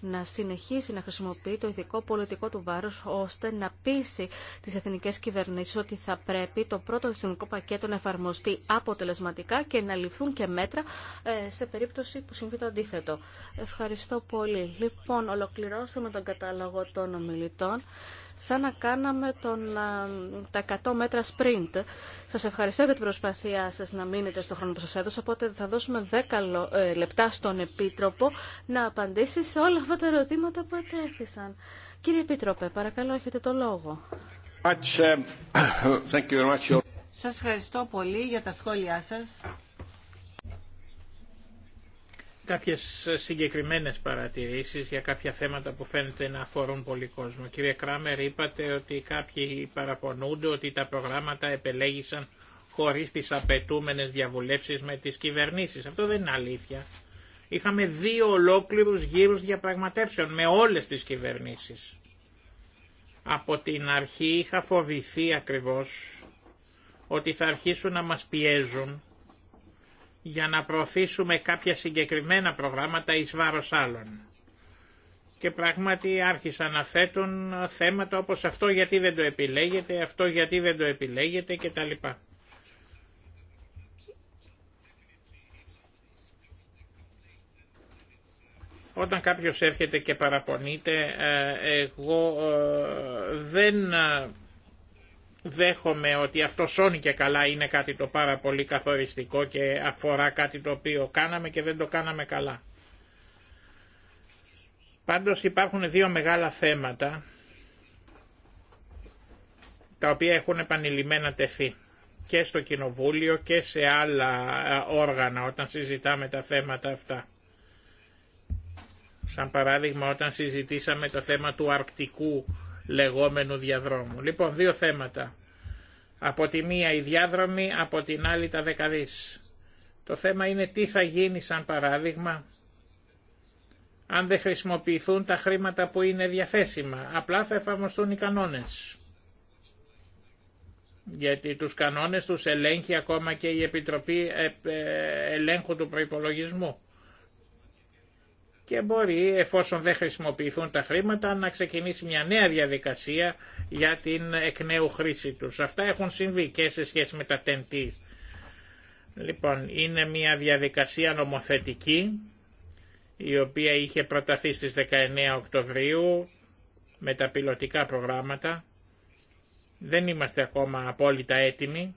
[SPEAKER 4] να συνεχίσει να χρησιμοποιεί το ειδικό πολιτικό του βάρος ώστε να πείσει τις εθνικές κυβερνήσεις ότι θα πρέπει το πρώτο εθνικό πακέτο να εφαρμοστεί αποτελεσματικά και να ληφθούν και μέτρα ε, σε περίπτωση που συμβεί το αντίθετο. Ευχαριστώ πολύ. Λοιπόν, ολοκληρώσαμε τον κατάλογο των ομιλητών σαν να κάναμε τον, τα 100 μέτρα sprint. Σας ευχαριστώ για την προσπάθειά σας να μείνετε στο χρόνο που σας έδωσα, οπότε θα δώσουμε 10 ε, λεπτά στον Επίτροπο να απαντήσει σε όλα αυτά τα ερωτήματα που ετέθησαν. Κύριε Επίτροπε, παρακαλώ, έχετε το
[SPEAKER 2] λόγο.
[SPEAKER 1] Um,
[SPEAKER 2] σας ευχαριστώ πολύ για τα σχόλιά σας
[SPEAKER 3] κάποιες συγκεκριμένες παρατηρήσεις για κάποια θέματα που φαίνεται να αφορούν πολύ κόσμο. Κύριε Κράμερ, είπατε ότι κάποιοι παραπονούνται ότι τα προγράμματα επελέγησαν χωρίς τις απαιτούμενες διαβουλεύσεις με τις κυβερνήσεις. Αυτό δεν είναι αλήθεια. Είχαμε δύο ολόκληρους γύρους διαπραγματεύσεων με όλες τις κυβερνήσεις. Από την αρχή είχα φοβηθεί ακριβώς ότι θα αρχίσουν να μας πιέζουν για να προωθήσουμε κάποια συγκεκριμένα προγράμματα εις βάρος άλλων. Και πράγματι άρχισαν να θέτουν θέματα όπως αυτό γιατί δεν το επιλέγετε, αυτό γιατί δεν το επιλέγετε κτλ. Όταν κάποιος έρχεται και παραπονείται, ε, εγώ ε, δεν δέχομαι ότι αυτό σώνει και καλά είναι κάτι το πάρα πολύ καθοριστικό και αφορά κάτι το οποίο κάναμε και δεν το κάναμε καλά. Πάντως υπάρχουν δύο μεγάλα θέματα τα οποία έχουν επανειλημμένα τεθεί και στο Κοινοβούλιο και σε άλλα ε, όργανα όταν συζητάμε τα θέματα αυτά. Σαν παράδειγμα όταν συζητήσαμε το θέμα του αρκτικού λεγόμενου διαδρόμου. Λοιπόν, δύο θέματα. Από τη μία η διάδρομη, από την άλλη τα δεκαδείς. Το θέμα είναι τι θα γίνει σαν παράδειγμα αν δεν χρησιμοποιηθούν τα χρήματα που είναι διαθέσιμα. Απλά θα εφαρμοστούν οι κανόνες. Γιατί τους κανόνες τους ελέγχει ακόμα και η Επιτροπή ε, Ελέγχου του Προϋπολογισμού και μπορεί εφόσον δεν χρησιμοποιηθούν τα χρήματα να ξεκινήσει μια νέα διαδικασία για την εκ νέου χρήση τους. Αυτά έχουν συμβεί και σε σχέση με τα τεντής. Λοιπόν, είναι μια διαδικασία νομοθετική η οποία είχε προταθεί στις 19 Οκτωβρίου με τα πιλωτικά προγράμματα. Δεν είμαστε ακόμα απόλυτα έτοιμοι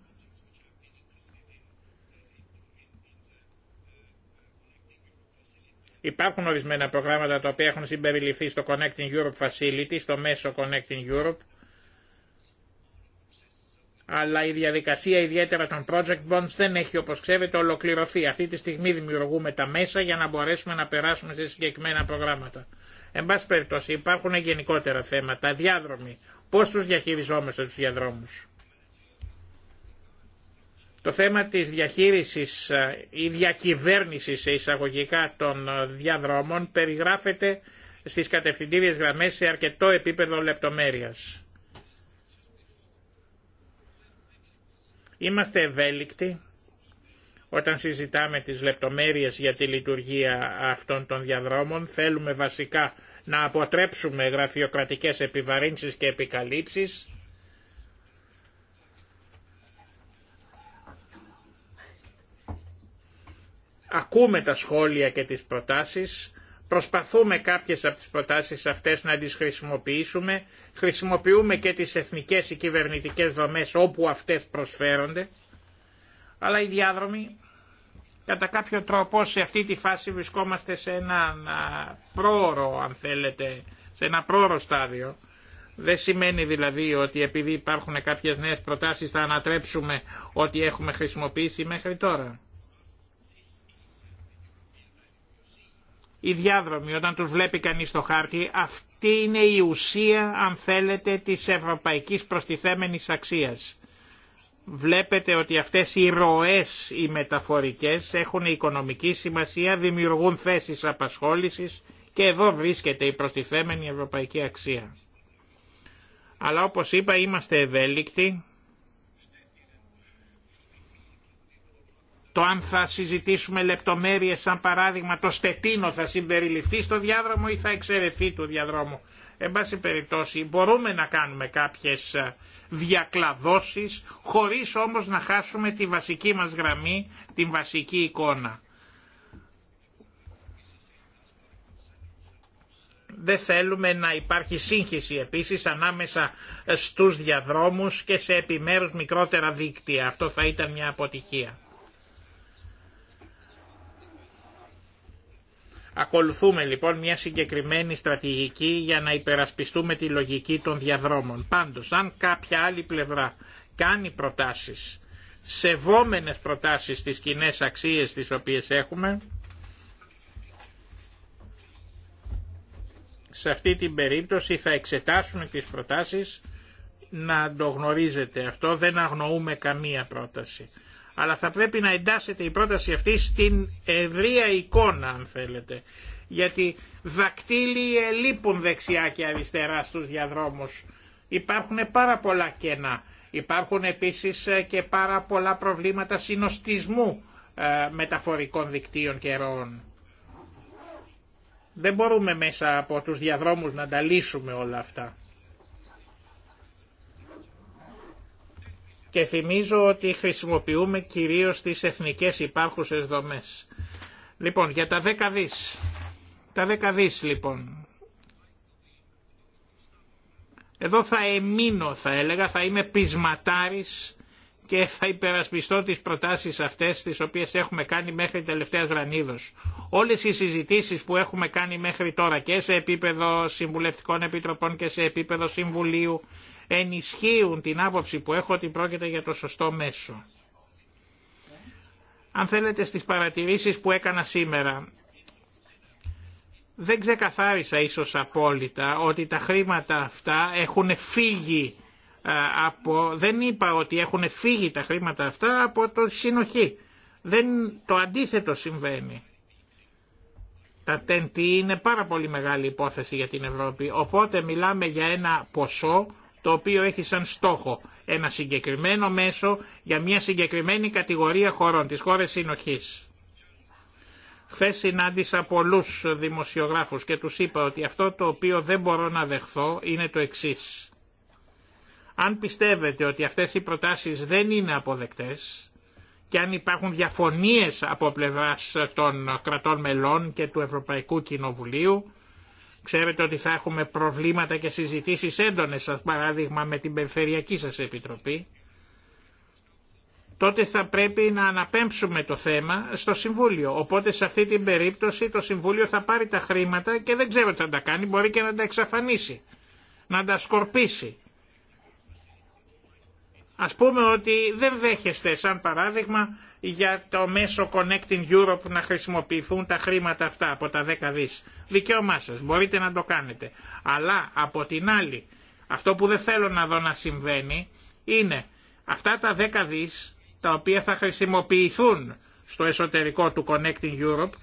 [SPEAKER 3] Υπάρχουν ορισμένα προγράμματα τα οποία έχουν συμπεριληφθεί στο Connecting Europe Facility, στο μέσο Connecting Europe, αλλά η διαδικασία ιδιαίτερα των project bonds δεν έχει όπως ξέρετε ολοκληρωθεί. Αυτή τη στιγμή δημιουργούμε τα μέσα για να μπορέσουμε να περάσουμε σε συγκεκριμένα προγράμματα. Εν πάση περιπτώσει υπάρχουν γενικότερα θέματα, διάδρομοι, πώς τους διαχειριζόμαστε τους διαδρόμους. Το θέμα της διαχείρισης ή ε, διακυβέρνησης εισαγωγικά των ε, διαδρομών περιγράφεται στις κατευθυντήριες γραμμές σε αρκετό επίπεδο λεπτομέρειας. Είμαστε ευέλικτοι όταν συζητάμε τις λεπτομέρειες για τη λειτουργία αυτών των διαδρόμων. Θέλουμε βασικά να αποτρέψουμε γραφειοκρατικές επιβαρύνσεις και επικαλύψεις ακούμε τα σχόλια και τις προτάσεις, προσπαθούμε κάποιες από τις προτάσεις αυτές να τις χρησιμοποιήσουμε, χρησιμοποιούμε και τις εθνικές ή κυβερνητικές δομές όπου αυτές προσφέρονται, αλλά οι διάδρομοι κατά κάποιο τρόπο σε αυτή τη φάση βρισκόμαστε σε ένα πρόωρο αν θέλετε, σε ένα πρόωρο στάδιο. Δεν σημαίνει δηλαδή ότι επειδή υπάρχουν κάποιες νέες προτάσεις θα ανατρέψουμε ό,τι έχουμε χρησιμοποιήσει μέχρι τώρα. οι διάδρομοι όταν τους βλέπει κανείς στο χάρτη αυτή είναι η ουσία αν θέλετε της ευρωπαϊκής προστιθέμενης αξίας. Βλέπετε ότι αυτές οι ροές οι μεταφορικές έχουν οικονομική σημασία, δημιουργούν θέσεις απασχόλησης και εδώ βρίσκεται η προστιθέμενη ευρωπαϊκή αξία. Αλλά όπως είπα είμαστε ευέλικτοι Το αν θα συζητήσουμε λεπτομέρειες σαν παράδειγμα το στετίνο θα συμπεριληφθεί στο διάδρομο ή θα εξαιρεθεί του διαδρόμου. Εν πάση περιπτώσει μπορούμε να κάνουμε κάποιες ε, διακλαδώσεις χωρίς όμως να χάσουμε τη βασική μας γραμμή, την βασική εικόνα. δεν θέλουμε να υπάρχει σύγχυση επίσης ανάμεσα ε, στους διαδρόμους και σε επιμέρους μικρότερα δίκτυα. Αυτό θα ήταν μια αποτυχία. Ακολουθούμε λοιπόν μια συγκεκριμένη στρατηγική για να υπερασπιστούμε τη λογική των διαδρόμων. Πάντως, αν κάποια άλλη πλευρά κάνει προτάσεις, σεβόμενες προτάσεις στις κοινέ αξίες τις οποίες έχουμε, σε αυτή την περίπτωση θα εξετάσουμε τις προτάσεις να το γνωρίζετε αυτό, δεν αγνοούμε καμία πρόταση αλλά θα πρέπει να εντάσσεται η πρόταση αυτή στην ευρεία εικόνα αν θέλετε γιατί δακτύλοι λείπουν δεξιά και αριστερά στους διαδρόμους. Υπάρχουν πάρα πολλά κενά. Υπάρχουν επίσης ε, και πάρα πολλά προβλήματα συνοστισμού ε, μεταφορικών δικτύων και ροών. Δεν μπορούμε μέσα από τους διαδρόμους να τα λύσουμε όλα αυτά. και θυμίζω ότι χρησιμοποιούμε κυρίως τις εθνικές υπάρχουσες δομές. Λοιπόν, για τα δέκα δις. Τα 10 δις λοιπόν. Εδώ θα εμείνω θα έλεγα, θα είμαι πισματάρης και θα υπερασπιστώ τις προτάσεις αυτές τις οποίες έχουμε κάνει μέχρι τελευταία γρανίδος. Όλες οι συζητήσεις που έχουμε κάνει μέχρι τώρα και σε επίπεδο συμβουλευτικών επιτροπών και σε επίπεδο συμβουλίου ενισχύουν την άποψη που έχω ότι πρόκειται για το σωστό μέσο. Αν θέλετε στις παρατηρήσεις που έκανα σήμερα, δεν ξεκαθάρισα ίσως απόλυτα ότι τα χρήματα αυτά έχουν φύγει ε, από, δεν είπα ότι έχουν φύγει τα χρήματα αυτά από το συνοχή. Δεν, το αντίθετο συμβαίνει. Τα τέντη είναι πάρα πολύ μεγάλη υπόθεση για την Ευρώπη. Οπότε μιλάμε για ένα ποσό το οποίο έχει σαν στόχο ένα συγκεκριμένο μέσο για μια συγκεκριμένη κατηγορία χωρών, τις χώρες συνοχής. Χθε συνάντησα πολλούς δημοσιογράφους και τους είπα ότι αυτό το οποίο δεν μπορώ να δεχθώ είναι το εξής. Αν πιστεύετε ότι αυτές οι προτάσεις δεν είναι αποδεκτές και αν υπάρχουν διαφωνίες από πλευράς των κρατών μελών και του Ευρωπαϊκού Κοινοβουλίου, Ξέρετε ότι θα έχουμε προβλήματα και συζητήσεις έντονες, σαν παράδειγμα με την Περιφερειακή σας Επιτροπή. Τότε θα πρέπει να αναπέμψουμε το θέμα στο Συμβούλιο. Οπότε σε αυτή την περίπτωση το Συμβούλιο θα πάρει τα χρήματα και δεν ξέρω τι θα τα κάνει, μπορεί και να τα εξαφανίσει, να τα σκορπίσει. Ας πούμε ότι δεν δέχεστε σαν παράδειγμα για το μέσο Connecting Europe να χρησιμοποιηθούν τα χρήματα αυτά από τα 10 δις. Δικαίωμά σας, μπορείτε να το κάνετε. Αλλά από την άλλη, αυτό που δεν θέλω να δω να συμβαίνει είναι αυτά τα 10 δις τα οποία θα χρησιμοποιηθούν στο εσωτερικό του Connecting Europe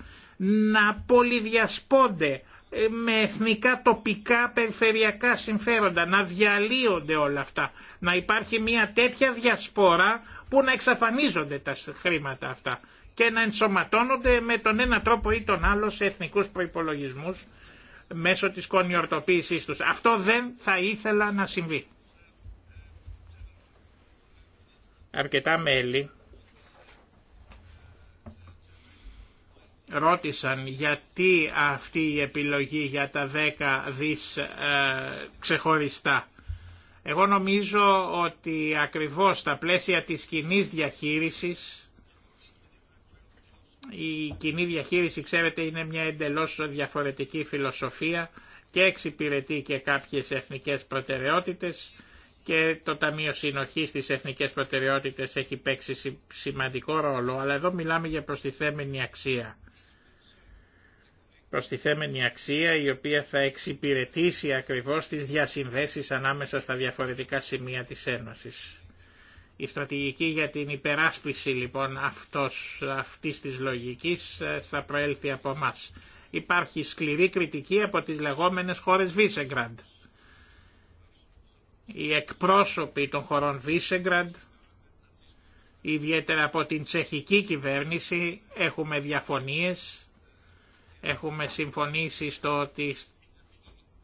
[SPEAKER 3] να πολυδιασπώνται με εθνικά, τοπικά, περιφερειακά συμφέροντα, να διαλύονται όλα αυτά. Να υπάρχει μια τέτοια διασπορά που να εξαφανίζονται τα χρήματα αυτά και να ενσωματώνονται με τον ένα τρόπο ή τον άλλο σε εθνικούς προϋπολογισμούς μέσω της κονιορτοποίησής τους. Αυτό δεν θα ήθελα να συμβεί. Αρκετά μέλη ρώτησαν γιατί αυτή η επιλογή για τα 10 δις ε, ξεχωριστά. Εγώ νομίζω ότι ακριβώς στα πλαίσια της κοινή διαχείρισης, η κοινή διαχείριση ξέρετε είναι μια εντελώς διαφορετική φιλοσοφία και εξυπηρετεί και κάποιες εθνικές προτεραιότητες και το Ταμείο Συνοχής στις εθνικές προτεραιότητες έχει παίξει σημαντικό ρόλο, αλλά εδώ μιλάμε για προστιθέμενη αξία προστιθέμενη αξία η οποία θα εξυπηρετήσει ακριβώς τις διασυνδέσεις ανάμεσα στα διαφορετικά σημεία της Ένωσης. Η στρατηγική για την υπεράσπιση λοιπόν αυτός, αυτής της λογικής ε, θα προέλθει από εμά. Υπάρχει σκληρή κριτική από τις λεγόμενες χώρες Βίσεγκραντ. Οι εκπρόσωποι των χωρών Βίσεγκραντ, ιδιαίτερα από την τσεχική κυβέρνηση, έχουμε διαφωνίες Έχουμε συμφωνήσει στο ότι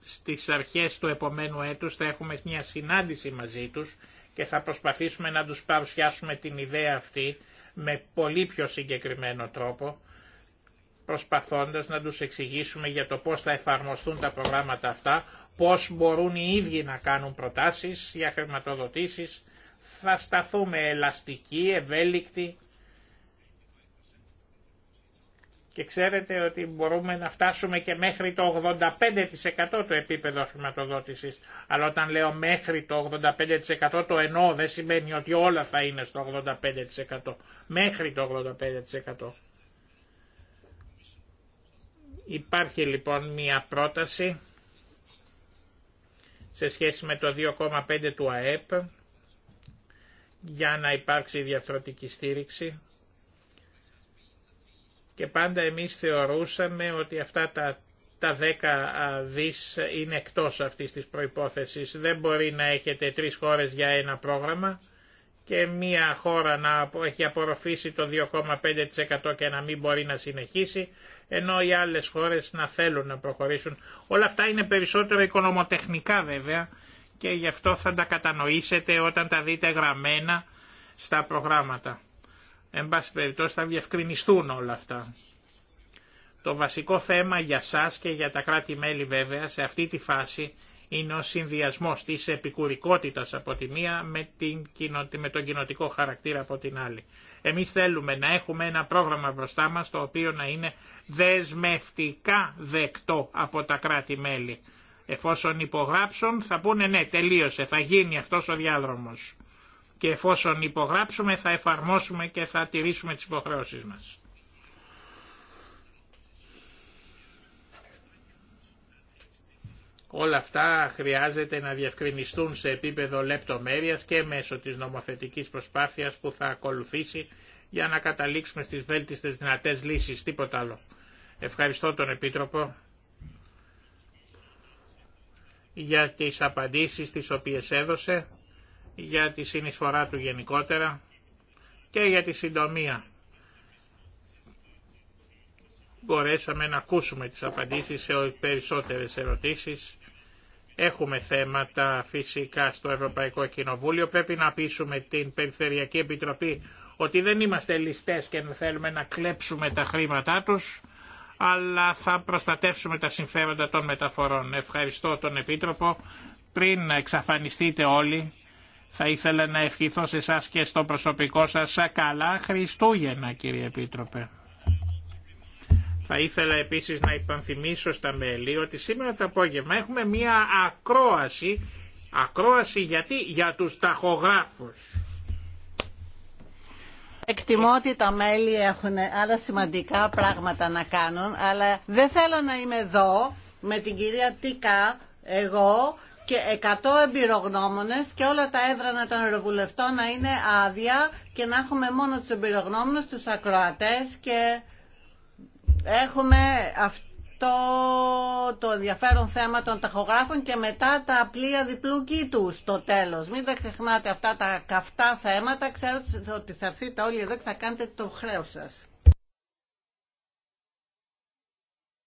[SPEAKER 3] στις αρχές του επομένου έτους θα έχουμε μια συνάντηση μαζί τους και θα προσπαθήσουμε να τους παρουσιάσουμε την ιδέα αυτή με πολύ πιο συγκεκριμένο τρόπο, προσπαθώντας να τους εξηγήσουμε για το πώς θα εφαρμοστούν τα προγράμματα αυτά, πώς μπορούν οι ίδιοι να κάνουν προτάσεις για χρηματοδοτήσεις, θα σταθούμε ελαστικοί, ευέλικτοι Και ξέρετε ότι μπορούμε να φτάσουμε και μέχρι το 85% το επίπεδο χρηματοδότησης. Αλλά όταν λέω μέχρι το 85% το εννοώ, δεν σημαίνει ότι όλα θα είναι στο 85%. Μέχρι το 85%. Υπάρχει λοιπόν μία πρόταση σε σχέση με το 2,5 του ΑΕΠ για να υπάρξει διαφορετική στήριξη και πάντα εμείς θεωρούσαμε ότι αυτά τα, τα 10 δις είναι εκτός αυτής της προϋπόθεσης. Δεν μπορεί να έχετε τρεις χώρες για ένα πρόγραμμα και μία χώρα να έχει απορροφήσει το 2,5% και να μην μπορεί να συνεχίσει, ενώ οι άλλες χώρες να θέλουν να προχωρήσουν. Όλα αυτά είναι περισσότερο οικονομοτεχνικά βέβαια και γι' αυτό θα τα κατανοήσετε όταν τα δείτε γραμμένα στα προγράμματα. Εν πάση περιπτώσει θα διευκρινιστούν όλα αυτά. Το βασικό θέμα για σας και για τα κράτη-μέλη βέβαια σε αυτή τη φάση είναι ο συνδυασμός της επικουρικότητας από τη μία με, την, με τον κοινοτικό χαρακτήρα από την άλλη. Εμείς θέλουμε να έχουμε ένα πρόγραμμα μπροστά μας το οποίο να είναι δεσμευτικά δεκτό από τα κράτη-μέλη. Εφόσον υπογράψουν θα πούνε ναι τελείωσε, θα γίνει αυτός ο διάδρομος και εφόσον υπογράψουμε θα εφαρμόσουμε και θα τηρήσουμε τις υποχρεώσεις μας. Όλα αυτά χρειάζεται να διευκρινιστούν σε επίπεδο λεπτομέρειας και μέσω της νομοθετικής προσπάθειας που θα ακολουθήσει για να καταλήξουμε στις βέλτιστες δυνατές λύσεις, τίποτα άλλο. Ευχαριστώ τον Επίτροπο για τις απαντήσεις τις οποίες έδωσε για τη συνεισφορά του γενικότερα και για τη συντομία. Μπορέσαμε να ακούσουμε τις απαντήσεις σε περισσότερες ερωτήσεις. Έχουμε θέματα φυσικά στο Ευρωπαϊκό Κοινοβούλιο. Πρέπει να πείσουμε την Περιφερειακή Επιτροπή ότι δεν είμαστε ληστές και θέλουμε να κλέψουμε τα χρήματά τους, αλλά θα προστατεύσουμε τα συμφέροντα των μεταφορών. Ευχαριστώ τον Επίτροπο. Πριν εξαφανιστείτε όλοι, θα ήθελα να ευχηθώ σε εσά και στο προσωπικό σα καλά Χριστούγεννα κύριε Επίτροπε. Θα ήθελα επίσης να υπενθυμίσω στα μέλη ότι σήμερα το απόγευμα έχουμε μία ακρόαση, ακρόαση γιατί για τους ταχογράφους.
[SPEAKER 2] Εκτιμώ ότι τα μέλη έχουν άλλα σημαντικά πράγματα να κάνουν, αλλά δεν θέλω να είμαι εδώ με την κυρία Τίκα, εγώ και 100 εμπειρογνώμονες και όλα τα έδρανα των ευρωβουλευτών να είναι άδεια και να έχουμε μόνο τους εμπειρογνώμονες, τους ακροατές και έχουμε αυτό το ενδιαφέρον θέμα των ταχογράφων και μετά τα πλοία διπλού κήτου στο τέλος. Μην τα ξεχνάτε αυτά τα καυτά θέματα. Ξέρω ότι θα έρθείτε όλοι εδώ και θα κάνετε το χρέος σας.